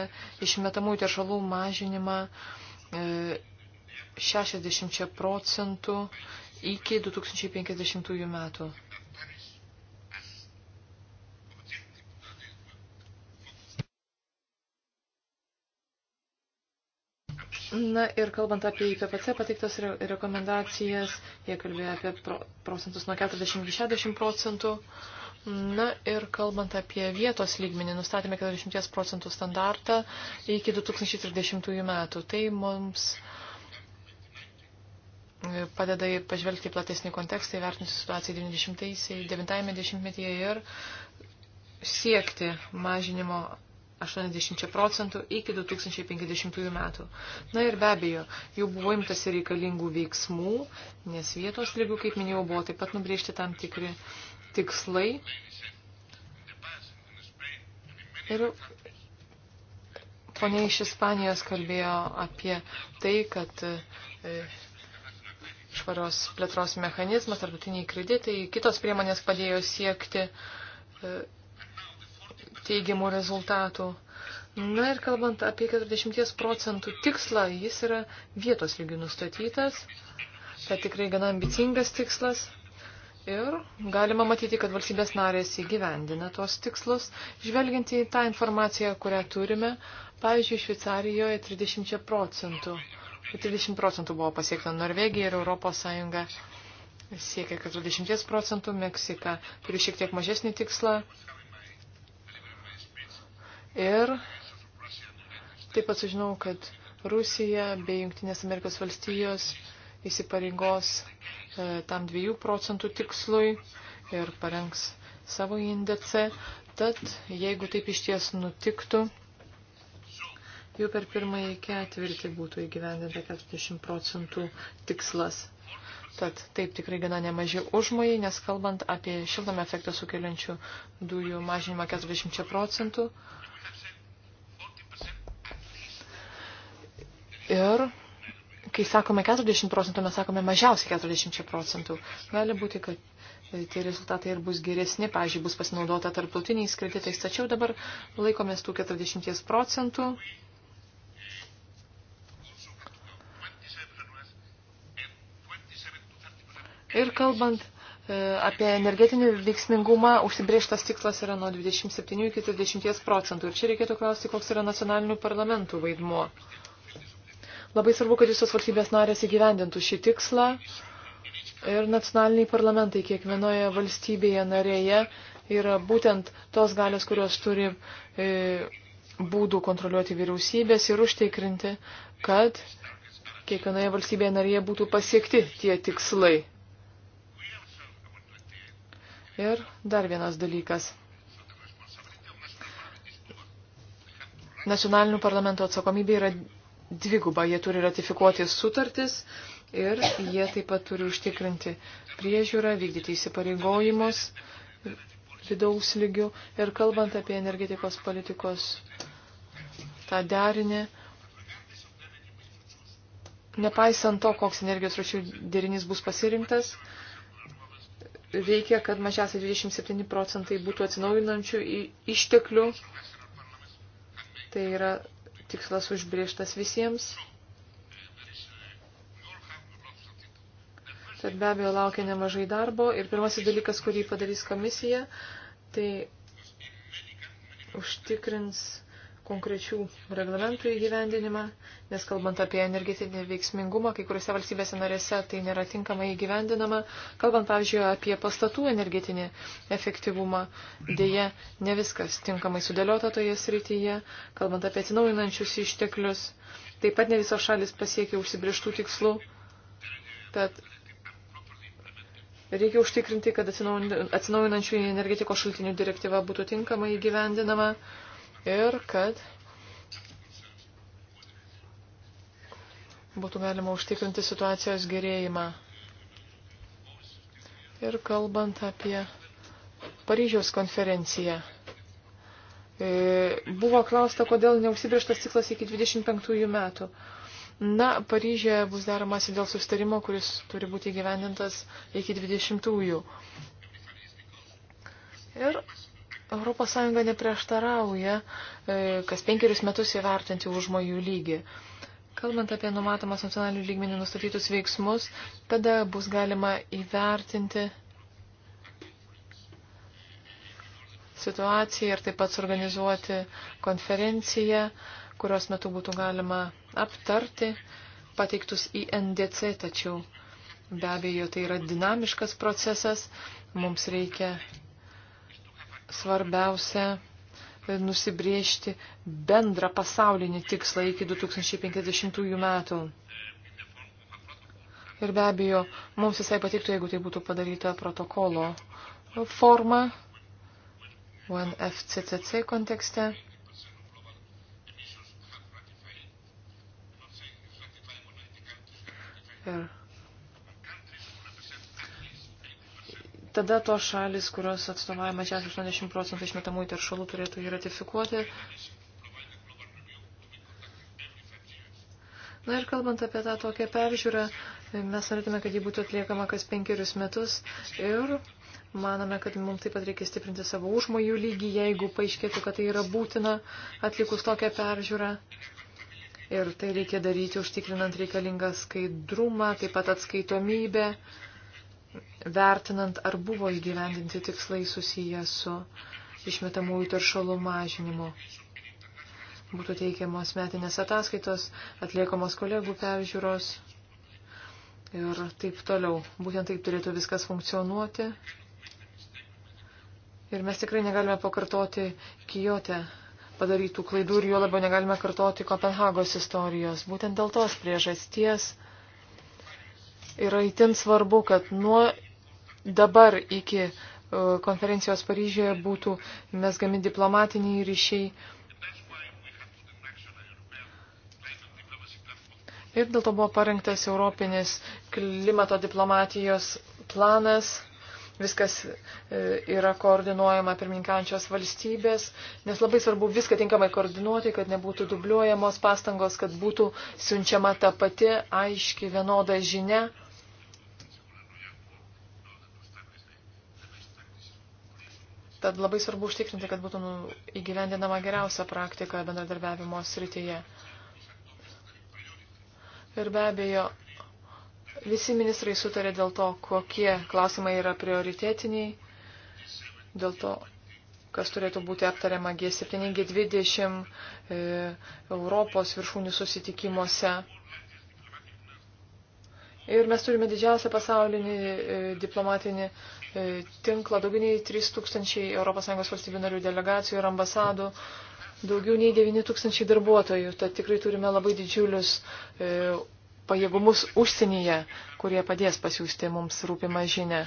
išmetamųjų teršalų mažinimą 60 e, procentų iki 2050 metų. Na ir kalbant apie IPPC pateiktas re rekomendacijas, jie kalbėjo apie pro procentus nuo 40 iki 60 procentų. Na ir kalbant apie vietos lygmenį, nustatėme 40 procentų standartą iki 2030 metų. Tai mums e, padeda pažvelgti į platesnį kontekstą, įvertinti situaciją 90-90-metyje ir siekti mažinimo 80 procentų iki 2050 metų. Na ir be abejo, jau buvo imtas ir reikalingų veiksmų, nes vietos lygių, kaip minėjau, buvo taip pat nubrėžti tam tikri tikslai. Ir ponia iš Ispanijos kalbėjo apie tai, kad e, švaros plėtros mechanizmas, tarptautiniai kreditai, kitos priemonės padėjo siekti e, teigiamų rezultatų. Na ir kalbant apie 40 procentų tikslą, jis yra vietos lygių nustatytas. Tai tikrai gana ambicingas tikslas. Ir galima matyti, kad valstybės narės įgyvendina tos tikslus, žvelgiant į tą informaciją, kurią turime. Pavyzdžiui, Šveicarijoje 30 procentų. 30 procentų buvo pasiekta Norvegija ir Europos Sąjunga siekia 40 procentų, Meksika turi šiek tiek mažesnį tikslą, Ir taip pat sužinau, kad Rusija bei Junktinės Amerikos valstijos įsipareigos e, tam 2 procentų tikslui ir parengs savo indekse. Tad, jeigu taip iš ties nutiktų, jau per pirmąjį ketvirtį būtų įgyvendinta 40 procentų tikslas. Tad taip tikrai gana nemaži užmojai, nes kalbant apie šiltame efektą sukeliančių dujų mažinimą 40 procentų, Ir kai sakome 40 procentų, mes sakome mažiausiai 40 procentų. Gali būti, kad tie rezultatai ir bus geresni, pažiūrėjau, bus pasinaudota tarptautiniais kreditais, tačiau dabar laikomės tų 40 procentų. Ir kalbant e, apie energetinį veiksmingumą, užsibrėžtas tikslas yra nuo 27 iki 30 procentų. Ir čia reikėtų klausti, koks yra nacionalinių parlamentų vaidmuo. Labai svarbu, kad visos valstybės narės įgyvendintų šį tikslą ir nacionaliniai parlamentai kiekvienoje valstybėje narėje yra būtent tos galios, kurios turi e, būdų kontroliuoti vyriausybės ir užtikrinti, kad kiekvienoje valstybėje narėje būtų pasiekti tie tikslai. Ir dar vienas dalykas. Nacionalinių parlamento atsakomybė yra dvigubą. Jie turi ratifikuoti sutartis ir jie taip pat turi užtikrinti priežiūrą, vykdyti įsipareigojimus vidaus lygių. Ir kalbant apie energetikos politikos tą derinį, nepaisant to, koks energijos rušių derinys bus pasirinktas, reikia, kad mažiausiai 27 procentai būtų atsinaujinančių išteklių. Tai yra tikslas užbrieštas visiems. Tad be abejo laukia nemažai darbo ir pirmasis dalykas, kurį padarys komisija, tai užtikrins konkrečių reglamentų įgyvendinimą, nes kalbant apie energetinį veiksmingumą, kai kuriuose valstybėse narėse tai nėra tinkamai įgyvendinama. Kalbant, pavyzdžiui, apie pastatų energetinį efektyvumą, dėje ne viskas tinkamai sudėliota toje srityje. Kalbant apie atsinaujinančius išteklius, taip pat ne visos šalis pasiekia užsibrieštų tikslų. Tad reikia užtikrinti, kad atsinaujinančių energetikos šaltinių direktyva būtų tinkamai įgyvendinama ir kad būtų galima užtikrinti situacijos gerėjimą. Ir kalbant apie Paryžiaus konferenciją, e, buvo klausta, kodėl neužsibrieštas tikslas iki 25 metų. Na, Paryžė bus daromasi dėl sustarimo, kuris turi būti įgyvendintas iki 20-ųjų. Ir ES neprieštarauja e, kas penkerius metus įvertinti užmojų lygį. Kalbant apie numatomas nacionalinių lygmenį nustatytus veiksmus, tada bus galima įvertinti situaciją ir taip pat suorganizuoti konferenciją, kurios metu būtų galima aptarti pateiktus į NDC, tačiau be abejo tai yra dinamiškas procesas, mums reikia svarbiausia e, nusibriežti bendrą pasaulinį tikslą iki 2050 metų. Ir be abejo, mums visai patiktų, jeigu tai būtų padaryta protokolo forma UNFCCC kontekste. Ir tada tos šalis, kurios atstovauja mažiausiai 80 procentų išmetamųjų teršalų, turėtų jį ratifikuoti. Na ir kalbant apie tą tokią peržiūrą, mes norėtume, kad ji būtų atliekama kas penkerius metus ir Manome, kad mums taip pat reikia stiprinti savo užmojų lygį, jeigu paaiškėtų, kad tai yra būtina atlikus tokią peržiūrą. Ir tai reikia daryti užtikrinant reikalingą skaidrumą, taip pat atskaitomybę vertinant, ar buvo įgyvendinti tikslai susiję su išmetamųjų taršalų mažinimu. Būtų teikiamos metinės ataskaitos, atliekamos kolegų peržiūros ir taip toliau. Būtent taip turėtų viskas funkcionuoti. Ir mes tikrai negalime pakartoti Kijote padarytų klaidų ir jo labiau negalime kartoti Kopenhagos istorijos. Būtent dėl tos priežasties yra itin svarbu, kad nuo dabar iki e, konferencijos Paryžioje būtų mesgami diplomatiniai ryšiai. Ir dėl to buvo parengtas Europinis klimato diplomatijos planas. Viskas e, yra koordinuojama pirminkančios valstybės, nes labai svarbu viską tinkamai koordinuoti, kad nebūtų dubliuojamos pastangos, kad būtų siunčiama ta pati aiški vienoda žinia Tad labai svarbu užtikrinti, kad būtų nu, įgyvendinama geriausia praktika bendradarbiavimo srityje. Ir be abejo, visi ministrai sutarė dėl to, kokie klausimai yra prioritetiniai, dėl to, kas turėtų būti aptariama G7, G20 e, Europos viršūnių susitikimuose. Ir mes turime didžiausią pasaulinį e, diplomatinį e, E, tinklą, daugiau nei 3000 ES valstybių narių delegacijų ir ambasadų, daugiau nei 9000 darbuotojų. Tad tikrai turime labai didžiulius e, pajėgumus užsienyje, kurie padės pasiūsti mums rūpimą žinę.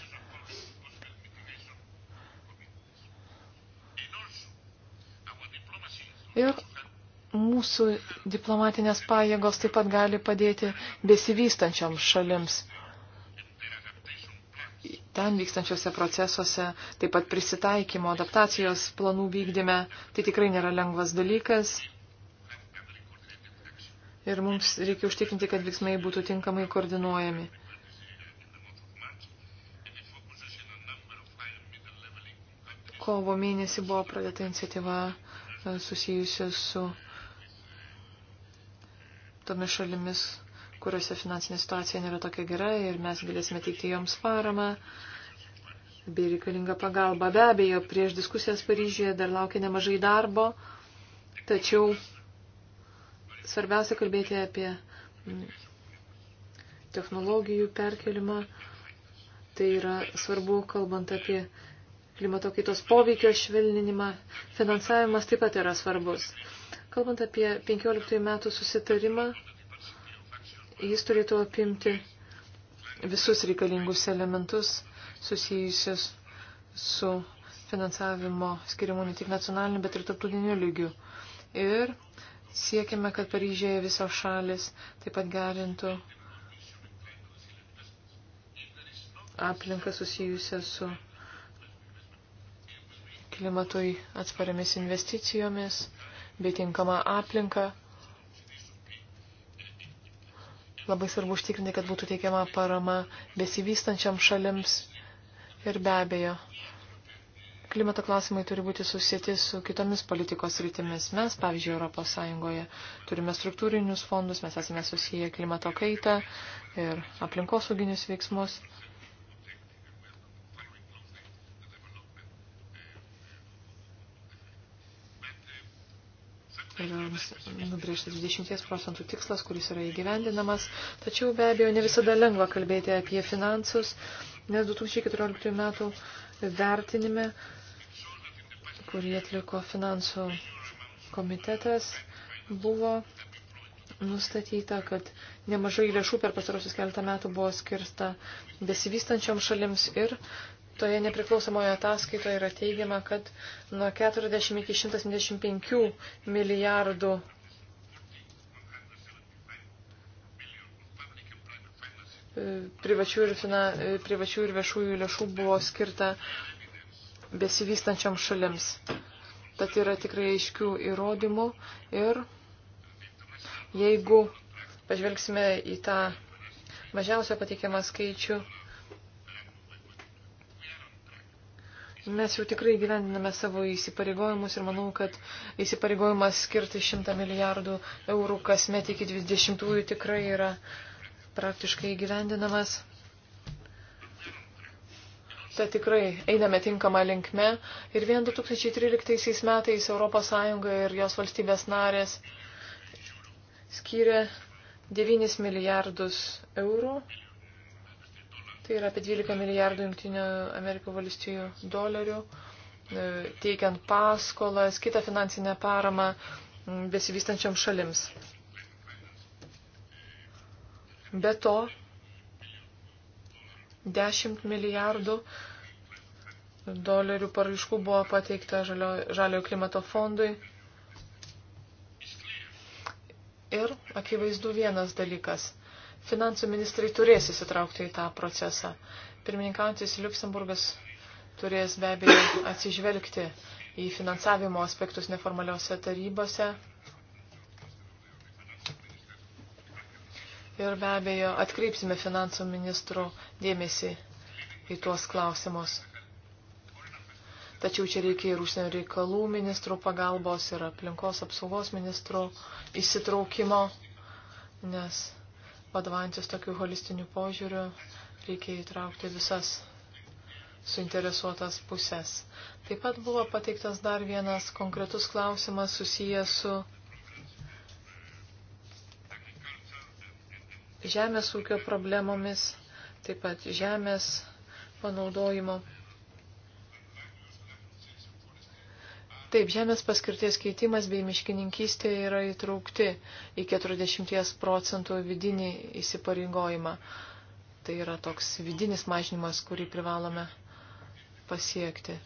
Ir mūsų diplomatinės pajėgos taip pat gali padėti besivystančioms šalims ten vykstančiuose procesuose, taip pat prisitaikymo, adaptacijos planų vykdyme. Tai tikrai nėra lengvas dalykas. Ir mums reikia užtikrinti, kad veiksmai būtų tinkamai koordinuojami. Kovo mėnesį buvo pradėta iniciatyva e, susijusi su tomis šalimis, kuriuose finansinė situacija nėra tokia gera ir mes galėsime teikti joms paramą bei reikalingą pagalbą. Be abejo, prieš diskusijas Paryžiuje dar laukia nemažai darbo, tačiau svarbiausia kalbėti apie mm, technologijų perkelimą. Tai yra svarbu, kalbant apie klimato kaitos poveikio švelninimą. Finansavimas taip pat yra svarbus. Kalbant apie 15 metų susitarimą, Jis turėtų apimti visus reikalingus elementus susijusius su finansavimo skirimu ne tik nacionaliniu, bet ir tarptautiniu lygiu. Ir siekiame, kad Paryžėje visos šalis taip pat gerintų aplinką susijusią su klimatui atspariamis investicijomis bei tinkama aplinka. Labai svarbu užtikrinti, kad būtų teikiama parama besivystančiam šalims ir be abejo. Klimato klausimai turi būti susijęti su kitomis politikos rytimis. Mes, pavyzdžiui, Europos Sąjungoje turime struktūrinius fondus, mes esame susiję klimato kaitą ir aplinkosauginius veiksmus. yra nubrėžtas 20 procentų tikslas, kuris yra įgyvendinamas, tačiau be abejo ne visada lengva kalbėti apie finansus, nes 2014 metų vertinime, kurį atliko finansų komitetas, buvo nustatyta, kad nemažai lėšų per pastarosius keletą metų buvo skirsta besivystančiom šalims ir Toje nepriklausomoje ataskaitoje yra teigiama, kad nuo 40 iki 125 milijardų privačių ir, fina, privačių ir viešųjų lėšų buvo skirta besivystančiam šalims. Tad yra tikrai aiškių įrodymų ir jeigu pažvelgsime į tą mažiausią pateikiamą skaičių, Mes jau tikrai gyvendiname savo įsipareigojimus ir manau, kad įsipareigojimas skirti 100 milijardų eurų kasmet iki 20-ųjų tikrai yra praktiškai gyvendinamas. Tai tikrai einame tinkamą linkme ir vien 2013 metais ES ir jos valstybės narės skyrė 9 milijardus eurų Tai yra apie 12 milijardų Junktinių Amerikos valstijų dolerių, e, teikiant paskolas, kitą finansinę paramą besivystančiam šalims. Be to, 10 milijardų dolerių paraiškų buvo pateikta žalio, žaliojo klimato fondui. Ir akivaizdu vienas dalykas – finansų ministrai turės įsitraukti į tą procesą. Pirmininkantis Luxemburgas turės be abejo atsižvelgti į finansavimo aspektus neformaliuose tarybose. Ir be abejo atkreipsime finansų ministro dėmesį į tuos klausimus. Tačiau čia reikia ir užsienio reikalų ministro pagalbos, ir aplinkos apsaugos ministro įsitraukimo, nes vadovantis tokiu holistiniu požiūriu, reikia įtraukti visas suinteresuotas pusės. Taip pat buvo pateiktas dar vienas konkretus klausimas susijęs su žemės ūkio problemomis, taip pat žemės panaudojimo Taip, žemės paskirties keitimas bei miškininkystė yra įtraukti į 40 procentų vidinį įsipareigojimą. Tai yra toks vidinis mažinimas, kurį privalome pasiekti.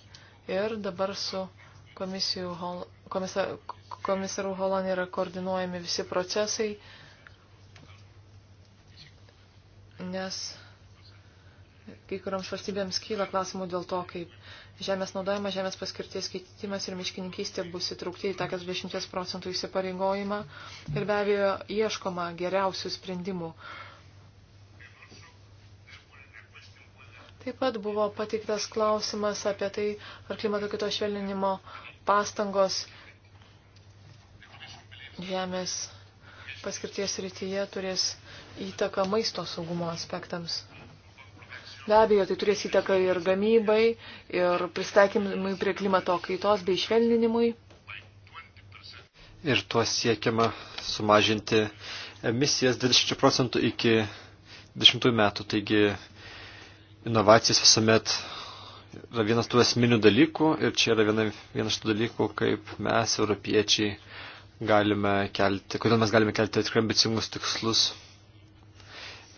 Ir dabar su Hol, komisa, komisaru Holan yra koordinuojami visi procesai, nes kai kurioms valstybėms kyla klausimų dėl to, kaip žemės naudojimas, žemės paskirties keitimas ir miškininkystė bus įtraukti į tą 40 procentų įsipareigojimą ir be abejo ieškoma geriausių sprendimų. Taip pat buvo patiktas klausimas apie tai, ar klimato kito švelninimo pastangos žemės paskirties rytyje turės įtaką maisto saugumo aspektams. Be abejo, tai turės įtaką ir gamybai, ir pristaikymui prie klimato kaitos bei švelninimui. Ir tuo siekiama sumažinti emisijas 20 procentų iki 20 metų. Taigi inovacijas visuomet yra vienas tų esminių dalykų ir čia yra viena, vienas tų dalykų, kaip mes, europiečiai, galime kelti, kodėl mes galime kelti tikrai ambicingus tikslus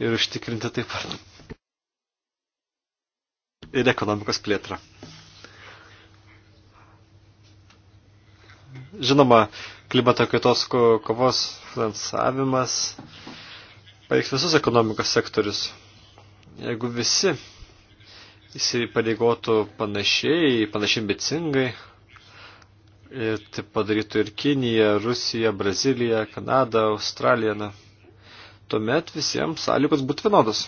ir užtikrinti taip pat ir ekonomikos plėtrą. Žinoma, klimato kaitos kovos finansavimas paveiks visus ekonomikos sektorius. Jeigu visi įsipareigotų panašiai, panašiai ambicingai, ir tai padarytų ir Kinija, Rusija, Brazilija, Kanada, Australija, na, tuomet visiems sąlygos būtų vienodos.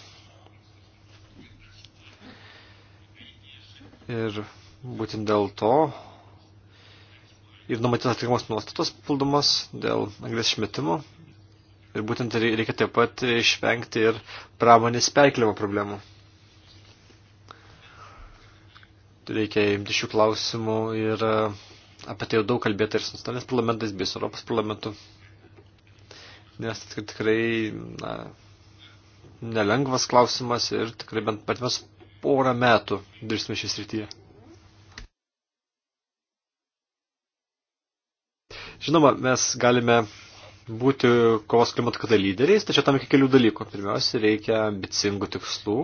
Ir būtent dėl to ir numatytas atitinkamos nuostatos pildomas dėl anglės išmetimo. Ir būtent reikia taip pat išvengti ir pramonės perkelimo problemų. Reikia imti šių klausimų ir e, apie tai jau daug kalbėta ir su nacionalinės parlamentais, bei su Europos parlamentu. Nes tikrai na, nelengvas klausimas ir tikrai bent patiems porą metų dirbsime šį srityje. Žinoma, mes galime būti kovos klimato kada lyderiais, tačiau tam iki kelių dalykų. Pirmiausia, reikia ambicingų tikslų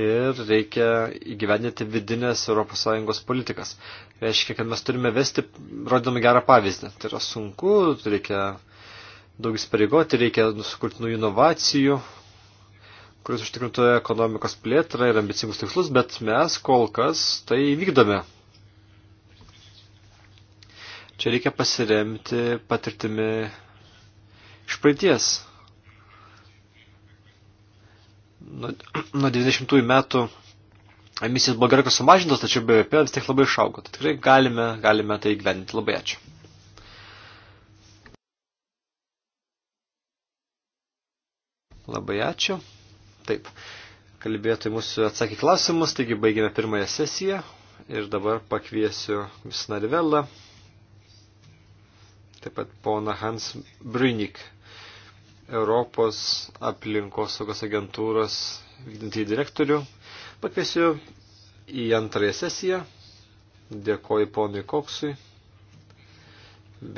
ir reikia įgyvendinti vidinės ES politikas. Reiškia, kad mes turime vesti, rodydami gerą pavyzdį. Tai yra sunku, tai reikia daug įsipareigoti, reikia sukurti naujų inovacijų, kuris užtikrintų ekonomikos plėtrą ir ambicingus tikslus, bet mes kol kas tai vykdome. Čia reikia pasiremti patirtimi iš praeities. Nuo, nuo 90-ųjų metų emisijos buvo gerokai sumažintos, tačiau BVP vis tiek labai išaugo. Tai tikrai galime, galime tai gyventi. Labai ačiū. Labai ačiū. Taip, kalbėtojai mūsų atsakė klausimus, taigi baigėme pirmąją sesiją ir dabar pakviesiu Visnarvelą, taip pat pona Hans Brunik, Europos aplinkosaugos agentūros vykdantį direktorių. Pakviesiu į antrąją sesiją. Dėkoju ponui Koksui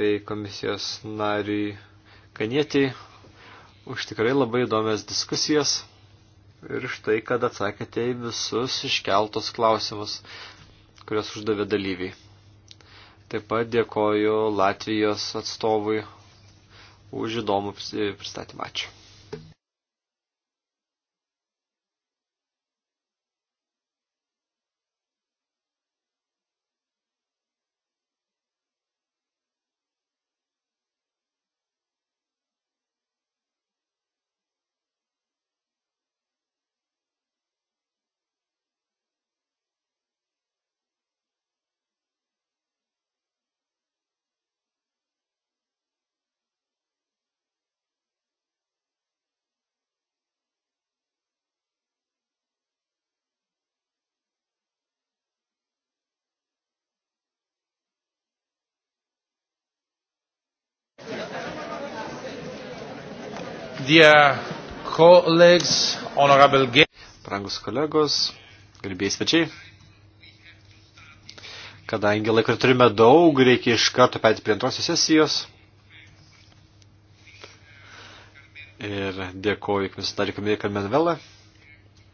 bei komisijos nariui Kanietiai už tikrai labai įdomias diskusijas ir štai, kad atsakėte į visus iškeltos klausimus, kuriuos uždavė dalyviai. Taip pat dėkoju Latvijos atstovui už įdomų pristatymą. Ačiū. Dear colleagues, honorable guests. Prangus kolegos, garbėjai svečiai. Kadangi laiko turime daug, reikia iš karto perėti prie antrosios sesijos. Ir dėkoju komisarį Kamilį Menvelą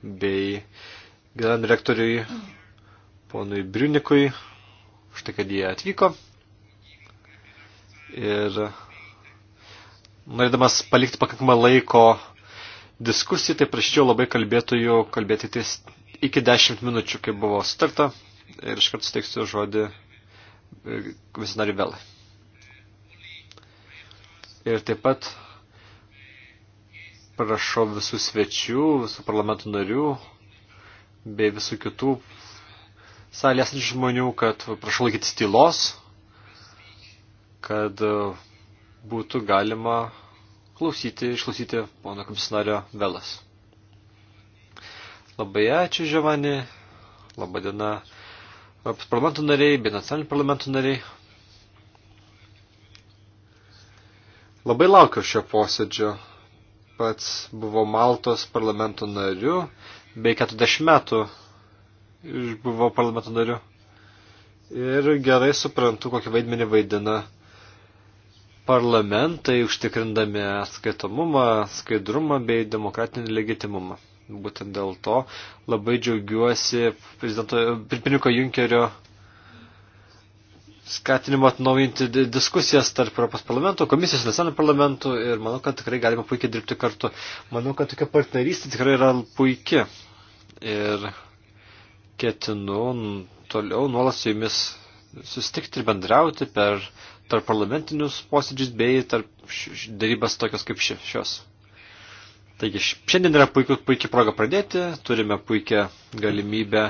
bei generaliniam direktoriui ponui Briunikui už tai, kad jie atvyko. Ir norėdamas palikti pakankamą laiko diskusijai, tai prašyčiau labai kalbėtojų kalbėti ties iki 10 minučių, kaip buvo sutarta. Ir iškart suteiksiu žodį e, komisinariui Belai. Ir taip pat prašau visų svečių, visų parlamentų narių bei visų kitų salės žmonių, kad prašau laikytis tylos, kad būtų galima klausyti, išklausyti pono komisario Velas. Labai ačiū, Žiovanni. Labadiena. Europos parlamento nariai, bei nacionalinių parlamentų nariai. Labai laukiu šio posėdžio. Pats buvo Maltos parlamento nariu, bei 40 metų buvo parlamento nariu. Ir gerai suprantu, kokį vaidmenį vaidina parlamentai užtikrindami atskaitomumą, skaidrumą bei demokratinį legitimumą. Būtent dėl to labai džiaugiuosi pirmininko Junkerio skatinimo atnaujinti diskusijas tarp Europos parlamento, komisijos nacionalinių parlamentų ir manau, kad tikrai galima puikiai dirbti kartu. Manau, kad tokia partnerystė tikrai yra puikia ir ketinu toliau nuolat su jumis sustikti ir bendrauti per tarp parlamentinius posėdžius bei tarp darybas tokios kaip šios. Taigi šiandien yra puikia, puikia proga pradėti, turime puikią galimybę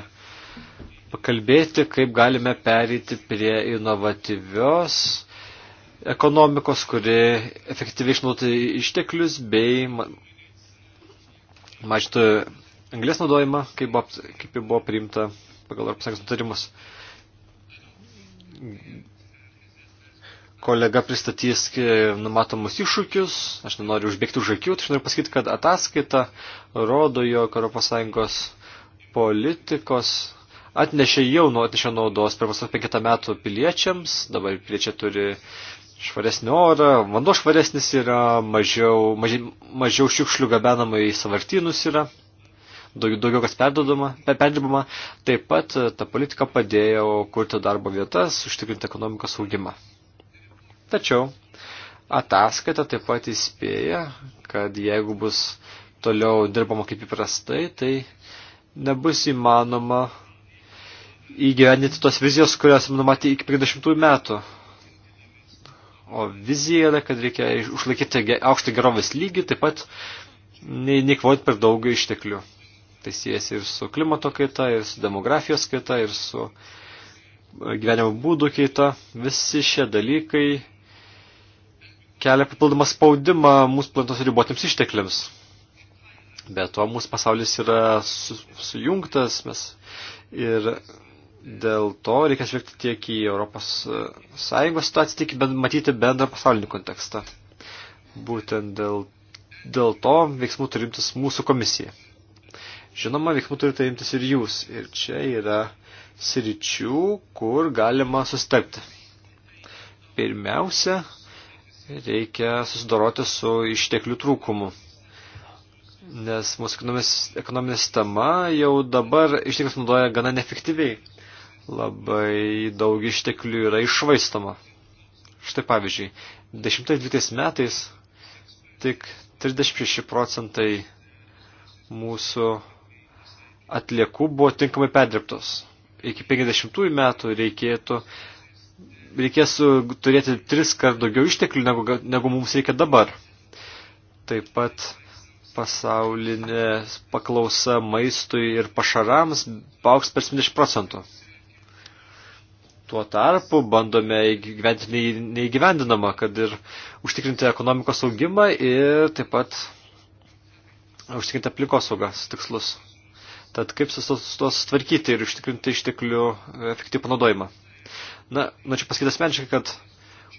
pakalbėti, kaip galime perėti prie inovatyvios ekonomikos, kuri efektyviai išnaudotų išteklius bei mažintų anglės naudojimą, kaip buvo, kaip buvo priimta pagal Europos Sąjungos nutarimus kolega pristatys e, numatomus iššūkius, aš nenoriu užbėgti už akių, tačiau noriu pasakyti, kad ataskaita rodo, jog ES politikos atnešė jau nuo atnešė naudos per pasak penketą metų piliečiams, dabar piliečiai turi švaresnį orą, vanduo švaresnis yra, mažiau, maži, mažiau šiukšlių gabenama į savartynus yra, daugiau, daugiau kas perdirbama, taip pat e, ta politika padėjo kurti darbo vietas, užtikrinti ekonomikos augimą. Tačiau ataskaita taip pat įspėja, kad jeigu bus toliau dirbama kaip įprastai, tai nebus įmanoma įgyvendinti tos vizijos, kurias numatė iki 50 metų. O vizija yra, kad reikia užlaikyti aukštą gerovės lygį, taip pat neikvoti per daug išteklių. Tai siejasi ir su klimato kaita, ir su demografijos kaita, ir su gyvenimo būdų kaita. Visi šie dalykai kelia papildomą spaudimą mūsų planetos ribotiems ištekliams. Be to, mūsų pasaulis yra su, sujungtas mes, ir dėl to reikia žvelgti tiek į Europos e, Sąjungos situaciją, tiek bend, matyti bendrą pasaulinį kontekstą. Būtent dėl, dėl to veiksmų turi imtis mūsų komisija. Žinoma, veiksmų turite tai imtis ir jūs. Ir čia yra sričių, kur galima sustepti. Pirmiausia, reikia susidoroti su išteklių trūkumu. Nes mūsų ekonominė sistema jau dabar išteklius naudoja gana neefektyviai. Labai daug išteklių yra išvaistoma. Štai pavyzdžiui, 10-20 metais tik 36 procentai mūsų atliekų buvo tinkamai perdirbtos. Iki 50 metų reikėtų reikės e, turėti tris kart daugiau išteklių, negu, negu mums reikia dabar. Taip pat pasaulinė paklausa maistui ir pašarams auks per 70 procentų. Tuo tarpu bandome įgyvendinti neįgyvendinamą, kad ir užtikrinti ekonomikos augimą ir taip pat užtikrinti aplikosaugas tikslus. Tad kaip su to sutvarkyti ir užtikrinti išteklių e, efektyvų panaudojimą. Na, norėčiau nu, pasakyti asmeniškai, kad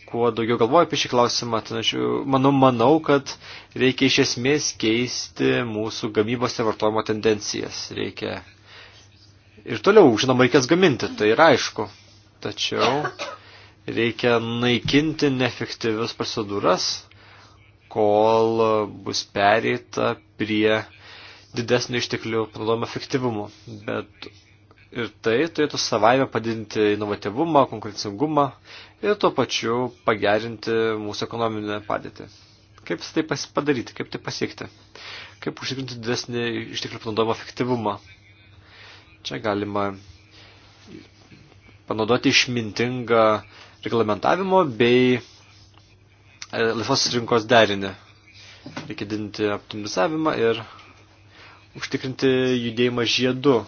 kuo daugiau galvoju apie šį klausimą, tai nu, manau, manau, kad reikia iš esmės keisti mūsų gamybos ir vartojimo tendencijas. Reikia ir toliau, žinoma, reikės gaminti, tai yra aišku. Tačiau reikia naikinti neefektyvius procedūras, kol bus pereita prie didesnio išteklių panaudojimo efektyvumo. Bet Ir tai turėtų savaime padidinti inovatyvumą, konkurencingumą ir tuo pačiu pagerinti mūsų ekonominę padėtį. Kaip tai padaryti, kaip tai pasiekti? Kaip užtikrinti didesnį išteklių panaudojimo efektyvumą? Čia galima panaudoti išmintingą reglamentavimo bei e, laisvos rinkos derinį. Reikia didinti optimizavimą ir užtikrinti judėjimą žiedu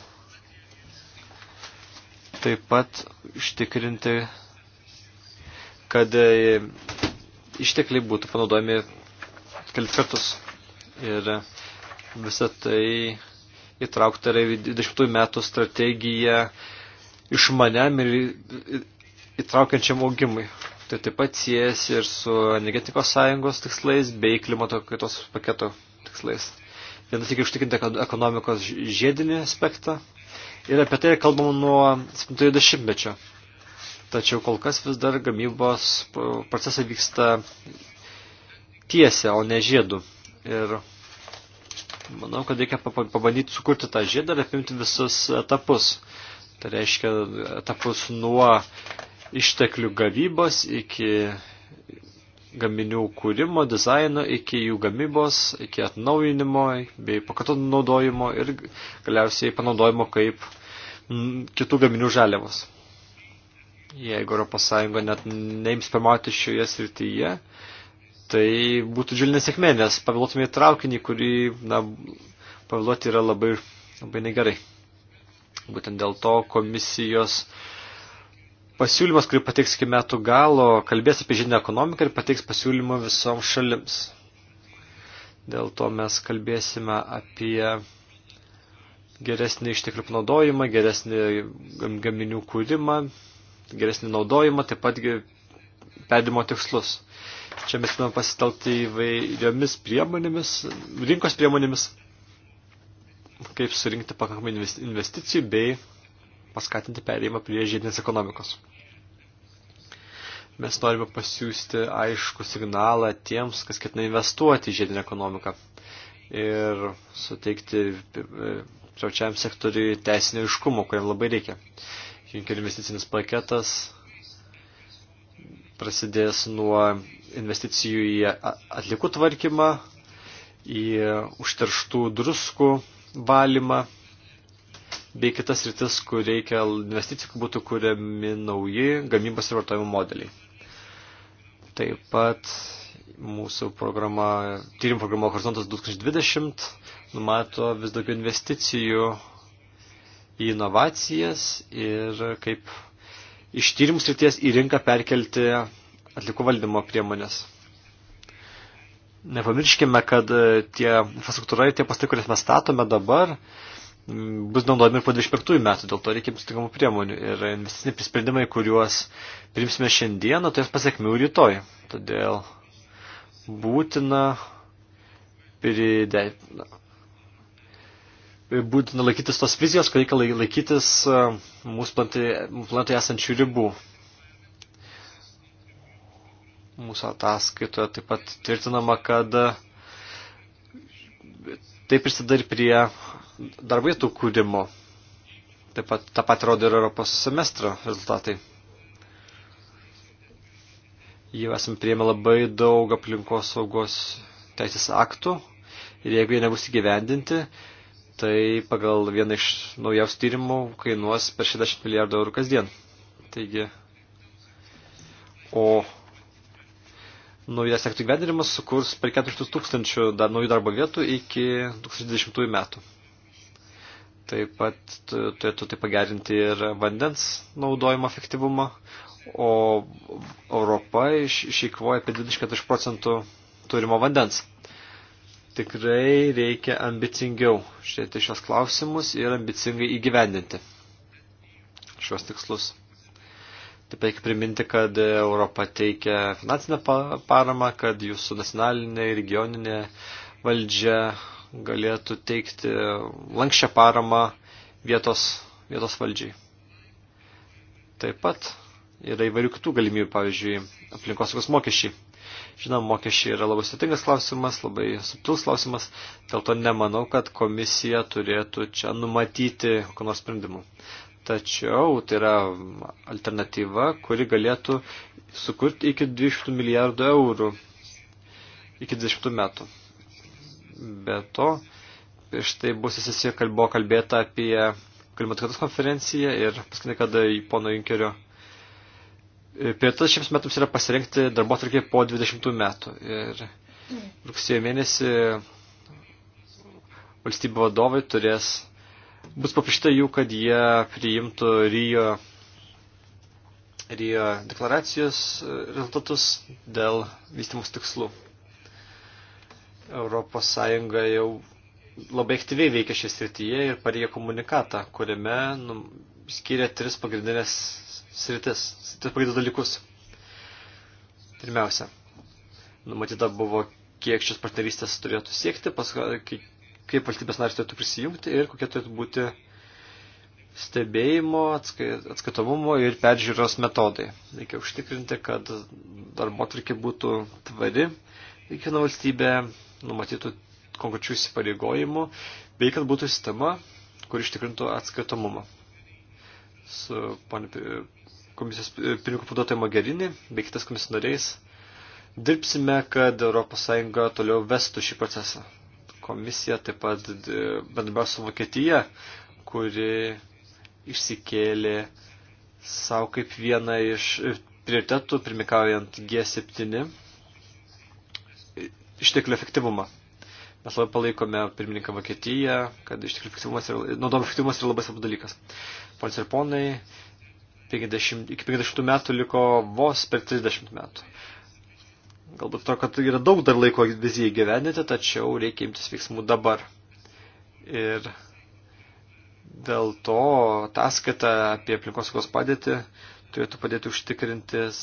taip pat ištikrinti, kad e, ištekliai būtų panaudojami kelis kartus. Ir visą tai įtraukta yra 20 metų strategija išmaniam ir įtraukiančiam augimui. Tai taip pat siejasi ir su energetikos sąjungos tikslais bei klimato kaitos paketo tikslais. Vienas tik užtikrinti, kad ekonomikos žiedinį aspektą ir apie tai kalbam nuo 70-mečio. Tačiau kol kas vis dar gamybos procesai vyksta tiesia, o ne žiedu. Ir manau, kad reikia pabandyti sukurti tą žiedą ir apimti visus etapus. Tai reiškia etapus nuo išteklių gavybos iki gaminių kūrimo, dizaino iki jų gamybos, iki atnaujinimo bei pakatonų naudojimo ir galiausiai panaudojimo kaip kitų gaminių žaliavos. Jeigu ES net neims pirmauti šioje srityje, tai būtų džiulė nesėkmė, nes pavėluotume į traukinį, kurį na, pavėluoti yra labai, labai negerai. Būtent dėl to komisijos uh, pasiūlymas, kurį pateiks iki metų galo, kalbės apie žinią ekonomiką ir pateiks pasiūlymą visoms šalims. Dėl to mes kalbėsime apie geresnį išteklių panaudojimą, geresnį gaminių kūrimą, geresnį naudojimą, taip pat perdimo tikslus. Čia mes turime pasitelkti įvairiomis priemonėmis, rinkos priemonėmis, kaip surinkti pakankamai investicijų bei paskatinti perėjimą prie žiedinės ekonomikos. Mes norime pasiūsti aišku signalą tiems, kas ketina investuoti į žiedinę ekonomiką ir suteikti privačiam e, sektoriui teisinio iškumo, kuriam labai reikia. Junkerio investicinis paketas prasidės nuo investicijų į atlikų tvarkymą, į užterštų druskų valymą bei kitas rytis, kur reikia investicijų, kad būtų kuriami nauji gamybos ir vartojimo modeliai. Taip pat mūsų programa, tyrimų programa Horizontas 2020 numato vis daugiau investicijų į inovacijas ir kaip iš tyrimų srities į rinką perkelti atlikų valdymo priemonės. Nepamirškime, kad tie infrastruktūra ir tie pastai, kurias mes statome dabar, bus naudojami po 25 metų, dėl to reikia tinkamų priemonių. Ir investiciniai prisprendimai, kuriuos primsime šiandieną, turės pasiekmių rytoj. Todėl būtina pridė... būtina laikytis tos vizijos, kad reikia laikytis e, mūsų planetoje esančių ribų. Mūsų ataskaitoje taip pat tvirtinama, kad Tai prisideda ir prie darbėtų kūrimo. Taip pat tą pat rodo ir Europos semestro rezultatai. Jau esame prieimę labai daug aplinkos saugos teisės aktų ir jeigu jie nebus įgyvendinti, tai pagal vieną iš naujausių tyrimų kainuos per 60 milijardų eurų kasdien. Taigi, o naujų sektorių gyvendinimas sukurs per 400 tūkstančių dar naujų darbo vietų iki 2020 metų. Taip pat turėtų tai pagerinti ir vandens naudojimo efektyvumą, o Europa išeikvoja apie 24 procentų turimo vandens. Tikrai reikia ambicingiau žiūrėti šios klausimus ir ambicingai įgyvendinti šios tikslus. Taip reikia priminti, kad Europa teikia finansinę paramą, kad jūsų nacionalinė ir regioninė valdžia galėtų teikti lankščią paramą vietos, vietos valdžiai. Taip pat yra įvairių kitų galimybių, pavyzdžiui, aplinkosaugos mokesčiai. Žinoma, mokesčiai yra labai sudėtingas klausimas, labai subtilus klausimas, dėl to nemanau, kad komisija turėtų čia numatyti kokios sprendimų. Tačiau tai yra alternatyva, kuri galėtų sukurti iki 200 milijardų eurų iki 20 metų. Be to, prieš tai bus įsisija kalbėjo kalbėta apie klimato kaitos konferenciją ir paskutinį kada į pono Junkerio e, prioritetas šiems metams yra pasirinkti darbo atvarkį po 20 metų. Ir rugsėjo mėnesį valstybių vadovai turės bus paprašyta jų, kad jie priimtų Rijo, Rijo deklaracijos e, rezultatus dėl vystimus tikslų. Europos Sąjunga jau labai aktyviai veikia šią srityje ir parėjo komunikatą, kuriame nu, skiria tris pagrindinės sritis, tris pagrindinius dalykus. Pirmiausia, numatyta buvo, kiek šios partnerystės turėtų siekti, paskui kaip valstybės narės turėtų prisijungti ir kokie turėtų būti stebėjimo, atskaitomumo ir peržiūros metodai. Reikia užtikrinti, kad darbotvarkė būtų tvari, kiekviena valstybė numatytų konkrečių įsipareigojimų, bei kad būtų sistema, kur ištikrintų atskaitomumą. Su komisijos pirmininko paduotojo Magerinį bei kitas komisijos nariais dirbsime, kad ES toliau vestų šį procesą. Komisija taip pat e, bendrabiavo su Vokietija, kuri išsikėlė savo kaip vieną iš e, prioritetų, pirmikaujant G7, išteklių efektyvumą. Mes labai palaikome pirmininką Vokietiją, kad išteklių efektyvumas ir naudojimo efektyvumas yra labai svarbus dalykas. Ponas ir ponai, 50, iki 50 metų liko vos per 30 metų. Galbūt to, kad yra daug dar laiko vizijai gyvendinti, tačiau reikia imtis veiksmų dabar. Ir dėl to ataskaita apie aplinkosaugos padėtį turėtų padėti užtikrintis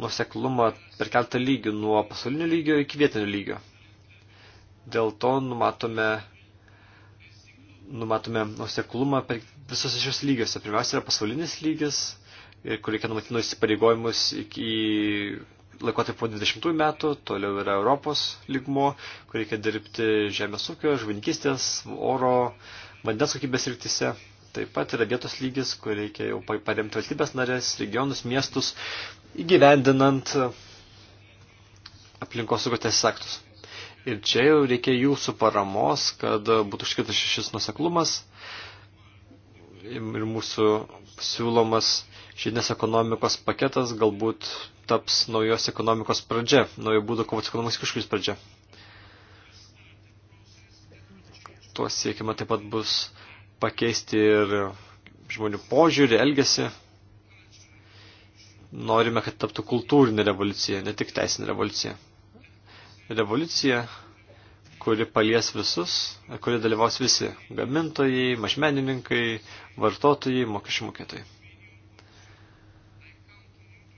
nuseklumą per keltą lygių nuo pasaulinio lygio iki vietinio lygio. Dėl to numatome, numatome nuseklumą per visos šios lygiuose. Pirmiausia yra pasaulinis lygis, kur reikia numatyti nuo įsipareigojimus iki laikotarpį po 20 metų, toliau yra Europos ligmo, kur reikia dirbti žemės ūkio, žvininkistės, oro, vandens kokybės rytise. Taip pat yra vietos lygis, kur reikia jau paremti valstybės narės, regionus, miestus, įgyvendinant aplinkos sugatės aktus. Ir čia jau reikia jūsų paramos, kad būtų užkitas šis nuseklumas ir mūsų siūlomas Žiedinės ekonomikos paketas galbūt taps naujos ekonomikos pradžia, naujo būdo kovoti ekonomikos iškiškis pradžia. Tuo siekima taip pat bus pakeisti ir žmonių požiūrį, elgesį. Norime, kad taptų kultūrinė revoliucija, ne tik teisinė revoliucija. Revoliucija, kuri palies visus, kuri dalyvaus visi - gamintojai, mažmenininkai, vartotojai, mokesčių mokėtojai.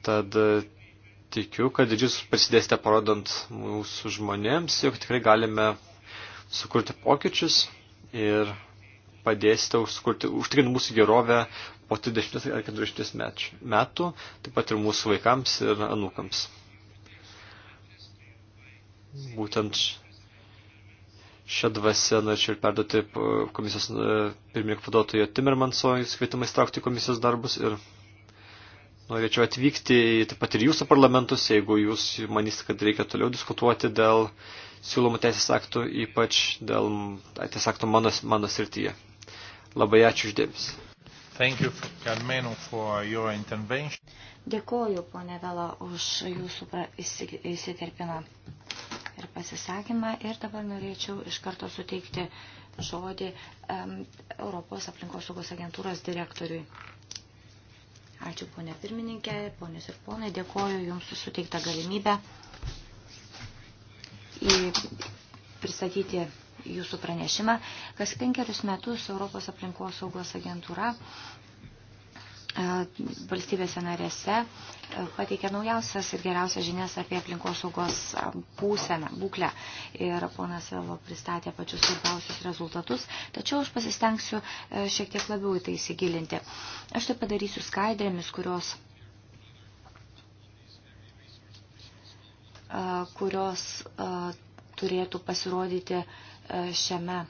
Tad e, tikiu, kad didžius pasidėsite parodant mūsų žmonėms, jog tikrai galime sukurti pokyčius ir padėsite užtikrinti mūsų gerovę po 30 ar 40 metų, taip pat ir mūsų vaikams ir anūkams. Būtent šią dvasę norėčiau ir perduoti komisijos e, pirmininko vadovotojo Timmermanso, jis kvietimą įstraukti komisijos darbus ir norėčiau atvykti taip pat ir jūsų parlamentus, jeigu jūs manysite, kad reikia toliau diskutuoti dėl siūlomų teisės aktų, ypač dėl teisės aktų mano, mano srityje. Labai ačiū uždėmesi. Dėkoju, ponė Vela, už jūsų įsiterpimą ir pasisakymą. Ir dabar norėčiau iš karto suteikti žodį um, Europos aplinkosaugos agentūros direktoriui. Ačiū ponė pirmininkė, ponės ir ponai, dėkoju Jums suteiktą galimybę pristatyti Jūsų pranešimą. Kas penkerius metus Europos aplinkos saugos agentūra valstybėse narėse pateikia naujausias ir geriausias žinias apie aplinkosaugos būseną, būklę. Ir ponas Vėlo pristatė pačius svarbiausius rezultatus, tačiau aš pasistengsiu šiek tiek labiau į tai įsigilinti. Aš tai padarysiu skaidrėmis, kurios kurios turėtų pasirodyti šiame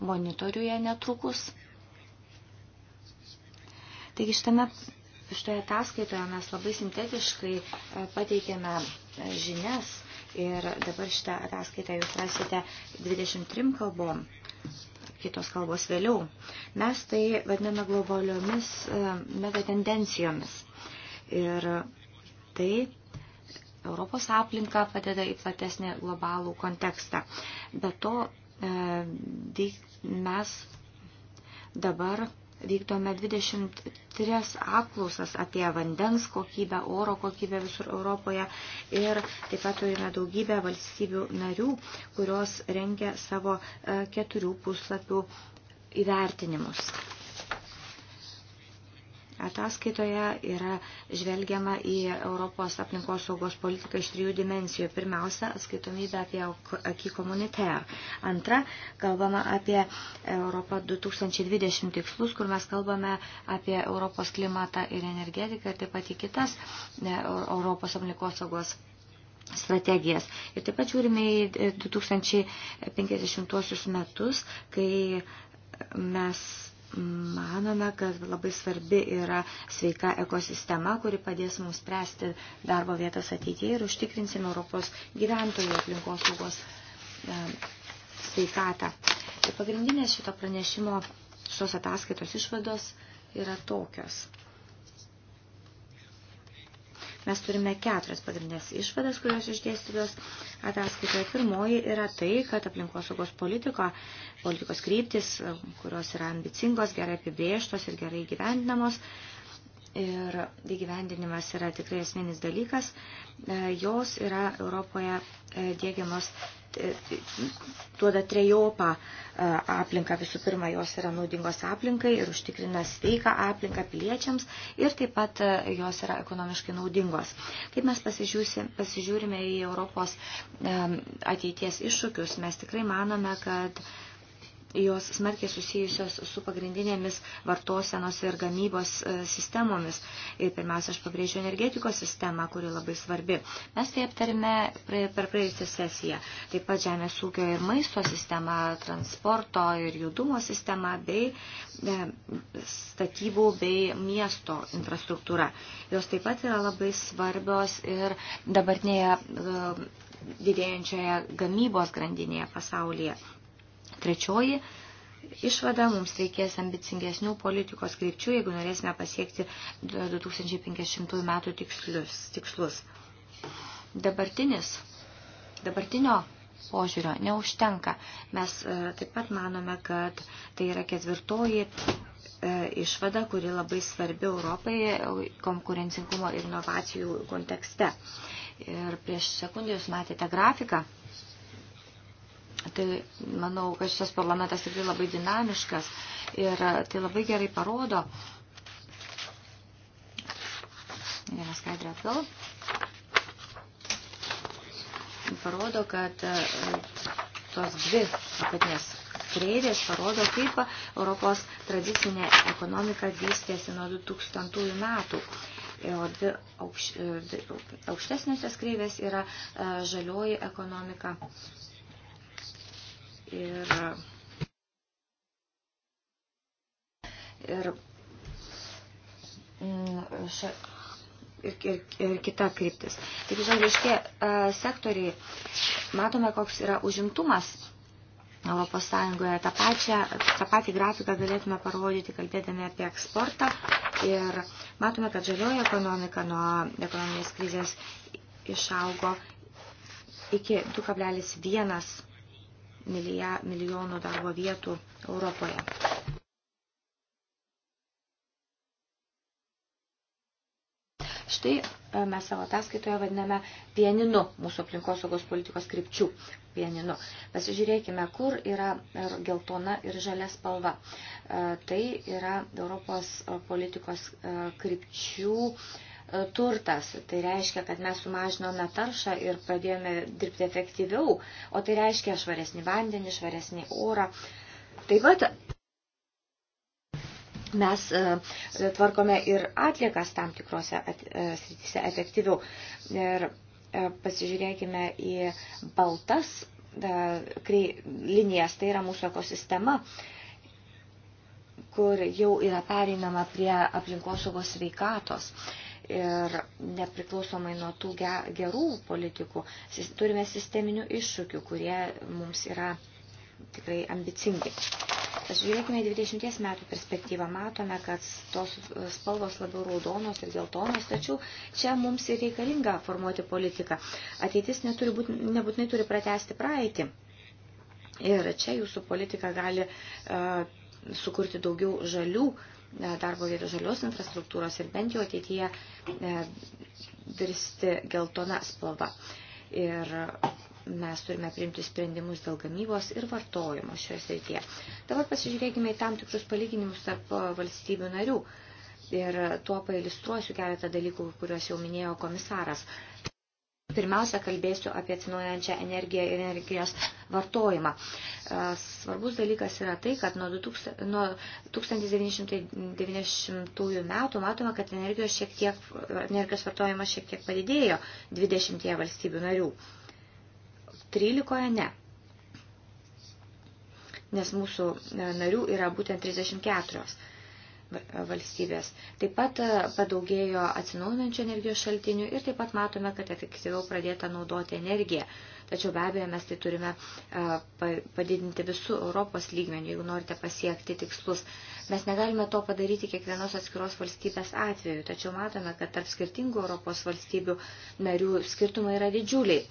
monitoriuje netrukus Taigi šitame, šitoje ataskaitoje mes labai sintetiškai e, pateikėme e, žinias ir dabar šitą ataskaitą jūs rasite 23 kalbom kitos kalbos vėliau. Mes tai vadiname globaliomis e, megatendencijomis. Ir tai Europos aplinką padeda į platesnį globalų kontekstą. Be to mes dabar vykdome 23 apklausas apie vandens kokybę, oro kokybę visur Europoje ir taip pat turime daugybę valstybių narių, kurios rengia savo e, keturių puslapių įvertinimus. Ataskaitoje yra žvelgiama į Europos aplinkos saugos politiką iš trijų dimensijų. Pirmiausia, atskaitomybė apie akį komuniter. Antra, kalbama apie Europą 2020 tikslus, kur mes kalbame apie Europos klimatą ir energetiką, ir taip pat į kitas e, Europos aplinkos saugos strategijas. Ir taip pat žiūrime į 2050 e, metus, kai mes manome, kad labai svarbi yra sveika ekosistema, kuri padės mums spręsti darbo vietas ateityje ir užtikrinsim Europos gyventojų aplinkos saugos e, sveikatą. Ir pagrindinės šito pranešimo šios ataskaitos išvados yra tokios. Mes turime keturias pagrindinės išvadas, kurios išdėstytos ataskaitoje. Pirmoji yra tai, kad aplinkosaugos politika, politikos kryptis, kurios yra ambicingos, gerai apibrėžtos ir gerai gyvendinamos, ir įgyvendinimas yra tikrai esminis dalykas, jos yra Europoje dėgiamos duoda trejopą e, aplinką. Visų pirma, jos yra naudingos aplinkai ir užtikrina sveiką aplinką piliečiams ir taip pat e, jos yra ekonomiškai naudingos. Kaip mes pasižiūrime į Europos e, ateities iššūkius, mes tikrai manome, kad jos smarkiai susijusios su pagrindinėmis vartosenos ir gamybos e, sistemomis. Ir pirmiausia, aš pabrėžiu energetikos sistemą, kuri labai svarbi. Mes tai aptarime per praėjusią sesiją. Taip pat žemės ūkio ir maisto sistema, transporto ir judumo sistema bei e, statybų bei miesto infrastruktūra. Jos taip pat yra labai svarbios ir dabartinėje e, didėjančioje gamybos grandinėje pasaulyje. Trečioji išvada, mums reikės ambicingesnių politikos krypčių, jeigu norėsime pasiekti 2050 metų tikslius, tikslus. Dabartinis, dabartinio požiūrio neužtenka. Mes e, taip pat manome, kad tai yra ketvirtoji e, išvada, kuri labai svarbi Europai e, konkurencingumo ir inovacijų kontekste. Ir prieš sekundę jūs matėte grafiką Tai manau, kad šitas parlamentas tikrai labai dinamiškas ir tai labai gerai parodo. Vieną skaidrę atgal. Parodo, kad e, tos dvi apatinės kreivės parodo, kaip Europos tradicinė ekonomika vystėsi nuo 2000 metų. E, o dvi e, aukštesnėsios kreivės yra žalioji ekonomika Ir, ir, mm, šia, ir, ir, ir kita kryptis. Taip, žinoma, reiškia, sektoriai, matome, koks yra užimtumas Europos Sąjungoje. Ta, pačia, tą patį grafiką galėtume parodyti, kalbėdami apie eksportą. Ir matome, kad žalioji ekonomika nuo ekonominės krizės išaugo iki 2,1 milijonų darbo vietų Europoje. Štai e, mes savo ataskaitoje vadiname pieninu mūsų aplinkosaugos politikos krypčių pieninu. Pasižiūrėkime, kur yra er, geltona ir žalia spalva. E, tai yra Europos politikos e, krypčių turtas. Tai reiškia, kad mes sumažinome taršą ir pradėjome dirbti efektyviau, o tai reiškia švaresnį vandenį, švaresnį orą. Taip pat mes e, tvarkome ir atliekas tam tikrose e, srityse efektyviau. Ir e, pasižiūrėkime į baltas linijas, tai yra mūsų ekosistema kur jau yra pereinama prie aplinkosaugos sveikatos. Uh, ir nepriklausomai nuo tų gerų politikų turime sisteminių iššūkių, kurie mums yra tikrai ambicingi. Pažiūrėkime 20 metų perspektyvą, matome, kad tos spalvos labiau raudonos ir geltonos, tačiau čia mums ir reikalinga formuoti politiką. Ateitis neturi būt, nebūtinai turi pratesti praeitį. Ir čia jūsų politika gali uh, sukurti daugiau žalių uh, E, darbo vietų žalios infrastruktūros ir bent jau ateityje e, virsti geltona spalva. Ir mes turime priimti sprendimus dėl gamybos ir vartojimo šioje srityje. Dabar pasižiūrėkime į tam tikrus palyginimus tarp valstybių narių. Ir tuo pailistruosiu keletą dalykų, kuriuos jau minėjo komisaras. Pirmiausia, kalbėsiu apie atsinaujančią energiją ir energijos vartojimą. E, svarbus dalykas yra tai, kad nuo 1990 metų matome, kad energijos, šiek tiek, energijos vartojimas šiek tiek padidėjo 20 valstybių narių. 13 ne. Nes mūsų e, narių yra būtent 34 valstybės. Taip pat e, padaugėjo atsinaujinančių energijos šaltinių ir taip pat matome, kad efektyviau pradėta naudoti energiją. Tačiau be abejo mes tai turime e, padidinti visų Europos lygmenių, jeigu norite pasiekti tikslus. Mes negalime to padaryti kiekvienos atskiros valstybės atveju, tačiau matome, kad tarp skirtingų Europos valstybių narių skirtumai yra didžiuliai.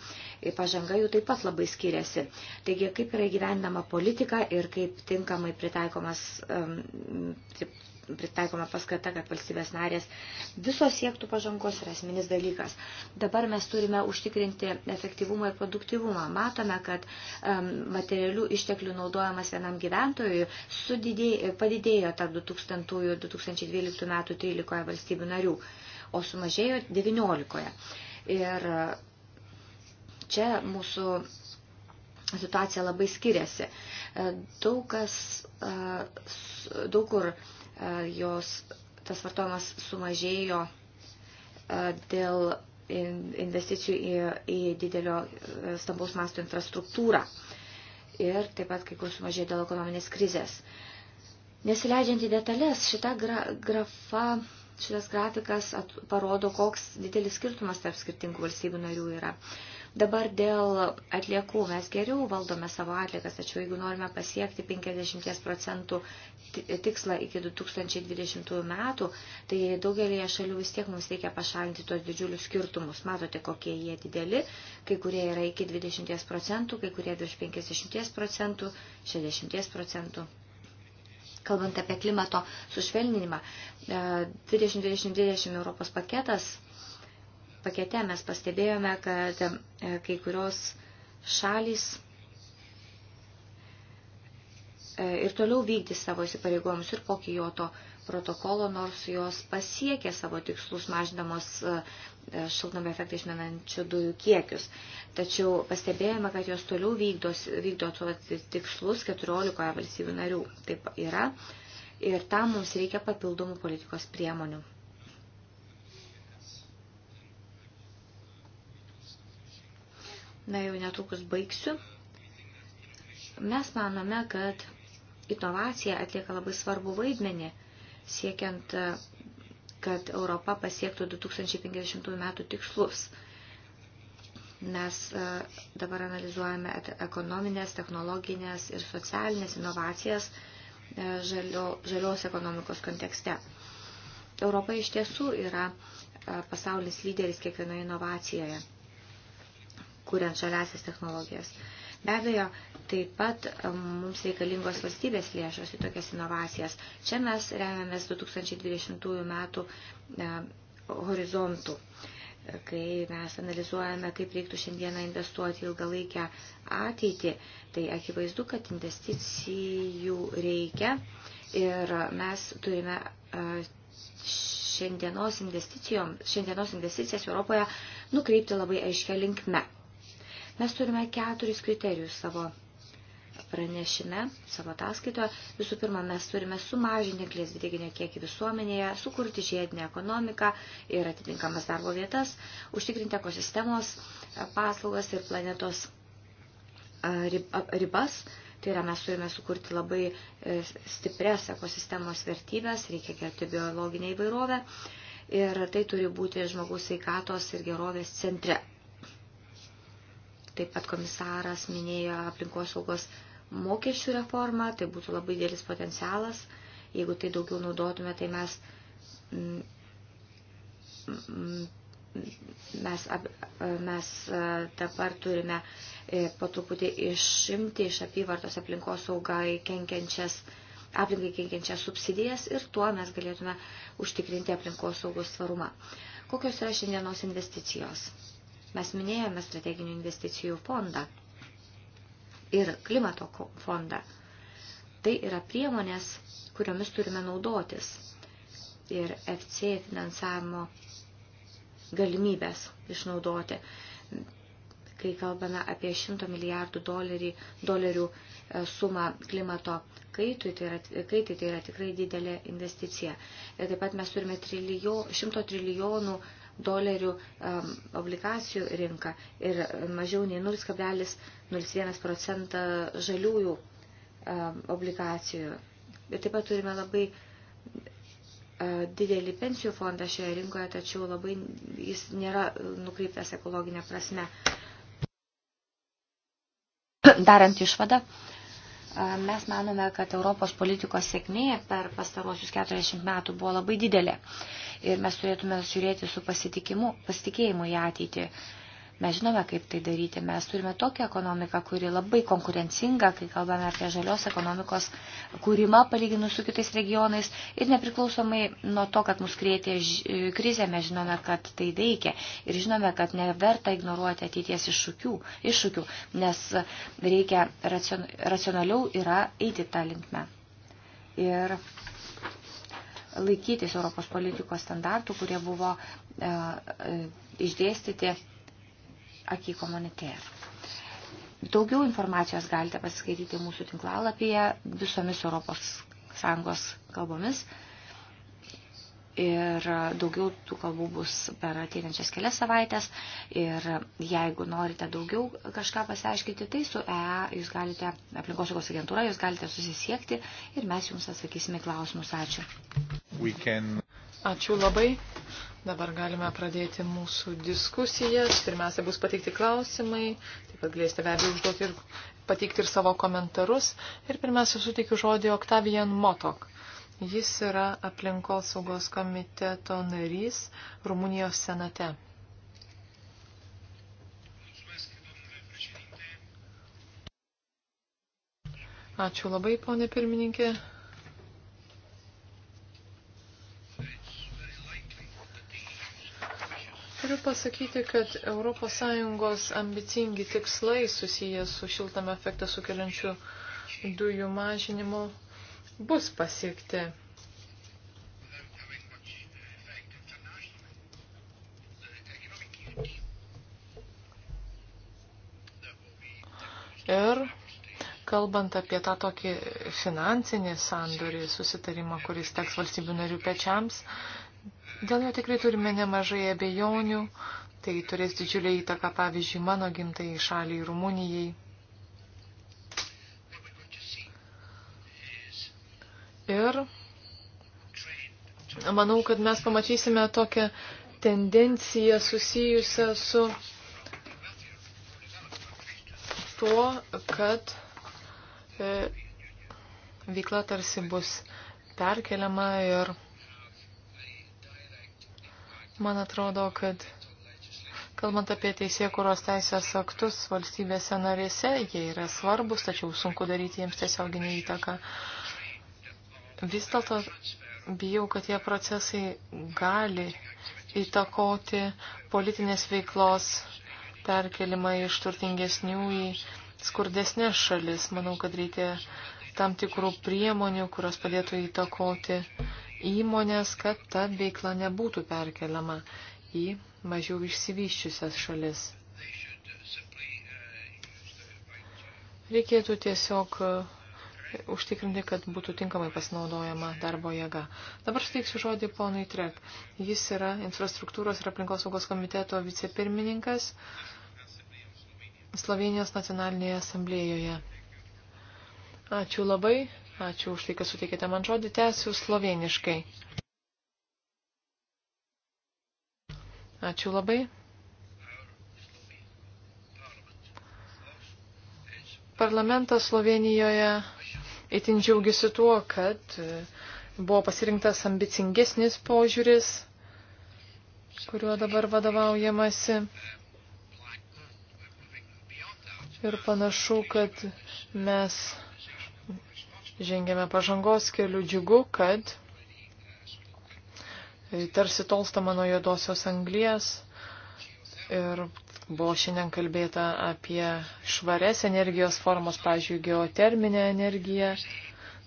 Ir pažanga jų taip pat labai skiriasi. Taigi, kaip yra įgyvendama politika ir kaip tinkamai pritaikomas um, pritaikoma paskata, kad valstybės narės visos siektų pažangos yra esminis dalykas. Dabar mes turime užtikrinti efektyvumą ir produktyvumą. Matome, kad um, materialių išteklių naudojamas vienam gyventojui sudidėjo, padidėjo tarp 2000-2012 metų 13 valstybių narių, o sumažėjo 19. Ir e, čia mūsų situacija labai skiriasi. E, daug kas, e, daug kur jos, tas vartojimas sumažėjo e, dėl investicijų į, į didelio e, stambaus masto infrastruktūrą ir taip pat kai kur sumažėjo dėl ekonominės krizės. Nesileidžiant į detalės, šita gra, grafa, šitas grafikas at, parodo, koks didelis skirtumas tarp skirtingų valstybių narių yra. Uh, Dabar dėl atliekų mes geriau valdome savo atliekas, tačiau jeigu norime pasiekti 50 procentų tikslą iki 2020 metų, tai daugelėje šalių vis tiek mums reikia pašalinti tuos didžiulius skirtumus. Matote, kokie jie dideli, kai kurie yra iki 20 procentų, kai kurie virš 50 procentų, 60 procentų kalbant apie klimato sušvelninimą, 2020-2020 e, Europos paketas pakete mes pastebėjome, kad e, kai kurios šalys e, ir toliau vykdys savo įsipareigojimus ir po Kyoto protokolo, nors jos pasiekė savo tikslus mažinamos e, šiltnamio efektą išmenančių dujų kiekius. Tačiau pastebėjome, kad jos toliau vykdos, vykdo tikslus 14 valstybių narių. Taip yra. Ir tam mums reikia papildomų politikos priemonių. na jau netrukus baigsiu. Mes manome, kad inovacija atlieka labai svarbu vaidmenį, siekiant, kad Europa pasiektų 2050 metų tikslus. Mes e, dabar analizuojame ekonominės, technologinės ir socialinės inovacijas e, žalio, žalios ekonomikos kontekste. Europa iš tiesų yra e, pasaulis lyderis kiekvienoje inovacijoje kuriant žaliasias technologijas. Be abejo, taip pat um, mums reikalingos valstybės lėšos į tokias inovacijas. Čia mes remiamės 2020 metų e, horizontų, kai mes analizuojame, kaip reiktų šiandieną investuoti ilgalaikę ateitį. Tai akivaizdu, kad investicijų reikia ir mes turime e, šiandienos, investicijom, šiandienos investicijas Europoje nukreipti labai aiškia linkme. Mes turime keturis kriterijus savo pranešime, savo ataskaitoje. Visų pirma, mes turime sumažinti anglės dvideginio kiekį visuomenėje, sukurti žiedinę ekonomiką ir atitinkamas darbo vietas, užtikrinti ekosistemos e, paslaugas ir planetos e, ribas. Tai yra, mes turime sukurti labai e, stipres ekosistemos vertybės, reikia gerbti biologinę įvairovę ir tai turi būti žmogaus sveikatos ir gerovės centre. Taip pat komisaras minėjo aplinkosaugos mokesčių reformą, tai būtų labai dėlis potencialas. Jeigu tai daugiau naudotume, tai mes, mm, mm, mes, mes e, dabar turime e, po truputį išimti iš apyvartos aplinkosaugai kenkiančias aplinkai kenkiančias subsidijas ir tuo mes galėtume užtikrinti aplinkosaugos svarumą. Kokios yra šiandienos investicijos? Mes minėjome strateginių investicijų fondą ir klimato fondą. Tai yra priemonės, kuriomis turime naudotis ir FC finansavimo galimybės išnaudoti. Kai kalbame apie 100 milijardų dolerį, dolerių e, sumą klimato kaitui, tai yra, kaitai, tai yra tikrai didelė investicija. Ir taip pat mes turime trilijo, 100 trilijonų uh, dolerių um, obligacijų rinka ir mažiau nei 0,01 procentą žaliųjų um, obligacijų. Ir taip pat turime labai uh, didelį pensijų fondą šioje rinkoje, tačiau labai jis nėra e, nukreiptas ekologinė prasme. Darant išvadą, uh, Mes manome, kad Europos politikos sėkmė per pastaruosius 40 metų buvo labai didelė. Ir mes turėtume žiūrėti su pasitikėjimu į ateitį. Mes žinome, kaip tai daryti. Mes turime tokią ekonomiką, kuri labai konkurencinga, kai kalbame apie žalios ekonomikos kūrimą palyginus su kitais regionais. Ir nepriklausomai nuo to, kad mus krėtė e, krizė, mes žinome, kad tai veikia. Ir žinome, kad neverta ignoruoti ateities iššūkių, iššūkių nes reikia racion, racionaliau yra eiti tą linkmę. Ir laikytis Europos politikos standartų, kurie buvo e, e, išdėstyti akį komunitėje. Daugiau informacijos galite pasiskaityti mūsų tinklalapyje visomis ES kalbomis. Ir daugiau tų kalbų bus per ateinančias kelias savaitės. Ir jeigu norite daugiau kažką pasiaiškinti, tai su EA jūs galite, aplinkosaugos agentūra, jūs galite susisiekti ir mes jums atsakysime klausimus. Ačiū. Can... Ačiū labai. Dabar galime pradėti mūsų diskusijas. Pirmiausia, bus pateikti klausimai, taip pat galėsite be abejo užduoti ir pateikti ir savo komentarus. Ir pirmiausia, suteikiu žodį Oktavijan Motok. Jis yra aplinkosaugos komiteto narys Rumunijos senate. Ačiū labai, ponė pirmininkė. Turiu pasakyti, kad ES ambicingi tikslai susijęs su šiltame efektą sukeliančių dujų mažinimu bus pasiekti. Ir kalbant apie tą tokį finansinį sandorį, susitarimą, kuris teks valstybių narių pečiams, Dėl jo tikrai turime nemažai abejonių, tai turės didžiulį įtaką, pavyzdžiui, mano gimtai šaliai Rumunijai. Ir manau, kad mes pamatysime tokią tendenciją susijusią su tuo, kad e, veikla tarsi bus perkeliama ir Man atrodo, kad kalbant apie teisėkuros teisės aktus valstybėse narėse, jie yra svarbus, tačiau sunku daryti jiems tiesioginį įtaką. Vis dėlto bijau, kad tie procesai gali įtakoti politinės veiklos perkelimą iš turtingesnių į skurdesnės šalis. Manau, kad reikia tam tikrų priemonių, kurios padėtų įtakoti įmonės, kad ta veikla nebūtų perkeliama į mažiau išsivyščiusias šalis. Reikėtų tiesiog e, užtikrinti, kad būtų tinkamai pasinaudojama darbo jėga. Dabar suteiksiu žodį ponui Trek. Jis yra infrastruktūros ir aplinkosaugos komiteto vicepirmininkas Slovenijos nacionalinėje asamblėjoje. Ačiū labai. Ačiū už tai, kad suteikėte man žodį. Tęsiu sloveniškai. Ačiū labai. Parlamentas Slovenijoje itin džiaugiasi tuo, kad e, buvo pasirinktas ambicingesnis požiūris, kuriuo dabar vadovaujamasi. Ir panašu, kad mes žengėme pažangos keliu džiugu, kad tarsi tolstama nuo juodosios anglies ir buvo šiandien kalbėta apie švarias energijos formas, pavyzdžiui, geoterminę energiją.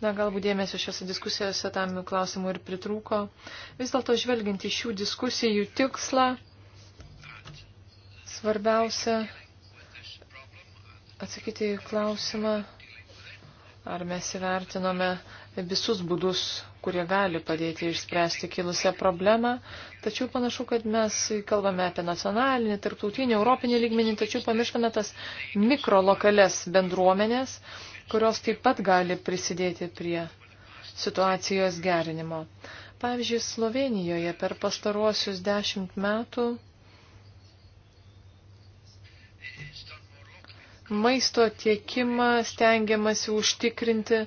Na, galbūt dėmesio šiose diskusijose tam klausimu ir pritrūko. Vis dėlto žvelgiant į šių diskusijų tikslą, svarbiausia atsakyti į klausimą, Ar mes įvertinome visus būdus, kurie gali padėti išspręsti kilusią problemą, tačiau panašu, kad mes kalbame apie nacionalinį, tarptautinį, europinį lygmenį, tačiau pamirštame tas mikrolokales bendruomenės, kurios taip pat gali prisidėti prie situacijos gerinimo. Pavyzdžiui, Slovenijoje per pastaruosius dešimt metų maisto tiekimą stengiamasi užtikrinti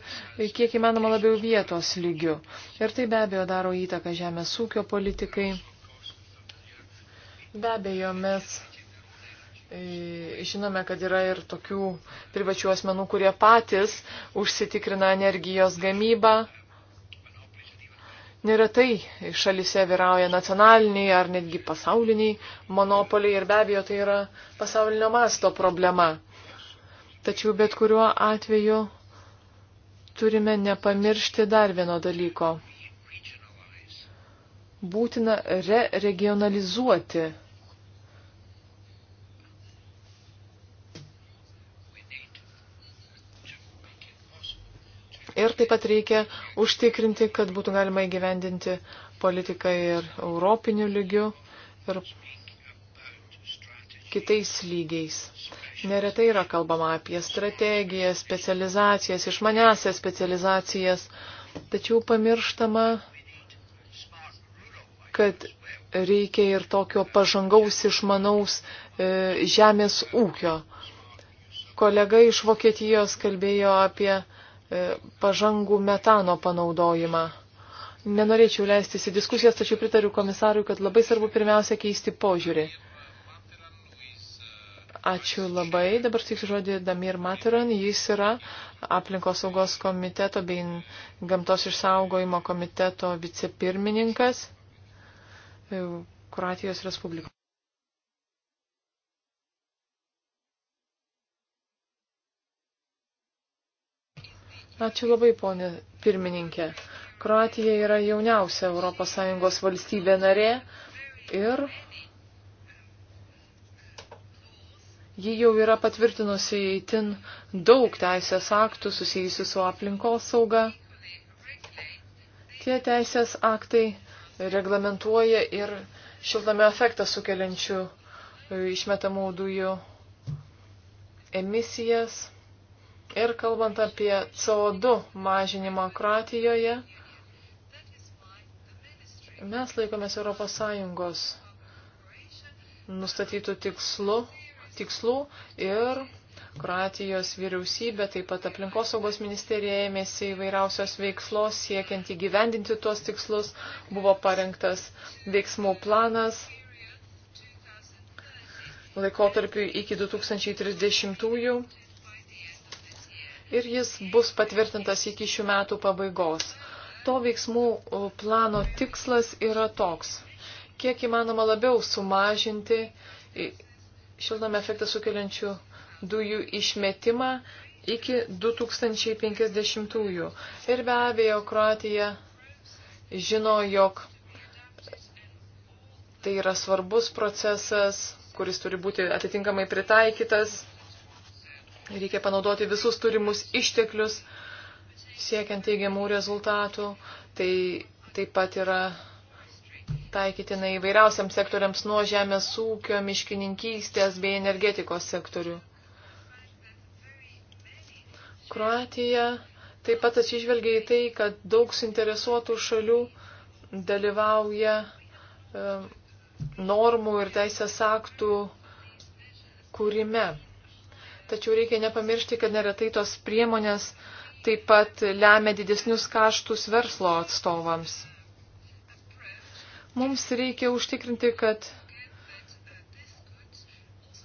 kiek įmanoma labiau vietos lygių. Ir tai be abejo daro įtaką žemės ūkio politikai. Be abejo, mes e, Žinome, kad yra ir tokių privačių asmenų, kurie patys užsitikrina energijos gamybą. Neretai šalise vyrauja nacionaliniai ar netgi pasauliniai monopoliai ir be abejo tai yra pasaulinio masto problema. Tačiau bet kuriuo atveju turime nepamiršti dar vieno dalyko. Būtina re-regionalizuoti. Ir taip pat reikia užtikrinti, kad būtų galima įgyvendinti politiką ir europiniu lygiu, ir kitais lygiais. Neretai yra kalbama apie strategijas, specializacijas, išmanesias specializacijas, tačiau pamirštama, kad reikia ir tokio pažangaus išmanaus e, žemės ūkio. Kolega iš Vokietijos kalbėjo apie e, pažangų metano panaudojimą. Nenorėčiau leistis į diskusijas, tačiau pritariu komisarui, kad labai svarbu pirmiausia keisti požiūrį. Ačiū labai. Dabar tiksiu žodį Damir Mataran. Jis yra aplinkos saugos komiteto bei gamtos išsaugojimo komiteto vicepirmininkas e, Kroatijos Respublikos. Ačiū labai, ponė pirmininkė. Kroatija yra jauniausia ES valstybė narė ir Ji jau yra patvirtinusi įtin daug teisės aktų susijusių su aplinkos sauga. Tie teisės aktai reglamentuoja ir šiltame efektą sukeliančių e, išmetamų dujų emisijas. Ir kalbant apie CO2 mažinimą Kroatijoje, mes laikomės ES nustatytų tikslų tikslų ir Kroatijos vyriausybė, taip pat aplinkosaugos ministerija ėmėsi įvairiausios veiklos siekiant įgyvendinti tuos tikslus, buvo parengtas veiksmų planas laikotarpiu iki 2030-ųjų ir jis bus patvirtintas iki šių metų pabaigos. To veiksmų plano tikslas yra toks, kiek įmanoma labiau sumažinti šiltnamio efektą sukeliančių dujų išmetimą iki 2050-ųjų. Ir be abejo, Kroatija žino, jog tai yra svarbus procesas, kuris turi būti atitinkamai pritaikytas. Reikia panaudoti visus turimus išteklius, siekiant teigiamų rezultatų. Tai taip pat yra taikytina įvairiausiam sektoriams nuo žemės ūkio, miškininkystės bei energetikos sektorių. Kroatija taip pat atsižvelgia į tai, kad daug suinteresuotų šalių dalyvauja e, normų ir teisės aktų kūrime. Tačiau reikia nepamiršti, kad neretai tos priemonės taip pat lemia didesnius kaštus verslo atstovams. Mums reikia užtikrinti, kad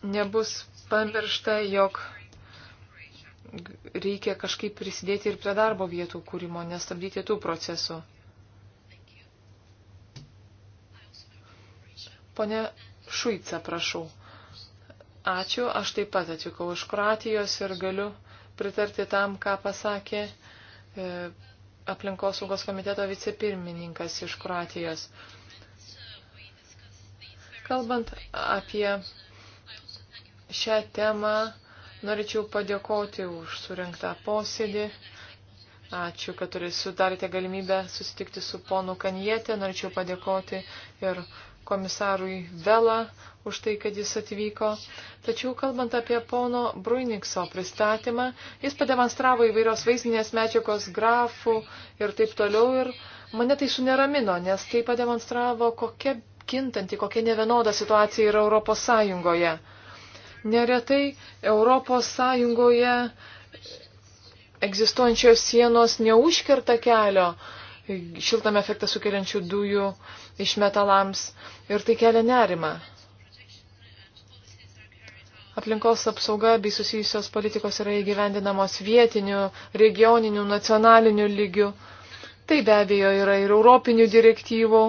nebus pamiršta, jog reikia kažkaip prisidėti ir prie darbo vietų kūrimo, nestabdyti tų procesų. Pone Šuica, prašau. Ačiū, aš taip pat atvykau iš Kroatijos ir galiu pritarti tam, ką pasakė e, aplinkosaugos komiteto vicepirmininkas iš Kroatijos. E, Kalbant apie šią temą, norėčiau padėkoti už surinktą posėdį. Ačiū, kad sudarėte galimybę susitikti su ponu Kanjete. Norėčiau padėkoti ir komisarui Vela už tai, kad jis atvyko. Tačiau kalbant apie pono Bruinikso pristatymą, jis pademonstravo įvairios vaizdinės medžiagos grafų ir taip toliau. Ir mane tai suneramino, nes tai pademonstravo, kokia kintanti, kokia nevienoda situacija yra Europos Sąjungoje. Neretai Europos Sąjungoje egzistuojančios sienos neužkerta kelio šiltame efektą sukeliančių dujų išmetalams ir tai kelia nerimą. Aplinkos apsauga bei susijusios politikos yra įgyvendinamos vietinių, regioninių, nacionalinių lygių. Tai be abejo yra ir europinių direktyvų,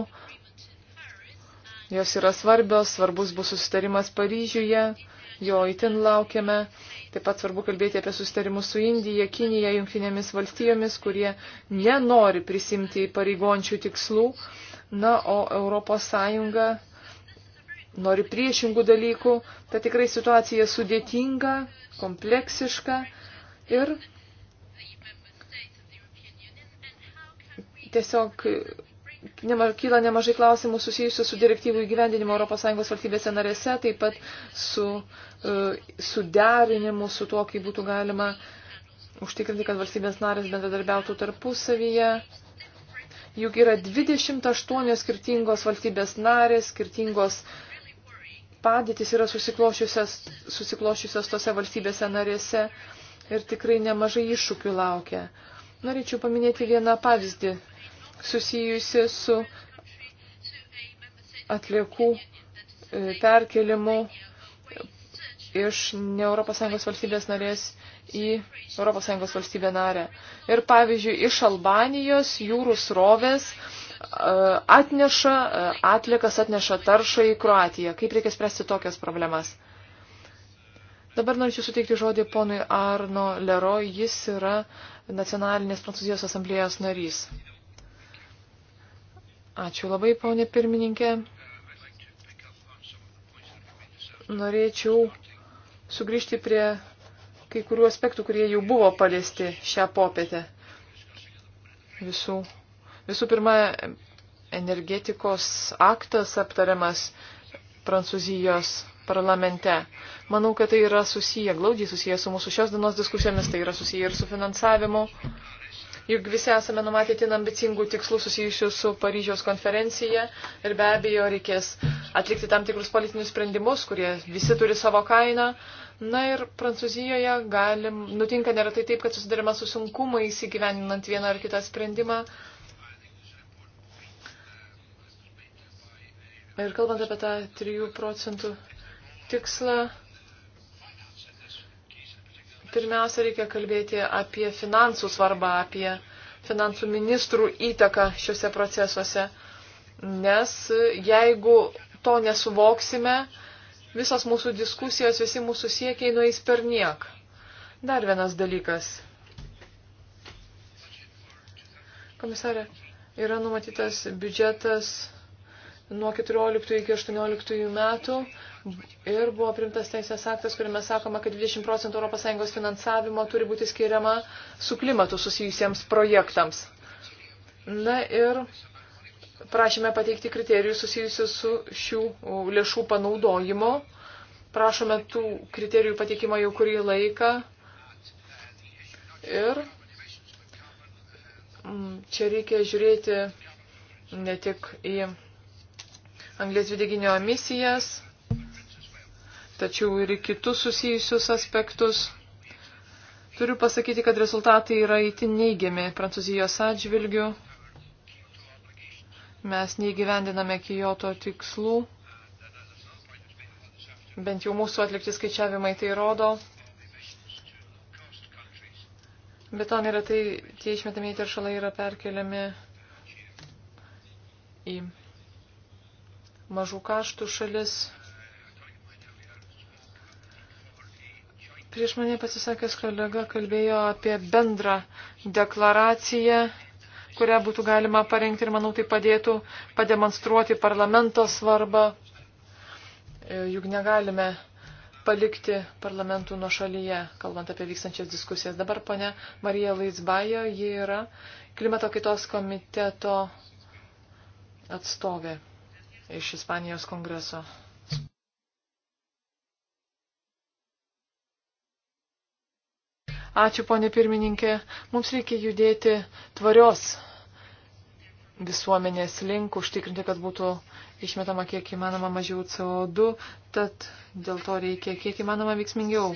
Jos yra svarbios, svarbus bus susitarimas Paryžiuje, jo įtin laukiame. Taip pat svarbu kalbėti apie susitarimus su Indija, Kinija, Junktinėmis valstijomis, kurie nenori prisimti pareigončių tikslų. Na, o Europos Sąjunga nori priešingų dalykų. Ta tikrai situacija sudėtinga, kompleksiška ir tiesiog nema, kyla nemažai klausimų susijusių su direktyvų įgyvendinimu ES valstybėse narėse, taip pat su, e, su derinimu, su tuo, kaip būtų galima užtikrinti, kad valstybės narės bendradarbiautų tarpusavyje. Juk yra 28 skirtingos valstybės narės, skirtingos padėtis yra susiklošiusios, susiklošiusios tose valstybėse narėse ir tikrai nemažai iššūkių laukia. Norėčiau paminėti vieną pavyzdį susijusi su atliekų e, perkelimu iš ne ES valstybės narės į ES valstybę narę. Ir pavyzdžiui, iš Albanijos jūrų srovės e, atneša, e, atliekas atneša taršą į Kroatiją. Kaip reikia spręsti tokias problemas? Dabar norėčiau suteikti žodį ponui Arno Lero, jis yra nacionalinės Prancūzijos asamblėjos narys. Ačiū labai, ponė pirmininkė. Norėčiau sugrįžti prie kai kurių aspektų, kurie jau buvo paliesti šią popietę. Visų, visų pirma, energetikos aktas aptariamas Prancūzijos parlamente. Manau, kad tai yra susiję, glaudžiai susiję su mūsų šios dienos diskusijomis, tai yra susiję ir su finansavimu juk visi esame numatę tin ambicingų tikslų susijusių su Paryžiaus konferencija ir be abejo reikės atlikti tam tikrus politinius sprendimus, kurie visi turi savo kainą. Na ir Prancūzijoje galim, nutinka neretai taip, kad susidarima su sunkumais įgyveninant vieną ar kitą sprendimą. Ir kalbant apie tą 3 procentų tikslą, pirmiausia, reikia kalbėti apie finansų svarbą, apie finansų ministrų įtaką šiuose procesuose, nes jeigu to nesuvoksime, visas mūsų diskusijos, visi mūsų siekiai nueis per niek. Dar vienas dalykas. Komisarė, yra numatytas biudžetas nuo 14 iki 18 metų Ir buvo primtas teisės aktas, kuriame sakoma, kad 20 procentų ES finansavimo turi būti skiriama su klimatu susijusiems projektams. Na ir prašėme pateikti kriterijus susijusius su šių lėšų panaudojimu. Prašome tų kriterijų pateikimo jau kurį laiką. Ir mm, čia reikia žiūrėti ne tik į anglės dvideginio emisijas, tačiau ir į kitus susijusius aspektus. Turiu pasakyti, kad rezultatai yra itin neigiami Prancūzijos atžvilgių. Mes neįgyvendiname Kijoto tikslų. Bent jau mūsų atlikti skaičiavimai tai rodo. Bet to nėra tai, tie išmetamieji teršalai yra perkeliami į mažų kaštų šalis. Prieš mane pasisakęs kolega kalbėjo apie bendrą deklaraciją, kurią būtų galima parengti ir manau tai padėtų pademonstruoti parlamento svarbą. E, juk negalime palikti parlamentų nuo šalyje, kalbant apie vykstančias diskusijas. Dabar ponia Marija Laisbajo, ji yra klimato kitos komiteto atstovė iš Ispanijos kongreso. Ačiū, ponė pirmininkė. Mums reikia judėti tvarios visuomenės link, užtikrinti, kad būtų išmetama kiek įmanoma mažiau CO2, tad dėl to reikia kiek įmanoma veiksmingiau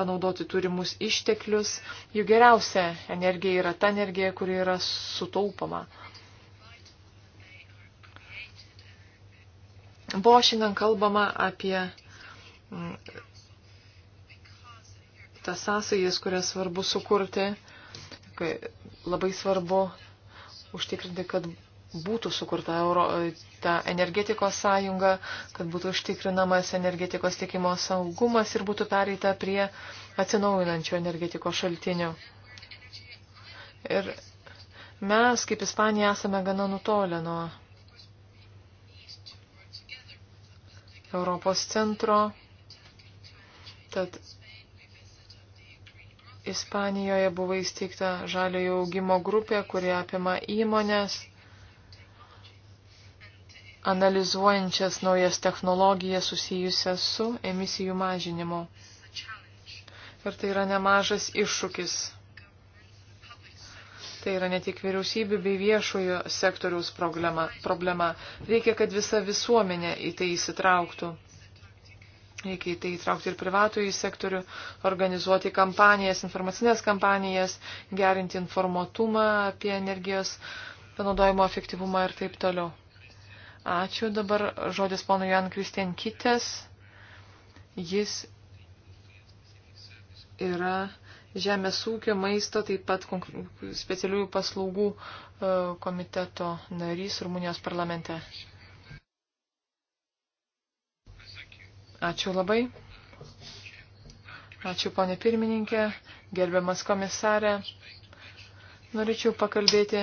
panaudoti turimus išteklius. Jų geriausia energija yra ta energija, kuri yra sutaupama. Buvo šiandien kalbama apie mm, tas sąsajas, kurias svarbu sukurti, labai svarbu užtikrinti, kad būtų sukurta Euro, ta energetikos sąjunga, kad būtų užtikrinamas energetikos tikimo saugumas ir būtų pereita prie atsinaujinančių energetikos šaltinių. Ir mes, kaip Ispanija, esame gana nutolę nuo Europos centro, tad Ispanijoje buvo įsteigta žaliojo augimo grupė, kurie apima įmonės, analizuojančias naujas technologijas susijusias su emisijų mažinimu. Ir tai yra nemažas iššūkis. Tai yra ne tik vyriausybių bei viešojo sektoriaus problema. problema. Reikia, kad visa visuomenė į tai įsitrauktų. Reikia į tai įtraukti ir privatų į sektorių, organizuoti kampanijas, informacinės kampanijas, gerinti informuotumą apie energijos panaudojimo efektyvumą ir taip toliau. Ačiū. Dabar žodis ponui Jan Kristian Kitės. Jis yra Žemės ūkio maisto, taip pat specialiųjų paslaugų e, komiteto narys Rumunijos parlamente. Ačiū labai. Ačiū, ponė pirmininkė, gerbiamas komisarė. Norėčiau pakalbėti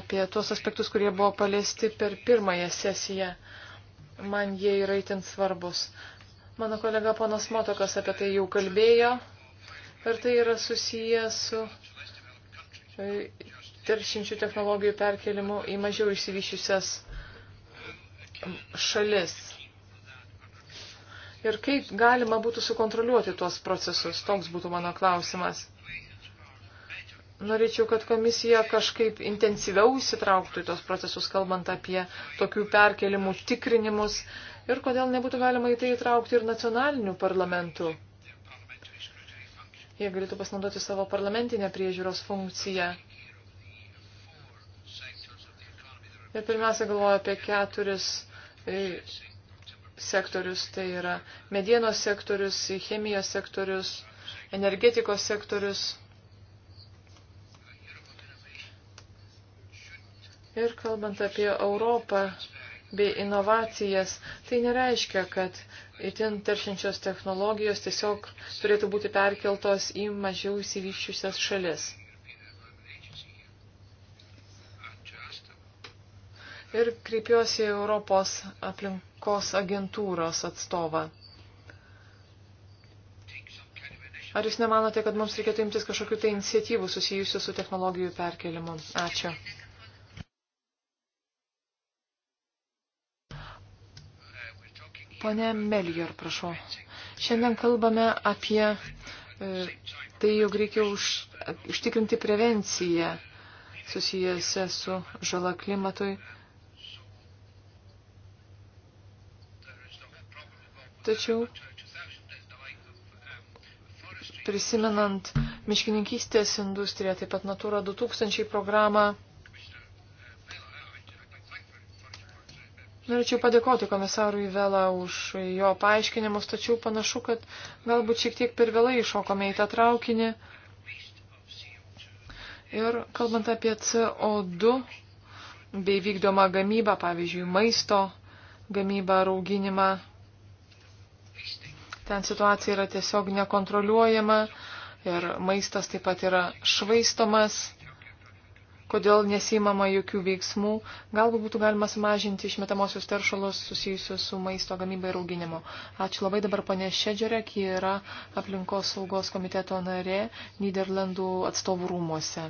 apie tuos aspektus, kurie buvo paliesti per pirmąją sesiją. Man jie yra itin svarbus. Mano kolega ponas Motokas apie tai jau kalbėjo. Ir tai yra susiję su e, teršinčių technologijų perkelimu į mažiau išsivyšiusias šalis ir kaip galima būtų sukontroliuoti tuos procesus. Toks būtų mano klausimas. Norėčiau, kad komisija kažkaip intensyviau įsitrauktų į tos procesus, kalbant apie tokių perkelimų tikrinimus ir kodėl nebūtų galima į tai įtraukti ir nacionalinių parlamentų. Jie galėtų pasinaudoti savo parlamentinę priežiūros funkciją. Ir pirmiausia galvoju apie keturis e, sektorius, tai yra medienos sektorius, chemijos sektorius, energetikos sektorius. Ir kalbant apie Europą bei inovacijas, tai nereiškia, kad itin teršiančios technologijos tiesiog turėtų būti perkeltos į mažiau įsivyščiusias šalis. Ir kreipiuosi Europos aplink kos agentūros atstovą. Ar jūs nemanote, kad mums reikėtų imtis kažkokių tai iniciatyvų susijusių su technologijų perkelimu? Ačiū. Pane Melior, prašau. Šiandien kalbame apie e, tai, jog reikia už, užtikrinti prevenciją susijusią su žala klimatui Tačiau prisimenant miškininkystės industriją, taip pat Natura 2000 programą, Norėčiau padėkoti komisarui Vela už jo paaiškinimus, tačiau panašu, kad galbūt šiek tiek per vėlai iššokome į tą traukinį. Ir kalbant apie CO2 bei vykdomą gamybą, pavyzdžiui, maisto gamybą, rauginimą, Ten situacija yra tiesiog nekontroliuojama ir maistas taip pat yra švaistomas. Kodėl nesimama jokių veiksmų? Galbūt būtų galima sumažinti išmetamosius teršalus susijusius su maisto gamyba ir auginimu. Ačiū labai dabar ponė Šedžiarė, ji yra aplinkos saugos komiteto narė Niderlandų atstovų rūmose.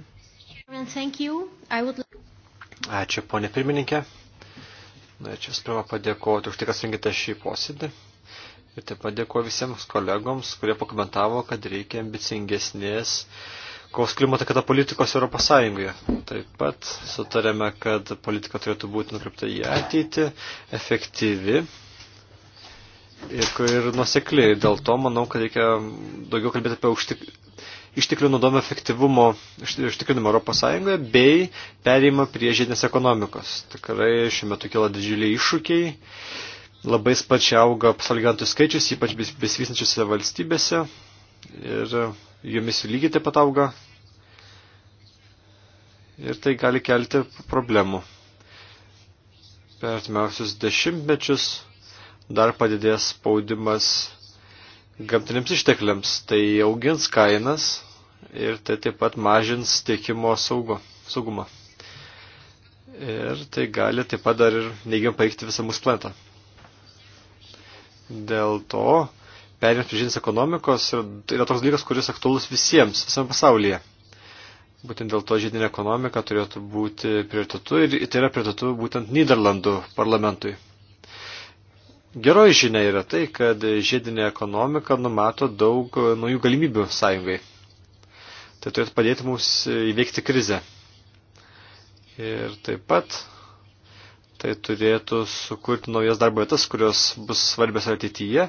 Ačiū, ponė pirmininkė. Norėčiau pirmą padėkoti už tai, kas rengėte šį posėdį. Ir taip pat dėkuoju visiems kolegoms, kurie pakomentavo, kad reikia ambicingesnės kovos klimato kada politikos Europos Sąjungoje. Taip pat sutarėme, kad politika turėtų būti nukreipta į ateitį, efektyvi ir, ir nusekli. Dėl to manau, kad reikia daugiau kalbėti apie aukštik, išteklių naudojimo efektyvumo ištikrinimą Europos Sąjungoje bei perėjimą prie žiedinės ekonomikos. Tikrai šiuo metu kila didžiuliai iššūkiai labai sparčiai auga pasaulio gyventojų skaičius, ypač besivystančiose valstybėse ir jomis lygiai taip pat auga ir tai gali kelti problemų. Per artimiausius dešimtmečius dar padidės spaudimas gamtiniams ištekliams, tai augins kainas ir tai taip pat mažins tiekimo saugo, saugumą. Ir tai gali taip pat dar ir neigiam paveikti visą mūsų planetą. Dėl to perėjimas prie žiedinės ekonomikos yra toks dalykas, kuris aktualus visiems, visam pasaulyje. Būtent dėl to žiedinė ekonomika turėtų būti prioritetu ir tai yra prioritetu būtent Niderlandų parlamentui. Geroji žinia yra tai, kad žiedinė ekonomika numato daug naujų galimybių sąjungai. Tai turėtų padėti mums įveikti krizę. Ir taip pat Tai turėtų sukurti naujas darbo vietas, kurios bus svarbios ateityje,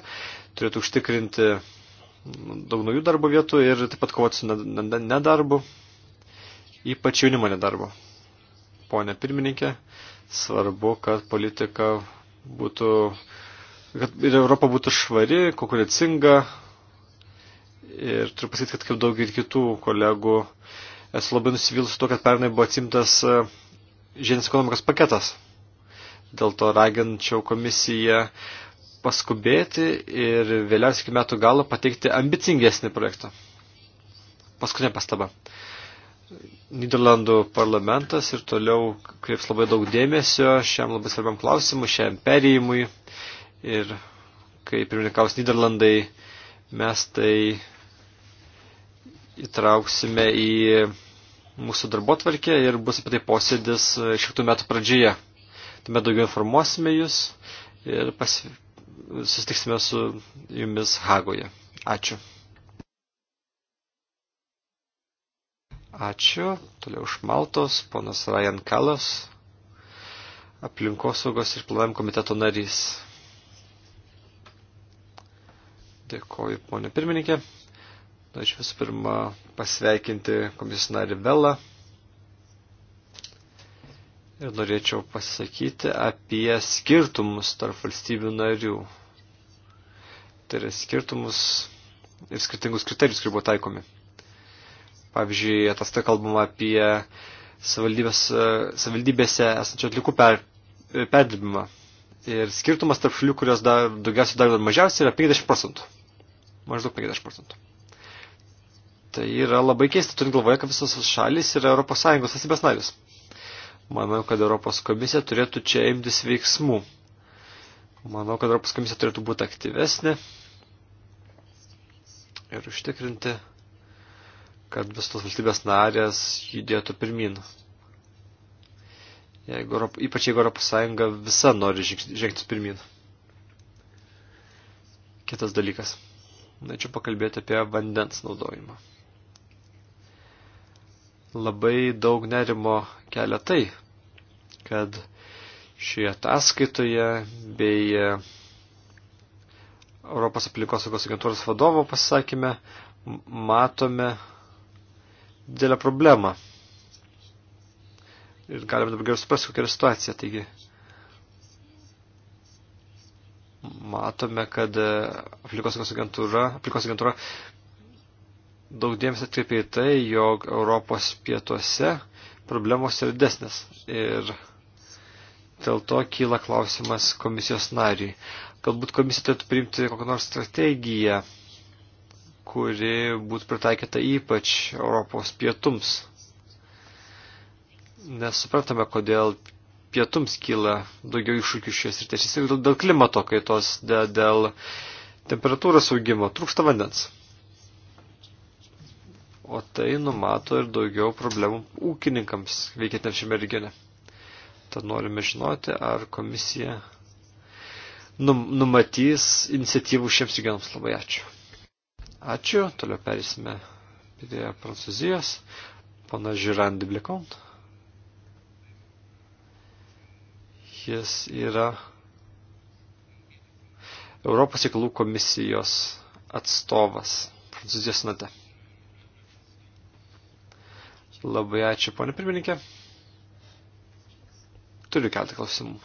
turėtų užtikrinti daug naujų darbo vietų ir taip pat kovoti su nedarbu, ypač jaunimo nedarbu. Pone pirmininkė, svarbu, kad politika būtų, kad ir Europa būtų švari, konkurencinga, Ir turiu pasakyti, kad kaip daug ir kitų kolegų esu labai nusivylusi to, kad pernai buvo atsimtas e, žiedinės ekonomikos paketas. Dėl to raginčiau komisiją paskubėti ir vėliausiai iki metų galo pateikti ambicingesnį projektą. Paskutinė pastaba. Niderlandų parlamentas ir toliau kreips labai daug dėmesio šiam labai svarbiam klausimui, šiam perėjimui. Ir kai pirmininkaus Niderlandai, mes tai įtrauksime į mūsų darbotvarkę ir bus apie tai posėdis e, šimtų metų pradžioje. Tuomet daugiau informuosime jūs ir pasi... susitiksime su jumis Hagoje. Ačiū. Ačiū. Toliau iš Maltos, ponas Ryan Kalas, aplinkosaugos ir planavimo komiteto narys. Dėkoju, ponė pirmininkė. Norėčiau visų pirma pasveikinti komisijos narį Velą ir norėčiau pasakyti apie skirtumus tarp valstybių narių. Tai yra skirtumus ir skirtingus kriterijus, kurie buvo taikomi. Pavyzdžiui, atasta kalbama apie savivaldybėse esančių atlikų per, perdirbimą. Ir skirtumas tarp šalių, kurios dar, daugiausiai dar, dar mažiausiai, yra 50 procentų. Maždaug 50 procentų. Tai yra labai keista, turint galvoje, kad visos šalis yra ES valstybės narės. Manau, kad Europos komisija turėtų čia imtis veiksmų. Manau, kad Europos komisija turėtų būti aktyvesnė ir užtikrinti, kad visos valstybės narės judėtų pirmin. Jeigu, ypač jeigu Europos Sąjunga visa nori žengtis pirmin. Kitas dalykas. Norėčiau pakalbėti apie vandens naudojimą labai daug nerimo kelia tai, kad šioje ataskaitoje bei e, Europos aplinkosaugos agentūros vadovo pasisakime matome didelę problemą. Ir galime dabar geriau suprasti, kokia yra situacija. Taigi, matome, kad e, aplinkos agentūra, aplinkos agentūra daug dėmesio atkreipė į tai, jog Europos pietuose problemos yra desnės. Ir dėl to kyla klausimas komisijos nariui. Galbūt komisija turėtų priimti kokią nors strategiją, kuri būtų pritaikyta ypač Europos pietums. Nes suprantame, kodėl pietums kyla daugiau iššūkių šioje srityje. Dėl, dėl klimato kaitos, dėl, dėl temperatūros augimo, trūksta vandens o tai numato ir daugiau problemų ūkininkams veikiantiems šiame regione. Tad norime žinoti, ar komisija num numatys iniciatyvų šiems regionams. Labai ačiū. Ačiū, toliau perėsime prie Prancūzijos. Pana Žirandi Blikon. Jis yra Europos reikalų komisijos atstovas Prancūzijos nate. Labai ačiū, ponė pirmininkė. Turiu keltą klausimų.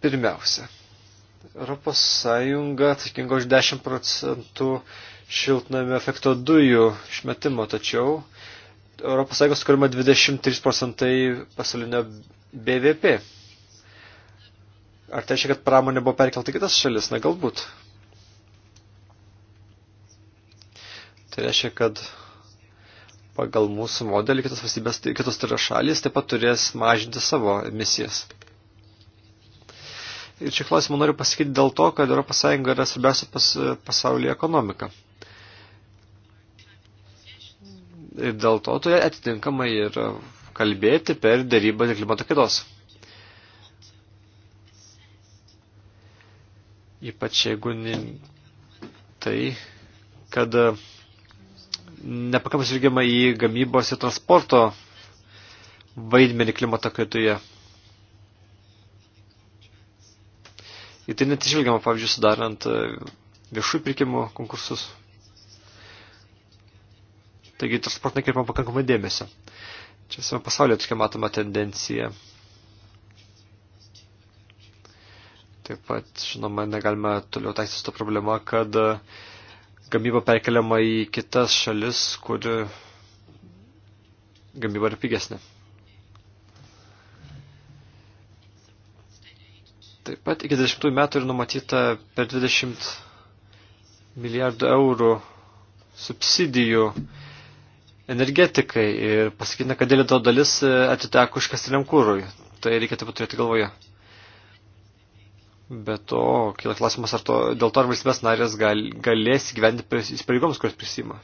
Pirmiausia, Europos Sąjunga atsakinga už 10 procentų šiltnamio efekto dujų išmetimo, tačiau Europos Sąjungos skurima 23 procentai pasaulinio BVP. Ar tai reiškia, kad pramonė buvo perkelta kitas šalis? Na, galbūt. Tai reiškia, kad pagal mūsų modelį kitos valstybės, kitos turės tai šalys taip pat turės mažinti savo emisijas. Ir čia klausimą noriu pasakyti dėl to, kad ES yra svarbiausia pas, pasaulyje ekonomika. Ir dėl to turi atitinkamai ir kalbėti per dėrybą dėl klimato kitos. Ypač jeigu tai, kad nepakankamai žvelgiama į gamybos ir transporto vaidmenį klimato kaitoje. Į tai net išvilgiama, pavyzdžiui, sudarant e, viešų pirkimų konkursus. Taigi transport nekreipama pakankamai dėmesio. Čia visame pasaulyje tokia matoma tendencija. Taip pat, žinoma, negalime toliau taisytis tą problemą, kad uh, gamyba perkeliama į kitas šalis, kur gamyba yra pigesnė. Taip pat iki 20 metų yra numatyta per 20 milijardų eurų subsidijų energetikai ir pasakytina, kad dėlė to dalis atiteko iškastiniam kūrui. Tai reikia taip pat turėti galvoje. Be to, kila klausimas, ar to, dėl to ar valstybės narės gal, galės gyventi įsipareigoms, kurios prisima.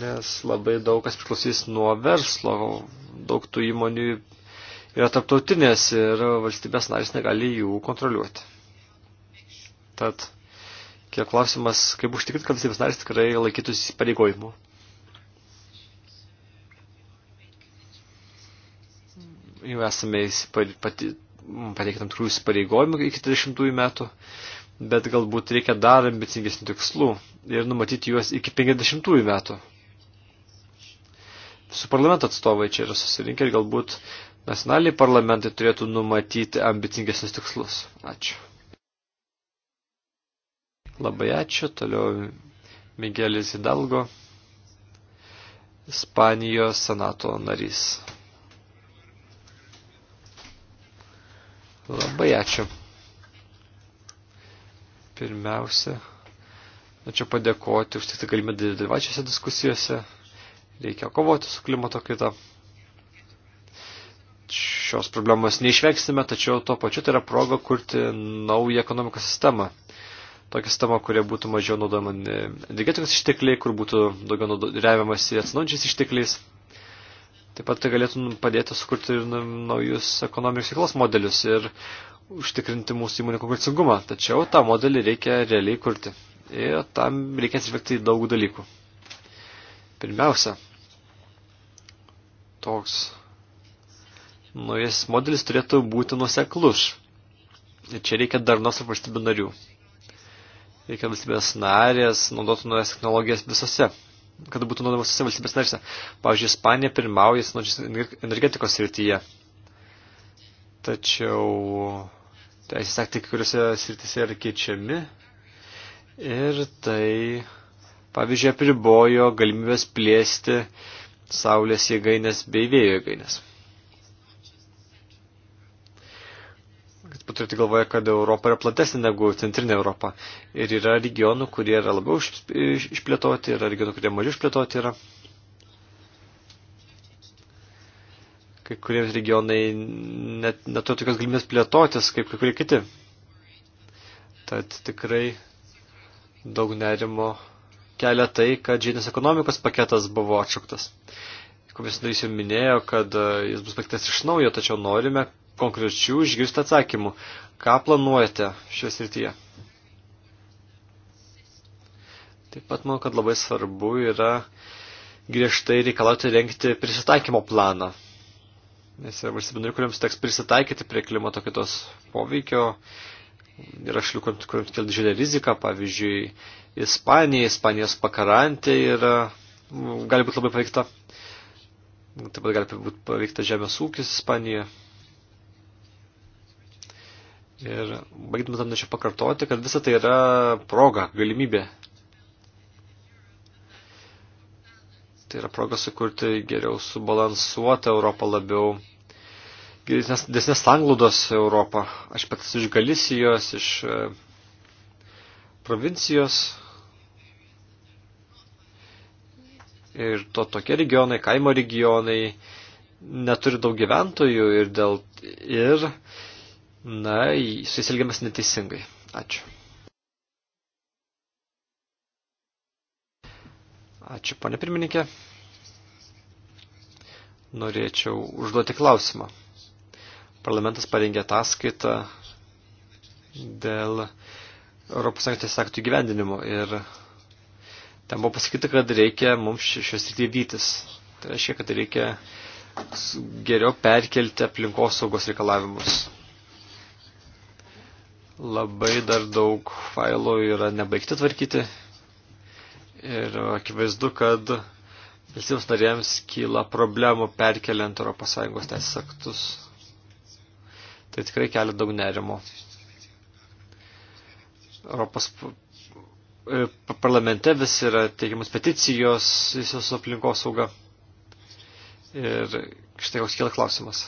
Nes labai daug kas priklausys nuo verslo, daug tų įmonių yra tarptautinės ir valstybės narės negali jų kontroliuoti. Tad, kiek klausimas, kaip užtikrinti, kad valstybės narės tikrai laikytųsi įsipareigojimų. jau esame mm, pateikę tam tikrų įsipareigojimų iki 30 metų, bet galbūt reikia dar ambicingesnių tikslų ir numatyti juos iki 50 metų. Su parlamento atstovai čia yra susirinkę ir galbūt nacionaliai parlamentai turėtų numatyti ambicingesnius tikslus. Ačiū. Labai ačiū. Toliau Miguelis Hidalgo, Ispanijos senato narys. Labai ačiū. Pirmiausia, ačiū padėkoti už tik galimybę dalyvačiose diskusijose. Reikia kovoti su klimato kaita. Šios problemos neišvengsime, tačiau tuo pačiu tai yra proga kurti naują ekonomikos sistemą tokią sistemą, kurie būtų mažiau naudojama energetikos ištekliai, kur būtų daugiau remiamas į atsinaujančiais ištekliais. Taip pat tai galėtų nu, padėti sukurti ir naujus ekonomijos veiklos modelius ir užtikrinti mūsų įmonių konkurencingumą. Tačiau tą modelį reikia realiai kurti. Ir tam reikia atsižvelgti į daug dalykų. Pirmiausia, toks naujas modelis turėtų būti nuseklus. Ir čia reikia darnos ir valstybių narių. Reikia valstybės narės, naudotų naujas technologijas visose kad būtų naudojamas visose valstybės narėse. Pavyzdžiui, Ispanija pirmauja energetikos srityje. Tačiau teisės aktai kuriuose srityse yra keičiami. Ir tai, pavyzdžiui, apribojo galimybės plėsti saulės jėgainės bei vėjo jėgainės. turėti galvoje, kad Europa yra platesnė negu centrinė Europa. Ir yra regionų, kurie yra labiau išplėtoti, yra regionų, kurie mažiau išplėtoti yra. Kai kuriems regionai net neturi tokios galimybės plėtotis, kaip kai kurie kiti. Tad tikrai daug nerimo kelia tai, kad žiedinės ekonomikos paketas buvo atšauktas. Komisijos narys jau minėjo, kad e, jis bus paketas iš naujo, tačiau norime konkrečių išgirsti atsakymų. Ką planuojate šioje srityje? Taip pat manau, kad labai svarbu yra griežtai reikalauti rengti prisitaikymo planą. Nes yra valstybinai, kuriams teks prisitaikyti prie klimato kitos poveikio. Yra šalių, kuriams kėl didžiulė rizika, pavyzdžiui, Ispanija, Ispanijos pakarantė yra, gali būti labai paveikta. Taip pat gali būti paveikta žemės ūkis Ispanija. Ir baigdamas tam norėčiau pakartoti, kad visa tai yra proga, galimybė. Tai yra proga sukurti geriau subalansuotą Europą labiau, desnės sanglaudos Europą. Aš pats iš Galisijos, iš e, provincijos, Ir to tokie regionai, kaimo regionai neturi daug gyventojų ir dėl ir, na, su jais elgiamas neteisingai. Ačiū. Ačiū, ponė pirmininkė. Norėčiau užduoti klausimą. Parlamentas parengė ataskaitą dėl ES aktų gyvendinimo ir Ten buvo pasakyta, kad reikia mums šios rytyje vytis. Tai reiškia, kad reikia geriau perkelti aplinkosaugos reikalavimus. Labai dar daug failų yra nebaigti tvarkyti. Ir akivaizdu, kad visiems narėms kyla problemų perkeliant ES teisės aktus. Tai tikrai kelia daug nerimo. Europos E, parlamente vis yra teigiamas peticijos, visos aplinkos sauga. Ir štai koks kila klausimas.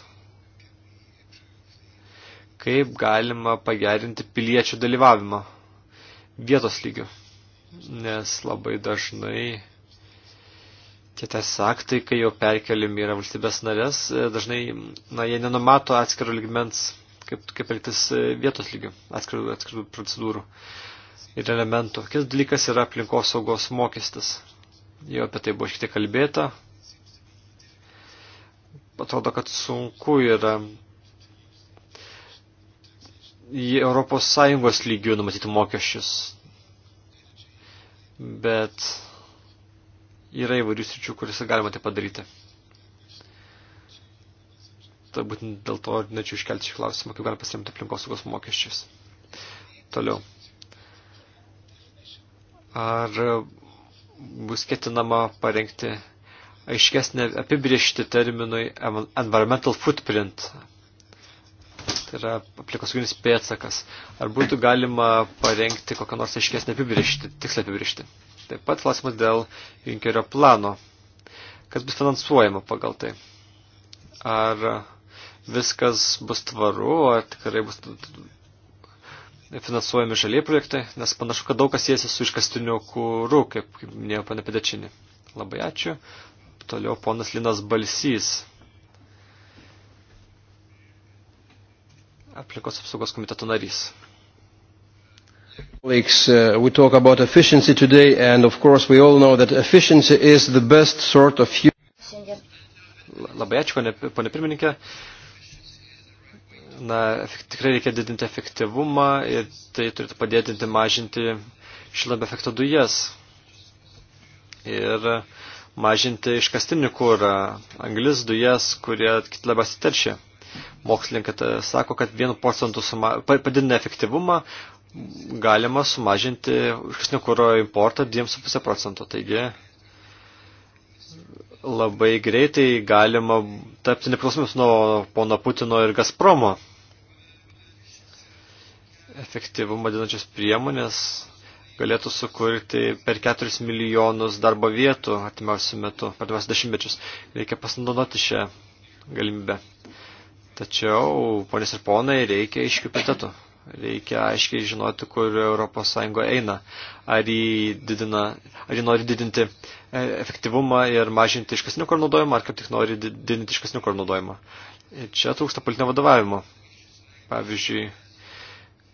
Kaip galima pagerinti piliečių dalyvavimą vietos lygių? Nes labai dažnai tie teisės aktai, kai jau perkeliami yra valstybės narės, e, dažnai na, jie nenumato atskiro ligmens, kaip, kaip elgtis e, vietos lygių, atskirų, atskirų procedūrų. Uh, ir elementų. Kitas dalykas yra aplinkos saugos mokestis. Jau apie tai buvo šiek tiek kalbėta. Atrodo, kad sunku yra į Europos Sąjungos lygių numatyti mokesčius. Bet yra įvairių sričių, kuriuose galima tai padaryti. Tai būtent dėl to ir norėčiau iškelti šį klausimą, kaip galima pasiremti aplinkosaugos mokesčius. Toliau. Ar bus ketinama parengti aiškesnė apibriežti terminui environmental footprint, tai yra aplikosauginis pėtsakas. Ar būtų galima parengti kokią nors aiškesnį apibriežti, tikslą apibriežti? Taip pat klausimas dėl Junkerio plano. Kas bus finansuojama pagal tai? Ar viskas bus tvaru, ar tikrai bus finansuojami žaliai projektai, nes panašu, kad daug kas jėsi su iškastiniu kūru, kaip, kaip minėjo pana Pedečinė. Labai ačiū. Toliau ponas Linas Balsys. Aplikos apsaugos komiteto narys. Colleagues, uh, we talk about efficiency today and of course we all know that efficiency is the best sort of... Labai ačiū, ponė pirmininkė. Uh, na, tikrai reikia didinti efektyvumą ir tai turėtų padėtinti mažinti šilabę efekto dujas ir mažinti iškastinį kūrą, anglis dujas, kurie labiausiai teršia. Mokslininkai sako, kad 1 procentų suma, padidinę efektyvumą galima sumažinti iškastinio kūro importą 2,5 procentų. Taigi labai greitai galima tapti nepriklausomis nuo pono Putino ir Gazpromo efektyvumą didinančios priemonės galėtų sukurti per 4 milijonus darbo vietų artimiausių metų, per 20 dešimtmečius. Reikia pasinaudoti šią galimybę. Tačiau, ponės ir ponai, reikia aiškių prioritetų. Reikia aiškiai žinoti, kur ES eina. Ar jį, didina, ar jį nori didinti e, efektyvumą ir mažinti iškasnių kur naudojimą, ar kaip tik nori didinti iškasnių kur naudojimą. Ir čia trūksta politinio vadovavimo. Pavyzdžiui,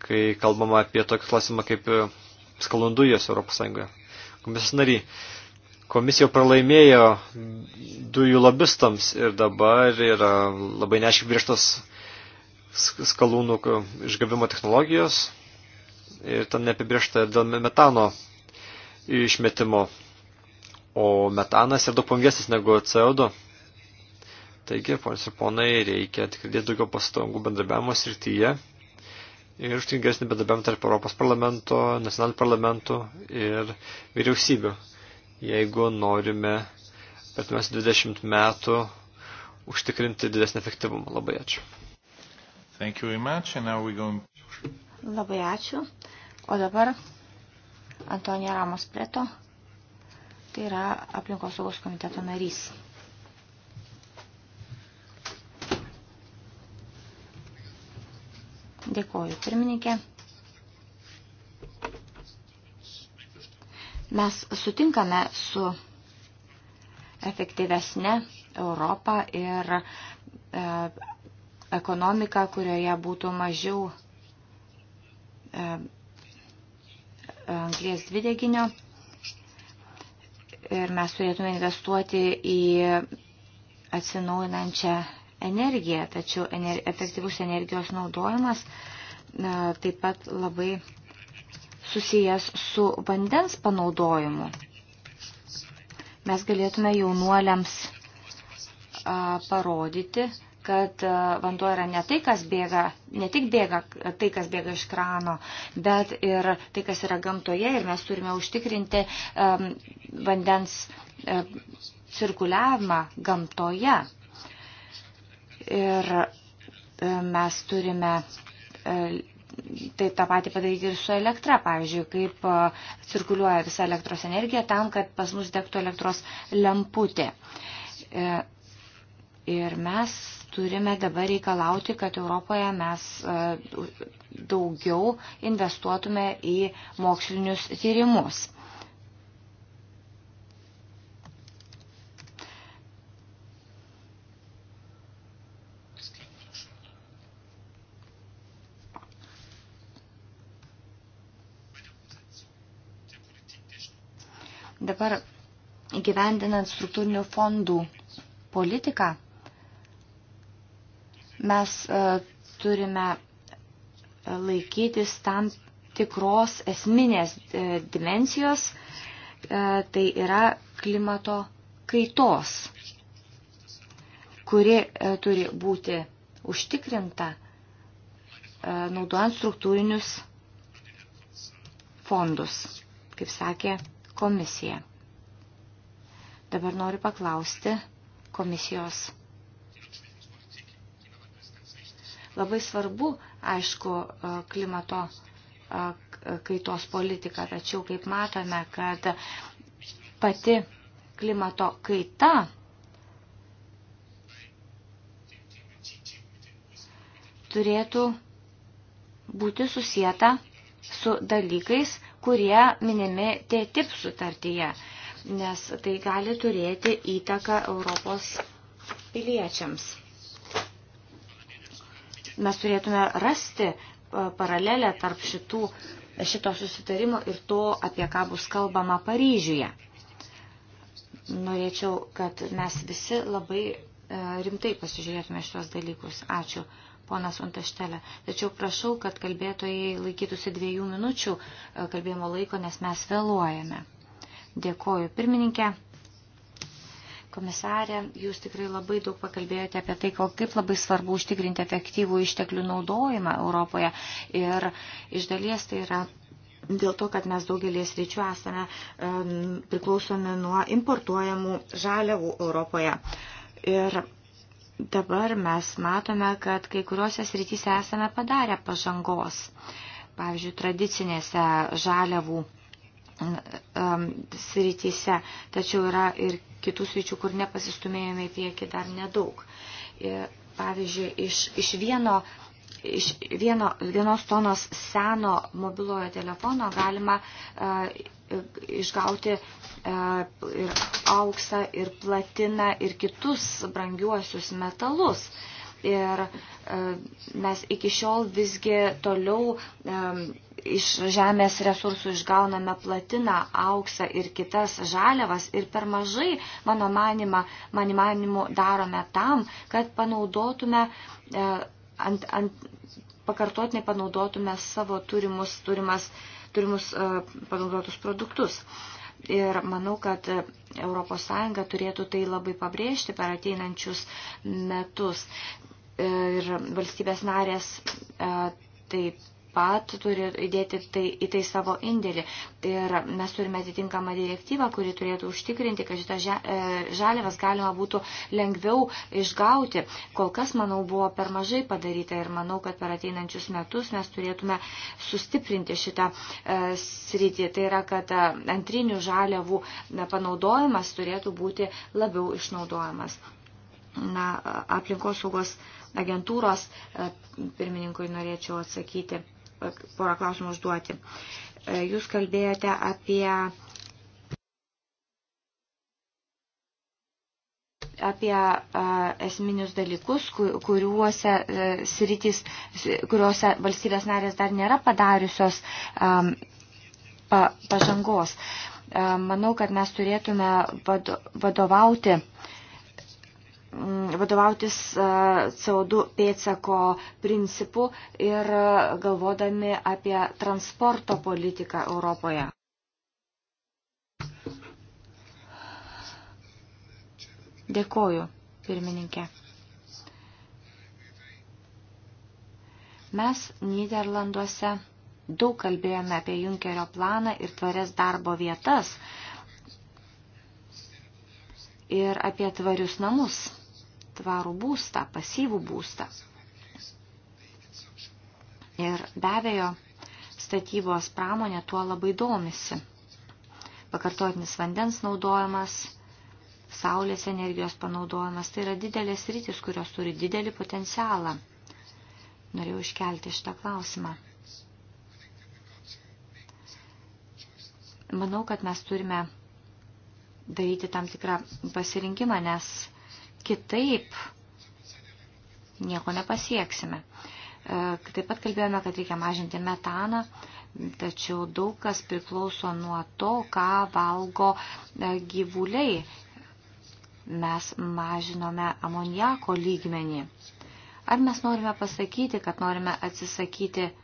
kai kalbama apie tokį klausimą kaip e, skalundujos Europos Sąjungoje. Komisijos nariai, komisija pralaimėjo dujų lobistams ir dabar yra labai neaiškiai griežtos skalūnų išgavimo technologijos ir ten neapibriešta ir dėl metano išmetimo. O metanas yra daug pangesnis negu CO2. Taigi, ponis ir ponai, reikia tikrai daugiau pastangų bendrabiavimo srityje ir užtikringesnį bedarbiavimą tarp Europos parlamento, nacionalinių parlamentų ir vyriausybių, jeigu norime per 20 metų užtikrinti didesnį efektyvumą. Labai ačiū. Thank you very much, and now we going... Labai ačiū. O dabar Antonija Ramos Preto, tai yra aplinkosaugos komiteto narys. Dėkoju, pirmininkė. Mes sutinkame su efektyvesne Europą ir e, ekonomiką, kurioje būtų mažiau e, anglės dvideginio ir mes turėtume investuoti į atsinaujinančią energiją, tačiau ener efektyvus energijos naudojimas na, taip pat labai susijęs su vandens panaudojimu. Mes galėtume jaunuoliams a, parodyti, kad vanduo yra ne tai, kas bėga, ne tik bėga tai, kas bėga iš krano, bet ir tai, kas yra gamtoje ir mes turime užtikrinti um, vandens um, cirkuliavimą gamtoje. Ir e, mes turime e, tai tą patį padaryti ir su elektra, pavyzdžiui, kaip e, cirkuliuoja visa elektros energija tam, kad pas mus degtų elektros lemputė. Ir mes turime dabar reikalauti, kad Europoje mes daugiau investuotume į mokslinius tyrimus. Dabar gyvendinant struktūrinių fondų politiką, mes e, turime e, laikytis tam tikros esminės e, dimensijos, tai yra klimato kaitos, kuri turi būti užtikrinta naudojant struktūrinius fondus, kaip sakė komisija. Dabar noriu paklausti komisijos. Labai svarbu, aišku, e, klimato e, kaitos politika, tačiau kaip matome, kad pati klimato kaita turėtų būti susieta su dalykais, kurie minimi TTIP sutartyje, nes tai gali turėti įtaką Europos piliečiams. Mes turėtume rasti e, paralelę tarp šitų, šito susitarimo ir to, apie ką bus kalbama Paryžiuje. Norėčiau, kad mes visi labai e, rimtai pasižiūrėtume šios dalykus. Ačiū ponas Untaštelė. Tačiau prašau, kad kalbėtojai laikytųsi dviejų minučių e, kalbėjimo laiko, nes mes vėluojame. Dėkoju pirmininkė. Komisarė, jūs tikrai labai daug pakalbėjote apie tai, kaip labai svarbu užtikrinti efektyvų išteklių naudojimą Europoje. Ir iš dalies tai yra dėl to, kad mes daugelės ryčių esame um, priklausomi nuo importuojamų žaliavų Europoje. Ir Dabar mes matome, kad kai kuriuose srityse esame padarę pažangos. Pavyzdžiui, tradicinėse žaliavų srityse, tačiau yra ir kitų sričių, kur nepasistumėjome į priekį dar nedaug. Pavyzdžiui, iš, iš vieno iš vieno, vienos tonos seno mobilojo telefono galima uh, išgauti e, ir auksą, ir platiną, ir kitus brangiuosius metalus. Ir e, mes iki šiol visgi toliau e, iš žemės resursų išgauname platiną, auksą ir kitas žaliavas ir per mažai, mano manima, mani manimu, darome tam, kad panaudotume ant, ant, pakartotinai panaudotume savo turimus, turimas uh, turimus panaudotus produktus. Ir manau, kad ES turėtų tai labai pabrėžti per ateinančius metus. Ir valstybės narės taip pat turi įdėti tai, į tai savo indėlį. Ir mes turime atitinkamą direktyvą, kuri turėtų užtikrinti, kad šitą e, žaliavas galima būtų lengviau išgauti. Kol kas, manau, buvo per mažai padaryta ir manau, kad per ateinančius metus mes turėtume sustiprinti šitą e, sritį. Tai yra, kad e, antrinių žaliavų panaudojimas turėtų būti labiau išnaudojamas. Na, aplinkosaugos agentūros pirmininkui norėčiau atsakyti porą klausimų užduoti. E, jūs kalbėjote apie apie a, e, esminius dalykus, kuriuose a, e, sritys, kuriuose valstybės narės dar nėra padariusios a, pa, pažangos. A, manau, kad mes turėtume vado, vadovauti a, Mm, vadovautis e, CO2 pėtsako principu ir e, galvodami apie transporto politiką Europoje. Dėkoju, pirmininkė. Mes Niderlanduose daug kalbėjome apie Junkerio planą ir tvarias darbo vietas ir apie tvarius namus tvarų būstą, pasyvų būstą. Ir be abejo, statybos pramonė tuo labai domisi. Pakartotinis vandens naudojimas, saulės energijos panaudojimas, tai yra didelės rytis, kurios turi didelį potencialą. Norėjau iškelti šitą klausimą. Manau, kad mes turime daryti tam tikrą pasirinkimą, nes Kitaip nieko nepasieksime. E, taip pat kalbėjome, kad reikia mažinti metaną, tačiau daug kas priklauso nuo to, ką valgo e, gyvuliai. Mes mažinome amoniako lygmenį. Ar mes norime pasakyti, kad norime atsisakyti e,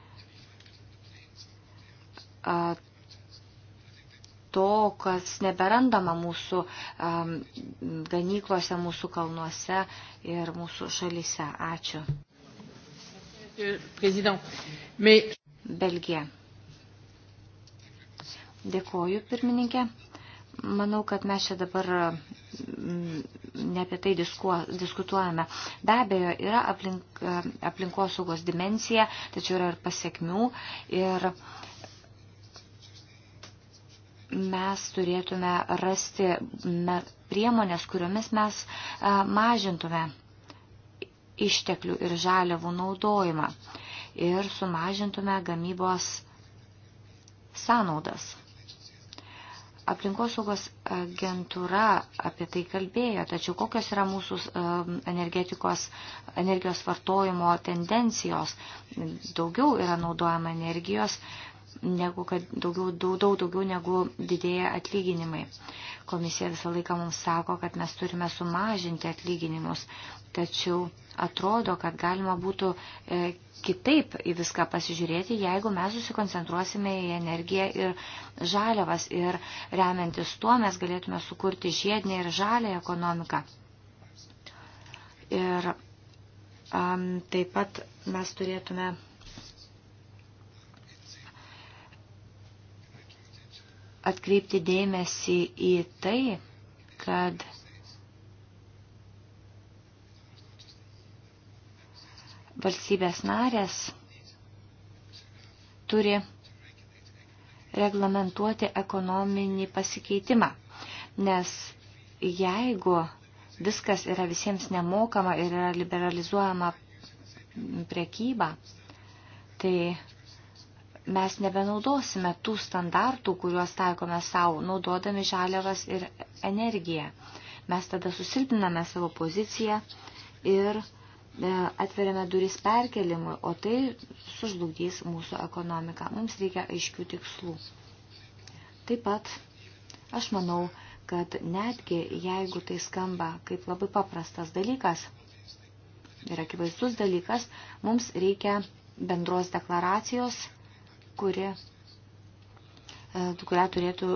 to, kas neberandama mūsų um, ganyklose, mūsų kalnuose ir mūsų šalyse. Ačiū. Belgija. Dėkoju, pirmininkė. Manau, kad mes čia dabar mm, ne apie tai diskuo, diskutuojame. Be abejo, yra aplink, aplinkosaugos dimencija, tačiau yra ir pasiekmių. Ir uh, mes turėtume rasti priemonės, kuriomis mes e, mažintume išteklių ir žaliavų naudojimą ir sumažintume gamybos sąnaudas. Aplinkosaugos agentūra apie tai kalbėjo, tačiau kokios yra mūsų e, energetikos, energijos vartojimo tendencijos. Daugiau yra naudojama energijos, negu kad daugiau, daug, daug daugiau negu didėja atlyginimai. Komisija visą laiką mums sako, kad mes turime sumažinti atlyginimus, tačiau atrodo, kad galima būtų e, kitaip į viską pasižiūrėti, jeigu mes susikoncentruosime į energiją ir žaliavas ir remiantis tuo mes galėtume sukurti žiedinę ir žalę ekonomiką. Ir um, taip pat mes turėtume atkreipti dėmesį į tai, kad valstybės narės turi reglamentuoti ekonominį pasikeitimą, nes jeigu viskas yra visiems nemokama ir yra liberalizuojama prekyba, tai mes nebenaudosime tų standartų, kuriuos taikome savo, naudodami žaliavas ir energiją. Mes tada susilpiname savo poziciją ir e, atveriame duris perkelimui, o tai sužlugdys mūsų ekonomiką. Mums reikia aiškių tikslų. Taip pat aš manau, kad netgi jeigu tai skamba kaip labai paprastas dalykas ir akivaizdus dalykas, mums reikia bendros deklaracijos kuri e, kurią turėtų,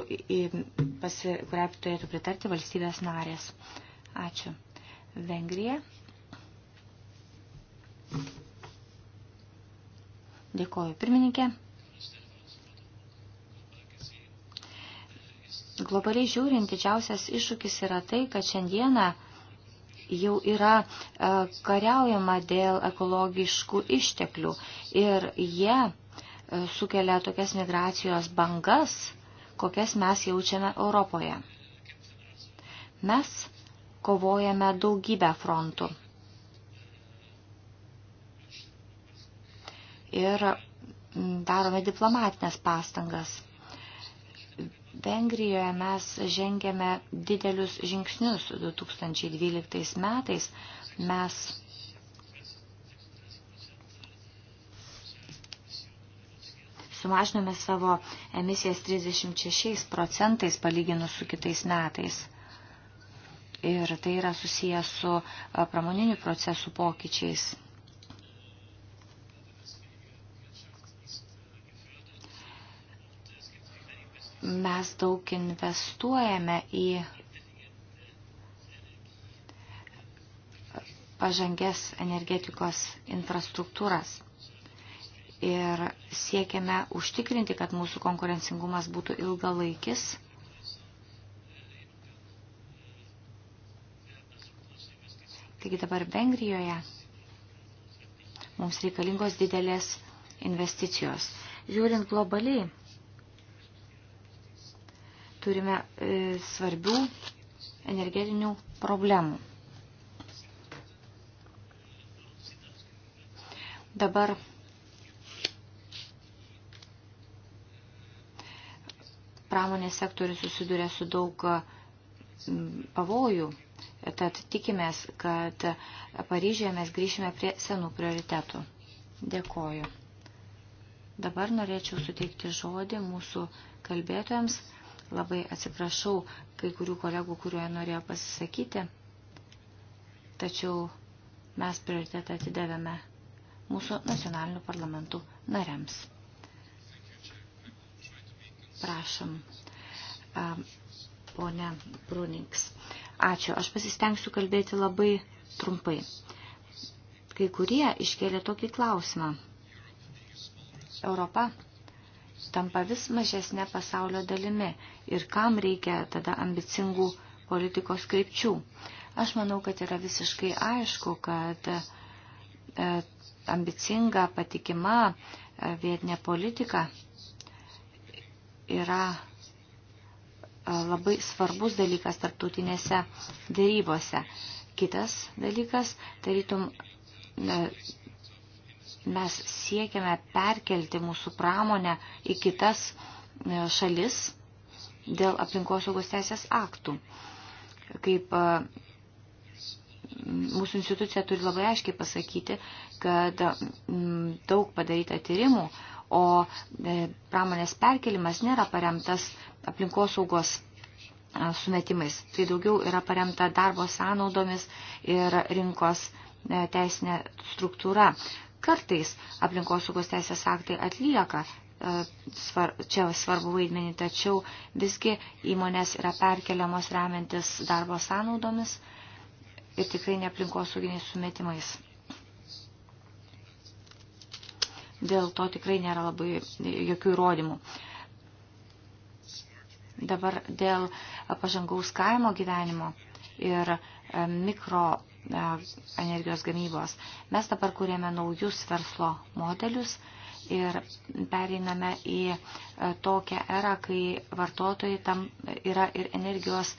pasi, kurią turėtų pritarti valstybės narės. Ačiū. Vengrija. Dėkoju, pirmininkė. Globaliai žiūrint, didžiausias iššūkis yra tai, kad šiandieną jau yra e, kariaujama dėl ekologiškų išteklių ir jie sukelia tokias migracijos bangas, kokias mes jaučiame Europoje. Mes kovojame daugybę frontų. Ir darome diplomatinės pastangas. Vengrijoje mes žengėme didelius žingsnius 2012 metais. Mes sumažinome savo emisijas 36 procentais palyginus su kitais metais. Ir tai yra susijęs su pramoninių procesų pokyčiais. Mes daug investuojame į pažangės energetikos infrastruktūras ir siekiame užtikrinti, kad mūsų konkurencingumas būtų ilgalaikis. Taigi dabar Vengrijoje mums reikalingos didelės investicijos. Žiūrint globaliai, turime e, svarbių energetinių problemų. Dabar pramonės sektorius susiduria su daug pavojų. Tad tikimės, kad Paryžėje mes grįšime prie senų prioritetų. Dėkoju. Dabar norėčiau suteikti žodį mūsų kalbėtojams. Labai atsiprašau kai kurių kolegų, kurioje norėjo pasisakyti. Tačiau mes prioritetą atidavėme mūsų nacionalinių parlamentų nariams. Prašom. Pone Brunings. Ačiū. Aš pasistengsiu kalbėti labai trumpai. Kai kurie iškėlė tokį klausimą. Europa tampa vis mažesnė pasaulio dalimi ir kam reikia tada ambicingų politikos krypčių. Aš manau, kad yra visiškai aišku, kad e, ambicinga, patikima e, vietinė politika yra labai svarbus dalykas tarptautinėse dėrybose. Kitas dalykas, tarytum, mes siekiame perkelti mūsų pramonę į kitas šalis dėl aplinkosaugos teisės aktų. Kaip mūsų institucija turi labai aiškiai pasakyti, kad daug padaryta tyrimų, o e, pramonės perkelimas nėra paremtas aplinkosaugos e, sumetimais. Tai daugiau yra paremta darbo sąnaudomis ir rinkos e, teisinė struktūra. Kartais aplinkosaugos teisės aktai atlieka svar, čia svarbu vaidmenį, tačiau visgi įmonės yra perkeliamos remiantis darbo sąnaudomis ir tikrai ne aplinkosauginiais sumetimais. dėl to tikrai nėra labai jokių įrodymų. Dabar dėl pažangaus kaimo gyvenimo ir e, mikro e, energijos gamybos. Mes dabar kūrėme naujus verslo modelius ir pereiname į e, tokią erą, kai vartotojai tam yra ir energijos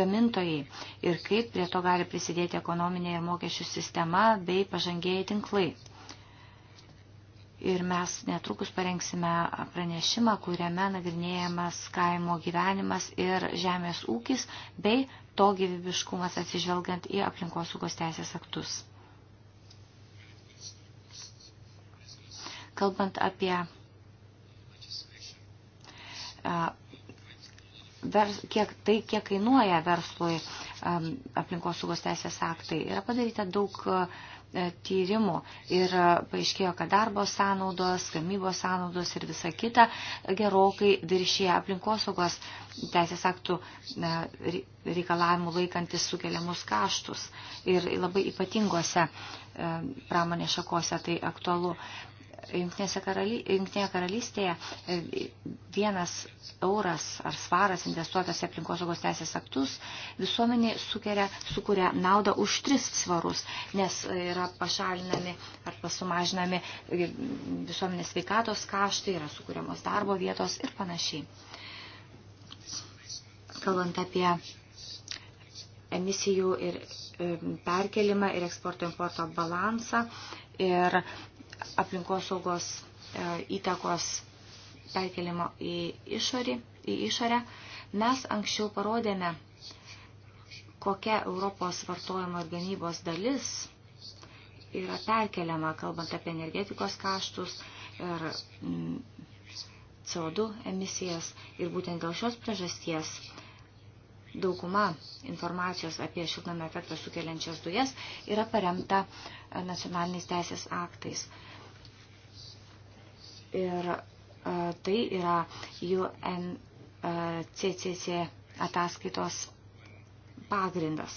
gamintojai ir kaip prie to gali prisidėti ekonominė ir mokesčių sistema bei pažangėjai tinklai ir mes netrukus parengsime pranešimą, kuriame nagrinėjamas kaimo gyvenimas ir žemės ūkis bei to gyvybiškumas atsižvelgiant į aplinkosaugos teisės aktus. Kalbant apie vers, kiek, tai, kiek kainuoja verslui aplinkosaugos teisės aktai, yra padaryta daug uh, E, tyrimų ir e, paaiškėjo, kad darbo sąnaudos, gamybos sąnaudos ir visa kita gerokai viršyje aplinkosaugos teisės aktų e, reikalavimų laikantis sukeliamus kaštus ir labai ypatingose pramonės šakose tai aktualu. Junktinėje karalystėje e, vienas euras ar svaras investuotas į aplinkosaugos teisės aktus visuomenė sukeria, sukuria naudą už tris svarus, nes yra pašalinami ar pasumažinami e, visuomenės veikatos kaštai, yra sukūriamos darbo vietos ir panašiai. Kalbant apie emisijų ir e, perkelimą ir eksporto importo balansą ir aplinkosaugos e, įtakos perkelimo į, išorį, į išorę, mes anksčiau parodėme, kokia Europos vartojimo ir gamybos dalis yra perkeliama, kalbant apie energetikos kaštus ir mm, CO2 emisijas. Ir būtent dėl šios priežasties dauguma informacijos apie šiltnamio efektą sukeliančias dujas yra paremta e, nacionaliniais teisės aktais. Ir e, tai yra UNCCC ataskaitos pagrindas.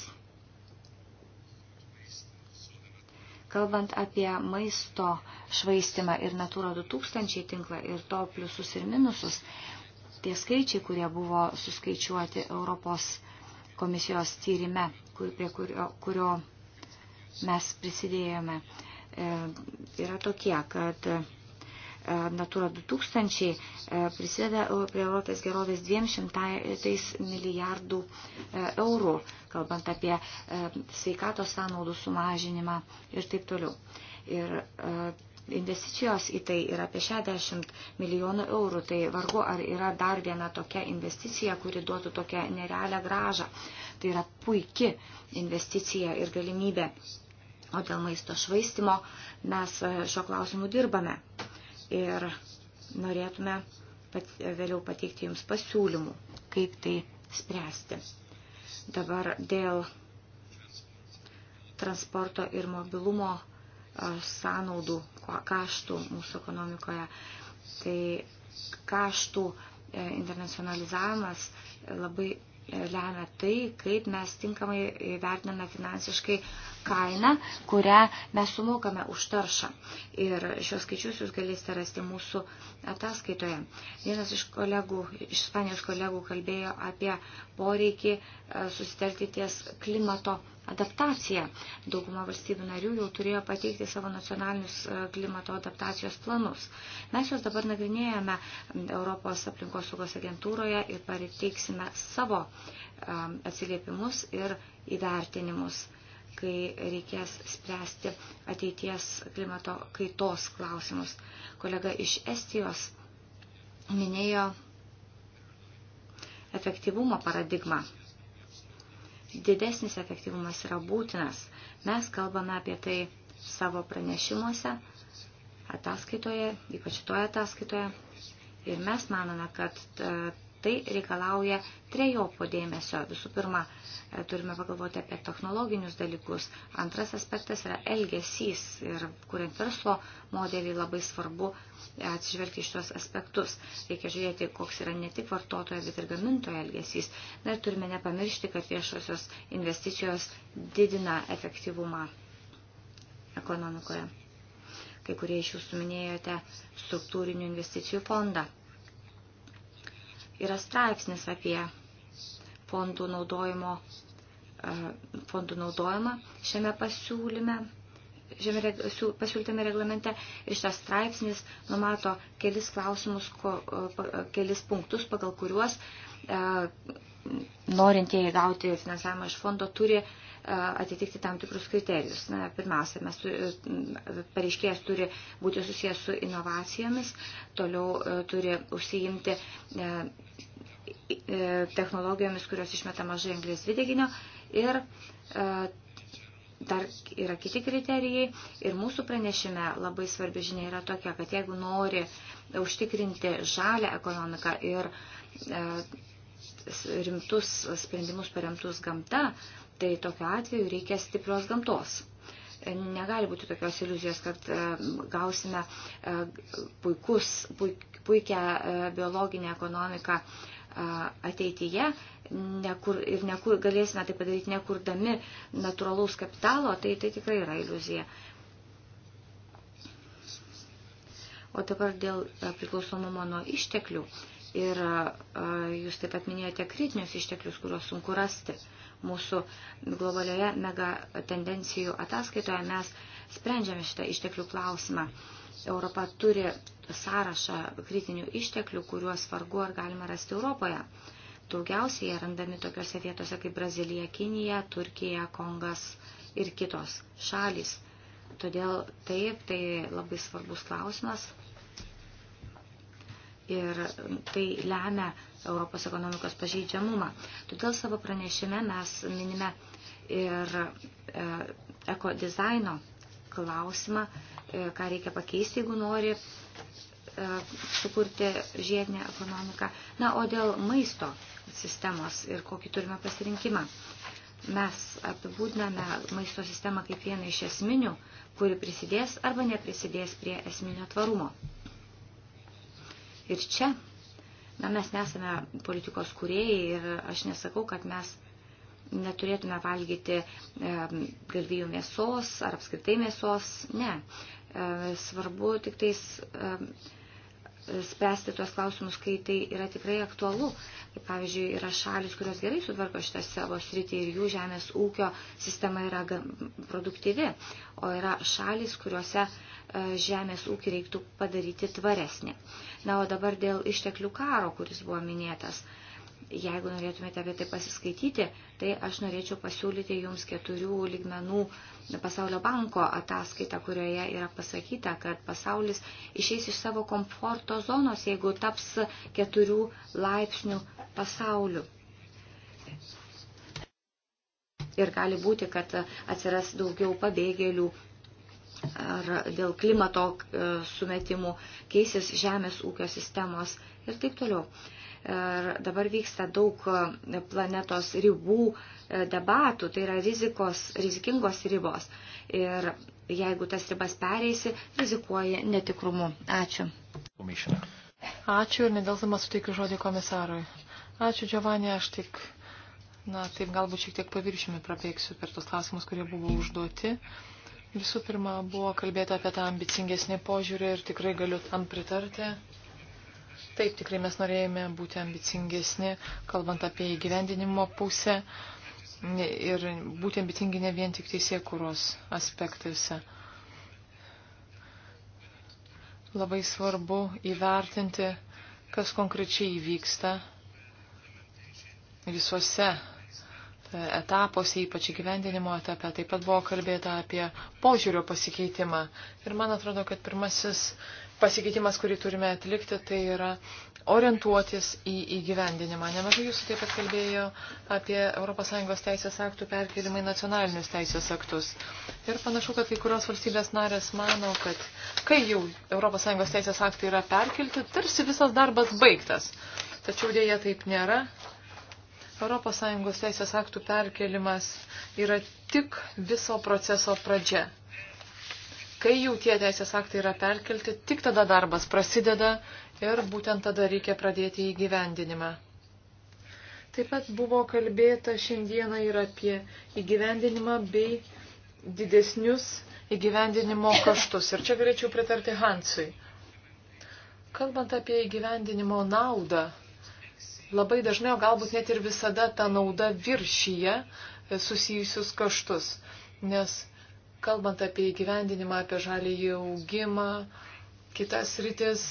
Kalbant apie maisto švaistimą ir Natura 2000 tinklą ir to pliusus ir minusus, tie skaičiai, kurie buvo suskaičiuoti Europos komisijos tyrime, kur, prie kurio, kurio mes prisidėjome, e, yra tokie, kad E, Natura 2000 e, prisideda prie Europės gerovės 200 milijardų e, eurų, kalbant apie sveikatos sąnaudų sumažinimą ir taip toliau. Ir investicijos į tai yra apie 60 milijonų eurų, tai vargu ar yra dar viena tokia investicija, kuri duotų tokią nerealią gražą. Tai yra puiki investicija ir galimybė. O dėl maisto švaistimo mes šio klausimu dirbame ir norėtume pat, vėliau pateikti jums pasiūlymų, kaip tai spręsti. Dabar dėl transporto ir mobilumo sąnaudų, kaštų mūsų ekonomikoje, tai kaštų e, internacionalizavimas labai e, lemia tai, kaip mes tinkamai vertiname finansiškai kainą, kurią mes sumokame už taršą. Ir šios skaičius jūs galėsite rasti mūsų ataskaitoje. Vienas iš kolegų, iš Ispanijos kolegų kalbėjo apie poreikį e, susitarti ties klimato adaptaciją. Dauguma valstybių narių jau turėjo pateikti savo nacionalinius e, klimato adaptacijos planus. Mes juos dabar nagrinėjame Europos aplinkosaugos agentūroje ir pareiksime savo e, atsiliepimus ir įvertinimus kai reikės spręsti ateities klimato kaitos klausimus. Kolega iš Estijos minėjo efektyvumo paradigmą. Didesnis efektyvumas yra būtinas. Mes kalbame apie tai savo pranešimuose, ataskaitoje, ypač toje ataskaitoje. Ir mes manome, kad e, tai reikalauja trejopo dėmesio. Visų pirma, e, turime pagalvoti apie technologinius dalykus. Antras aspektas yra elgesys ir kuriant verslo modelį labai svarbu e, atsižvelgti iš tuos aspektus. Reikia žiūrėti, koks yra ne tik vartotojo, bet ir gamintojo elgesys. Na ir turime nepamiršti, kad viešosios investicijos didina efektyvumą ekonomikoje. Kai kurie iš jūsų minėjote struktūrinių investicijų fondą yra straipsnis apie fondų naudojimo e, fondų naudojimą šiame pasiūlyme, šiame reg, pasiūlytame reglamente. Ir šitas straipsnis numato kelis klausimus, ko, e, kelis punktus, pagal kuriuos e, norintieji gauti finansavimą iš fondo turi e, atitikti tam tikrus kriterijus. Na, pirmiausia, mes e, pareiškėjas turi būti susijęs su inovacijomis, toliau e, turi užsiimti technologijomis, kurios išmeta mažai anglės dvideginio ir dar yra kiti kriterijai ir mūsų pranešime labai svarbi žinia yra tokia, kad jeigu nori užtikrinti žalę ekonomiką ir rimtus sprendimus paremtus gamta, tai tokiu atveju reikia stiprios gamtos. Negali būti tokios iliuzijos, kad e, gausime e, puikus, puikią e, biologinę ekonomiką ateityje nekur, ir nekur, galėsime tai padaryti nekurdami natūralaus kapitalo, tai tai tikrai yra iliuzija. O dabar dėl priklausomumo nuo išteklių. Uh, Ir jūs taip pat minėjote kritinius išteklius, kuriuos sunku rasti. Mūsų globalioje mega tendencijų ataskaitoje mes sprendžiame šitą išteklių klausimą. Europa turi sąrašą kritinių išteklių, kuriuos vargu ar galima rasti Europoje. Daugiausiai jie randami tokiuose vietose kaip Brazilija, Kinija, Turkija, Kongas ir kitos šalys. Todėl taip, tai labai svarbus klausimas ir tai lemia Europos ekonomikos pažeidžiamumą. Todėl savo pranešime mes minime ir e, ekodizaino klausimą, e, ką reikia pakeisti, jeigu nori e, sukurti žiedinę ekonomiką. Na, o dėl maisto sistemos ir kokį turime pasirinkimą. Mes apibūdiname maisto sistemą kaip vieną iš esminių, kuri prisidės arba neprisidės prie esminio tvarumo. Ir čia, na, mes nesame politikos kuriejai ir aš nesakau, kad mes neturėtume valgyti galvijų mėsos ar apskritai mėsos. Ne. E, svarbu tik tais spręsti tuos klausimus, kai tai yra tikrai aktualu. Kaip pavyzdžiui, yra šalis, kurios gerai sutvarko šitą savo sritį ir jų žemės ūkio sistema yra produktyvi, o yra šalis, kuriuose e, žemės ūkį reiktų padaryti tvaresnį. Na, o dabar dėl išteklių karo, kuris buvo minėtas. Uh, Jeigu norėtumėte apie tai pasiskaityti, tai aš norėčiau pasiūlyti jums keturių lygmenų pasaulio banko ataskaitą, kurioje yra pasakyta, kad pasaulis išeis iš savo komforto zonos, jeigu taps keturių laipsnių pasauliu. Ir gali būti, kad atsiras daugiau pabėgėlių, ar dėl klimato e, sumetimų keisis žemės ūkio sistemos ir taip toliau. Ir dabar vyksta daug e, planetos ribų e, debatų, tai yra rizikos, rizikingos ribos. Ir jeigu tas ribas pereisi, rizikuoji netikrumu. Ačiū. Ačiū ir nedelsamas suteikiu žodį komisarui. Ačiū, Giovanni, aš tik, na, taip galbūt šiek tiek paviršimi prapeiksiu per tos klausimus, kurie buvo užduoti. Visų pirma, buvo kalbėta apie tą ambicingesnį požiūrį ir tikrai galiu tam pritarti. Taip, tikrai mes norėjome būti ambicingesni, kalbant apie įgyvendinimo pusę ir būti ambicingi ne vien tik teisėkūros aspektuose. Labai svarbu įvertinti, kas konkrečiai vyksta visuose etapuose, ypač įgyvendinimo etape. Taip pat buvo kalbėta apie požiūrio pasikeitimą. Ir man atrodo, kad pirmasis pasikeitimas, kurį turime atlikti, tai yra orientuotis į įgyvendinimą. Nemažai jūsų taip pat kalbėjo apie ES teisės aktų perkelimą į nacionalinius teisės aktus. Ir panašu, kad kai kurios valstybės narės mano, kad kai jau ES teisės aktai yra perkelti, tarsi visas darbas baigtas. Tačiau dėja taip nėra. ES teisės aktų perkelimas yra tik viso proceso pradžia. Kai jau tie teisės aktai yra perkelti, tik tada darbas prasideda ir būtent tada reikia pradėti įgyvendinimą. Taip pat buvo kalbėta šiandieną ir apie įgyvendinimą bei didesnius įgyvendinimo kaštus. Ir čia galėčiau pritarti Hansui. Kalbant apie įgyvendinimo naudą, labai dažnai, o galbūt net ir visada ta nauda viršyje susijusius kaštus, nes kalbant apie įgyvendinimą, apie žalį augimą, kitas rytis.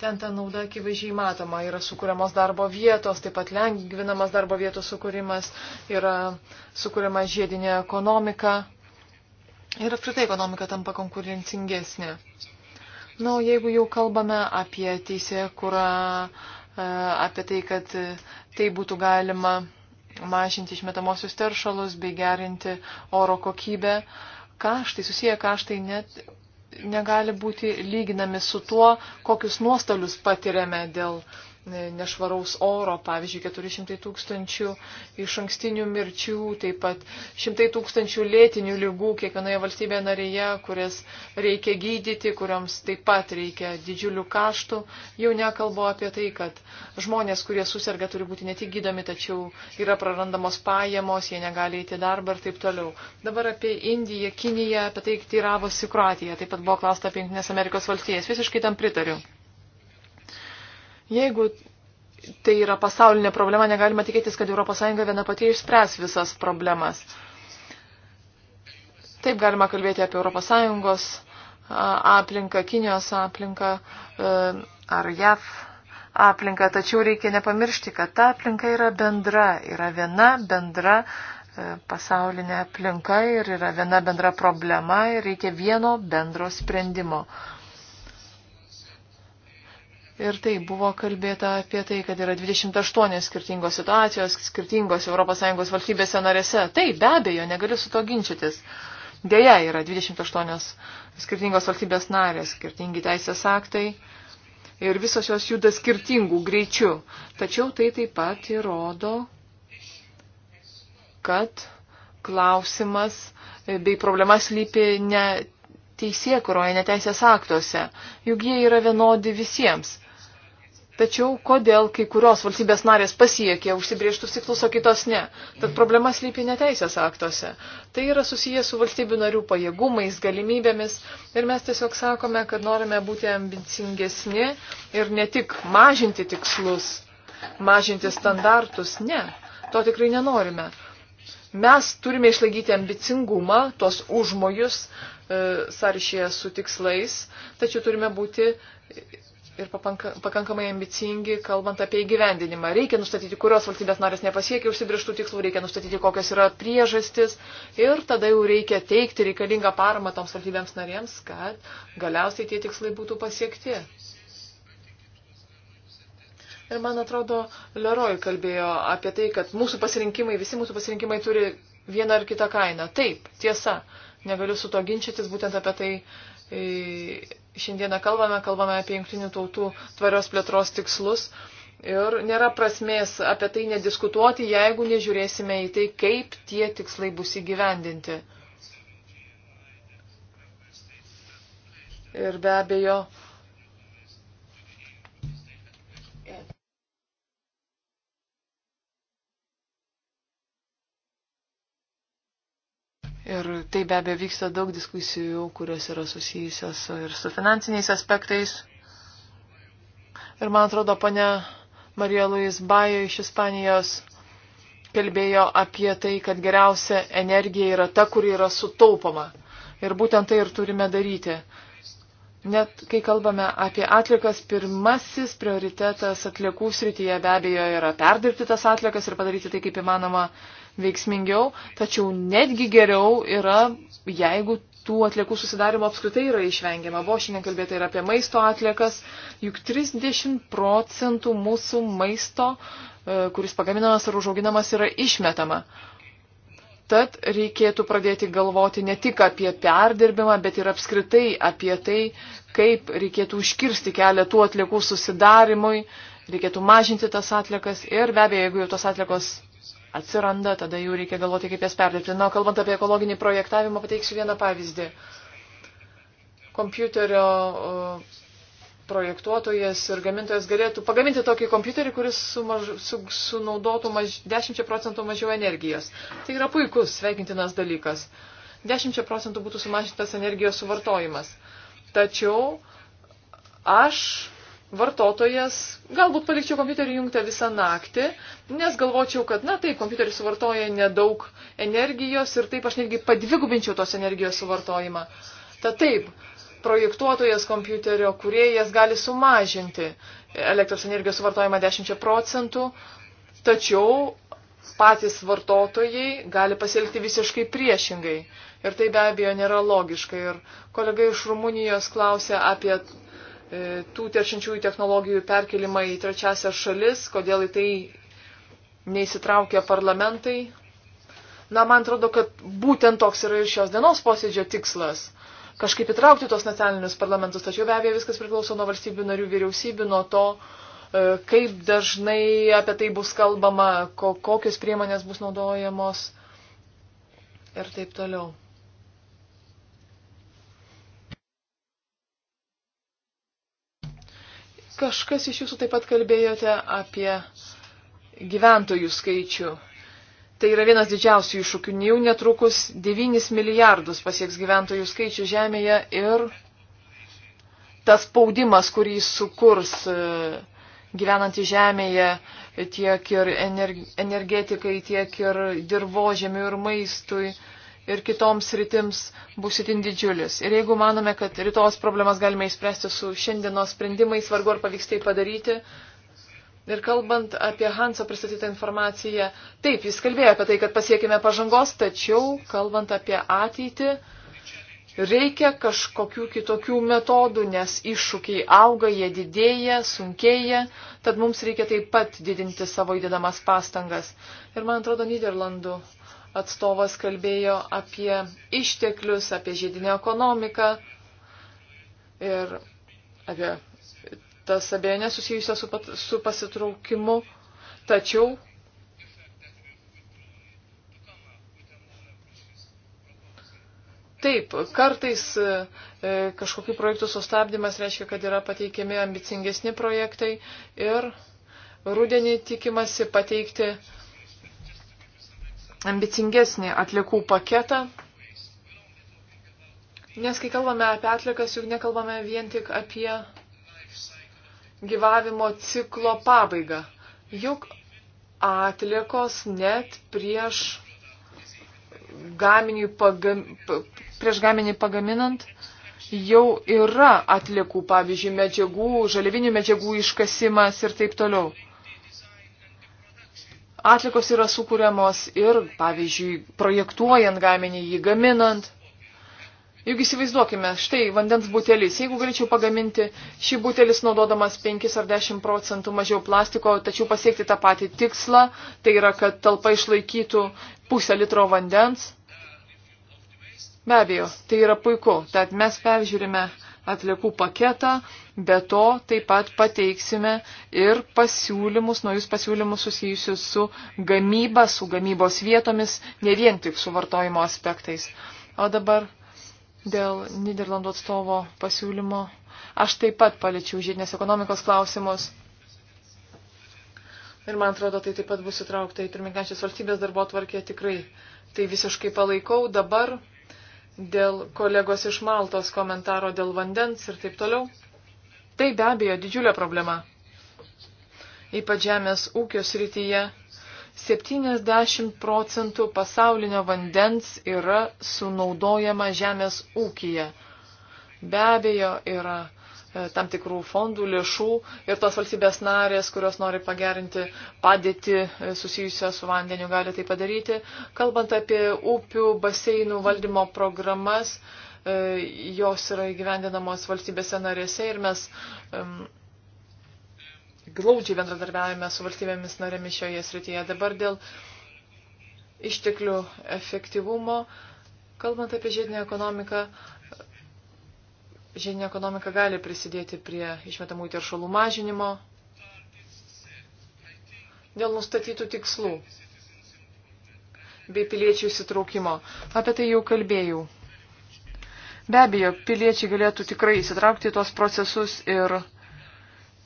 Ten ta nauda akivaizdžiai matoma, yra sukūriamos darbo vietos, taip pat lengvinamas darbo vietos sukūrimas, yra sukūriama žiedinė ekonomika ir apskritai ekonomika tampa konkurencingesnė. Na, nu, jeigu jau kalbame apie teisę, kurą, e, apie tai, kad tai būtų galima mažinti išmetamosius teršalus bei gerinti oro kokybę. Kaštai, susiję kaštai net negali būti lyginami su tuo, kokius nuostolius patiriame dėl nešvaraus oro, pavyzdžiui, 400 tūkstančių iš ankstinių mirčių, taip pat 100 tūkstančių lėtinių lygų kiekvienoje valstybėje narėje, kurias reikia gydyti, kuriams taip pat reikia didžiulių kaštų. Jau nekalbu apie tai, kad žmonės, kurie susirga, turi būti ne tik gydomi, tačiau yra prarandamos pajamos, jie negali įti darbą ir taip toliau. Dabar apie Indiją, Kiniją, apie tai tyravosi Kroatija, taip pat buvo klausta apie Junktinės Amerikos valstijas. Visiškai tam pritariu. Jeigu tai yra pasaulinė problema, negalima tikėtis, kad ES viena pati išspręs visas problemas. Taip galima kalbėti apie ES aplinką, Kinijos aplinką e, ar JAV aplinką, tačiau reikia nepamiršti, kad ta aplinka yra bendra, yra viena bendra e, pasaulinė aplinka ir yra viena bendra problema ir reikia vieno bendro sprendimo. Ir tai buvo kalbėta apie tai, kad yra 28 skirtingos situacijos, skirtingos ES valstybėse narėse. Taip, be abejo, negaliu su to ginčytis. Deja, yra 28 skirtingos valstybės narės, skirtingi teisės aktai ir visos jos juda skirtingų greičių. Tačiau tai taip pat įrodo, kad klausimas bei problemas lypi ne teisėkuroje, ne teisės aktuose, juk jie yra vienodi visiems. Tačiau kodėl kai kurios valstybės narės pasiekė užsibrieštus tikslus, o kitos ne? Tad problema slypi neteisės aktuose. Tai yra susijęs su valstybių narių pajėgumais, galimybėmis ir mes tiesiog sakome, kad norime būti ambicingesni ir ne tik mažinti tikslus, mažinti standartus. Ne, to tikrai nenorime. Mes turime išlaikyti ambicingumą, tuos užmojus e, sąryšyje su tikslais, tačiau turime būti ir pakankamai ambicingi, kalbant apie įgyvendinimą. Reikia nustatyti, kurios valstybės narės nepasiekia užsibrieštų tikslų, reikia nustatyti, kokios yra priežastis ir tada jau reikia teikti reikalingą paramą toms valstybėms narėms, kad galiausiai tie tikslai būtų pasiekti. Ir man atrodo, Leroj kalbėjo apie tai, kad mūsų pasirinkimai, visi mūsų pasirinkimai turi vieną ar kitą kainą. Taip, tiesa, negaliu su to ginčytis, būtent apie tai e, šiandieną kalbame, kalbame apie jungtinių tautų tvarios plėtros tikslus. Ir nėra prasmės apie tai nediskutuoti, jeigu nežiūrėsime į tai, kaip tie tikslai bus įgyvendinti. Ir be abejo, Ir tai be abejo vyksta daug diskusijų, kurios yra susijusios ir su finansiniais aspektais. Ir man atrodo, ponia Marija Luis Bajo iš Ispanijos kalbėjo apie tai, kad geriausia energija yra ta, kuri yra sutaupoma. Ir būtent tai ir turime daryti. Net kai kalbame apie atlikas, pirmasis prioritetas atliekų srityje be abejo yra perdirbti tas atlikas ir padaryti tai kaip įmanoma uh, veiksmingiau, tačiau netgi geriau yra, jeigu tų atliekų susidarimo apskritai yra išvengiama. Buvo šiandien kalbėta ir apie maisto atliekas, juk 30 procentų mūsų maisto, e, kuris pagaminamas ar užauginamas, yra išmetama. Tad reikėtų pradėti galvoti ne tik apie perdirbimą, bet ir apskritai apie tai, kaip reikėtų užkirsti kelią tų atliekų susidarimui, reikėtų mažinti tas atliekas ir be abejo, jeigu jau tos atliekos atsiranda, tada jau reikia galvoti, kaip jas perdirbti. Na, kalbant apie ekologinį projektavimą, pateiksiu vieną pavyzdį. Kompiuterio uh, projektuotojas ir gamintojas galėtų pagaminti tokį kompiuterį, kuris sumaž, su, sunaudotų maž, 10 procentų mažiau energijos. Tai yra puikus, sveikintinas dalykas. 10 procentų būtų sumažintas energijos suvartojimas. Tačiau aš vartotojas, galbūt palikčiau kompiuterį jungtą visą naktį, nes galvočiau, kad, na taip, kompiuteris suvartoja nedaug energijos ir taip aš netgi padvigubinčiau tos energijos suvartojimą. Ta taip, projektuotojas kompiuterio, kuriejas gali sumažinti elektros energijos suvartojimą 10 procentų, tačiau patys vartotojai gali pasielgti visiškai priešingai. Ir tai be abejo nėra logiška. Ir kolega iš Rumunijos klausė apie E, tų teršinčiųjų technologijų perkelimą į trečiasią šalis, kodėl į tai neįsitraukia parlamentai. Na, man atrodo, kad būtent toks yra ir šios dienos posėdžio tikslas - kažkaip įtraukti tos nacionalinius parlamentus, tačiau be abejo viskas priklauso nuo valstybių narių vyriausybių, nuo to, e, kaip dažnai apie tai bus kalbama, kokios priemonės bus naudojamos ir taip toliau. Kažkas iš jūsų taip pat kalbėjote apie gyventojų skaičių. Tai yra vienas didžiausių iššūkių. Jau netrukus 9 milijardus pasieks gyventojų skaičių Žemėje ir tas spaudimas, kurį sukurs e, gyvenantį Žemėje tiek ir energetikai, tiek ir dirbožėmių ir maistui ir kitoms rytims bus itin didžiulis. Ir jeigu manome, kad rytos problemas galime įspręsti su šiandienos sprendimais, vargu ar pavyks tai padaryti. Ir kalbant apie Hanso pristatytą informaciją, taip, jis kalbėjo apie tai, kad pasiekime pažangos, tačiau kalbant apie ateitį, reikia kažkokių kitokių metodų, nes iššūkiai auga, jie didėja, sunkėja, tad mums reikia taip pat didinti savo įdedamas pastangas. Ir man atrodo, Niderlandų atstovas kalbėjo apie išteklius, apie žiedinę ekonomiką ir apie tas abejonės susijusias su, su pasitraukimu. Tačiau Taip, kartais e, kažkokių projektų sustabdymas reiškia, kad yra pateikiami ambicingesni projektai ir rudenį tikimasi pateikti ambicingesnį atliekų paketą. Nes kai kalbame apie atlikas, juk nekalbame vien tik apie gyvavimo ciklo pabaigą. Juk atliekos net prieš gaminį, pagam, prieš gaminį pagaminant jau yra atliekų, pavyzdžiui, medžiagų, žalivinių medžiagų iškasimas ir taip toliau atlikos yra sukūriamos ir, pavyzdžiui, projektuojant gaminį, jį gaminant. Juk įsivaizduokime, štai vandens butelis. Jeigu galėčiau pagaminti šį butelis naudodamas 5 ar 10 procentų mažiau plastiko, tačiau pasiekti tą patį tikslą, tai yra, kad talpa išlaikytų pusę litro vandens. Be abejo, tai yra puiku. Tad mes peržiūrime uh, atliekų paketą, be to taip pat pateiksime ir pasiūlymus, naujus pasiūlymus susijusius su gamyba, su gamybos vietomis, ne vien tik su vartojimo aspektais. O dabar dėl Niderlandų atstovo pasiūlymo. Aš taip pat paliečiau žiedinės ekonomikos klausimus. Ir man atrodo, tai taip pat bus įtraukta į pirmininkančios valstybės darbo tvarkė tikrai. Tai visiškai palaikau. Dabar dėl kolegos iš Maltos komentaro dėl vandens ir taip toliau. Tai be abejo didžiulė problema. Ypač žemės ūkio srityje 70 procentų pasaulinio vandens yra sunaudojama žemės ūkija. Be abejo yra E, tam tikrų fondų, lėšų ir tos valstybės narės, kurios nori pagerinti padėtį e, susijusią su vandeniu, gali tai padaryti. Kalbant apie upių baseinų valdymo programas, e, jos yra įgyvendinamos valstybėse narėse ir mes glaudžiai bendradarbiavime su valstybėmis narėmis šioje srityje. Dabar dėl išteklių efektyvumo, kalbant apie žiedinę ekonomiką, žinia ekonomika gali prisidėti prie išmetamų teršalų mažinimo dėl nustatytų tikslų bei piliečių įsitraukimo. Apie tai jau kalbėjau. Be abejo, piliečiai galėtų tikrai įsitraukti į tos procesus ir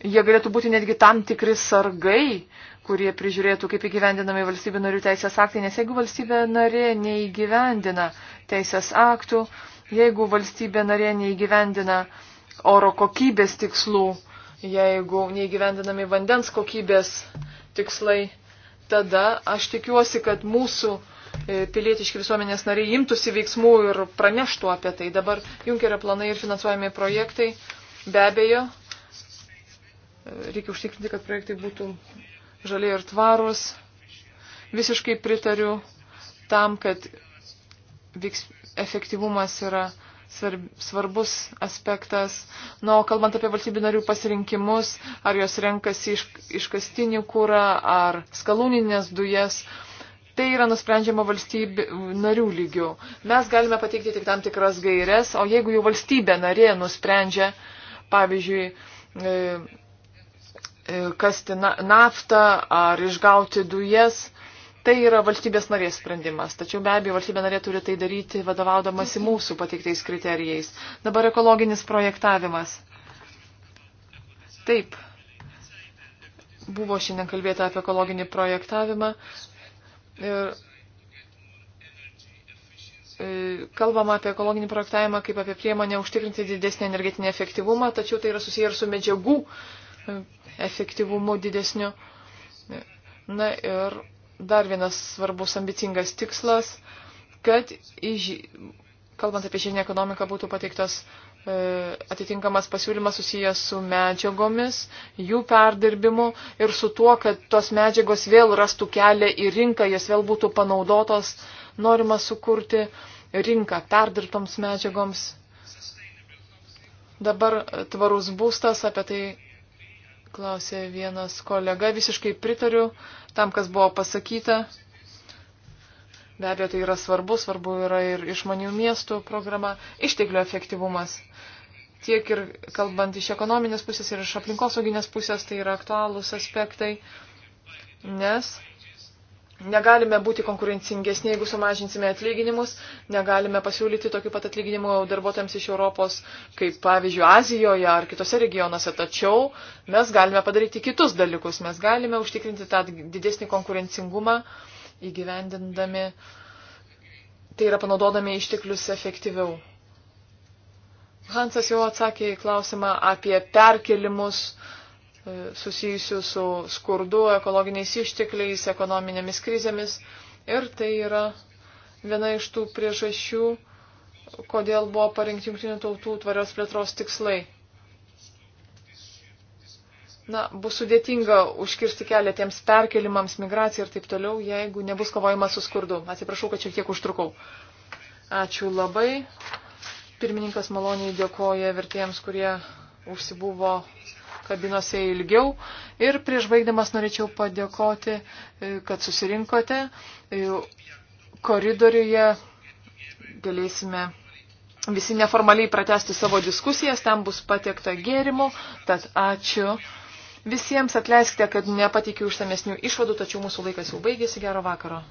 jie galėtų būti netgi tam tikri sargai, kurie prižiūrėtų, kaip įgyvendinami valstybių narių teisės aktai, nes jeigu valstybė narė neįgyvendina teisės aktų, Jeigu valstybė narė neįgyvendina oro kokybės tikslų, jeigu neįgyvendinami vandens kokybės tikslai, tada aš tikiuosi, kad mūsų e, pilietiški visuomenės nariai imtųsi veiksmų ir praneštų apie tai. Dabar Junkerio planai ir finansuojami projektai be abejo e, reikia užtikrinti, kad projektai būtų žaliai ir tvarus. Visiškai pritariu tam, kad veiks, efektyvumas yra svarbus aspektas. Na, o kalbant apie valstybių narių pasirinkimus, ar jos renkasi iš, iškastinį kūrą ar skalūninės dujas, tai yra nusprendžiama valstybių narių lygių. Mes galime pateikti tik tam tikras gairias, o jeigu jau valstybė narė nusprendžia, pavyzdžiui, e, e kasti naftą ar išgauti dujas, Tai yra valstybės narės sprendimas, tačiau be abejo valstybė narė turi tai daryti vadovaudamasi mūsų pateiktais kriterijais. Dabar ekologinis projektavimas. Taip, buvo šiandien kalbėta apie ekologinį projektavimą ir e, kalbama apie ekologinį projektavimą kaip apie priemonę užtikrinti didesnį energetinį efektyvumą, tačiau tai yra susiję ir su medžiagų e, efektyvumu didesniu. Na ir dar vienas svarbus ambicingas tikslas, kad, į, kalbant apie žiedinę ekonomiką, būtų pateiktas e, atitinkamas pasiūlymas susijęs su medžiagomis, jų perdirbimu ir su tuo, kad tos medžiagos vėl rastų kelią į rinką, jas vėl būtų panaudotos, norima sukurti rinką perdirbtoms medžiagoms. Dabar tvarus būstas, apie tai klausė vienas kolega. Visiškai pritariu tam, kas buvo pasakyta. Be abejo, tai yra svarbu, svarbu yra ir išmanių miestų programa, išteklių efektyvumas. Tiek ir kalbant iš ekonominės pusės ir iš aplinkosauginės pusės, tai yra aktualūs aspektai, nes Negalime būti konkurencingesni, jeigu sumažinsime atlyginimus, negalime pasiūlyti tokių pat atlyginimų darbuotojams iš Europos, kaip pavyzdžiui Azijoje ar kitose regionuose, tačiau mes galime padaryti kitus dalykus, mes galime užtikrinti tą didesnį konkurencingumą įgyvendindami, tai yra panaudodami išteklius efektyviau. Hansas jau atsakė į klausimą apie perkelimus susijusių su skurdu, ekologiniais ištekliais, ekonominėmis krizėmis. Ir tai yra viena iš tų priežasčių, kodėl buvo parinkti jungtinių tautų tvarios plėtros tikslai. Na, bus sudėtinga užkirsti kelią tiems perkelimams, migracijai ir taip toliau, jeigu nebus kovojama su skurdu. Atsiprašau, kad šiek tiek užtrukau. Ačiū labai. Pirmininkas maloniai dėkoja vertėjams, kurie užsibuvo kabinose ilgiau. Ir prieš baigdamas norėčiau padėkoti, e, kad susirinkote. E, koridoriuje galėsime visi neformaliai pratesti savo diskusijas, ten bus patiekta gėrimų, tad ačiū. Visiems atleiskite, kad nepatikiu užsamesnių išvadų, tačiau mūsų laikas jau baigėsi. Gero vakaro.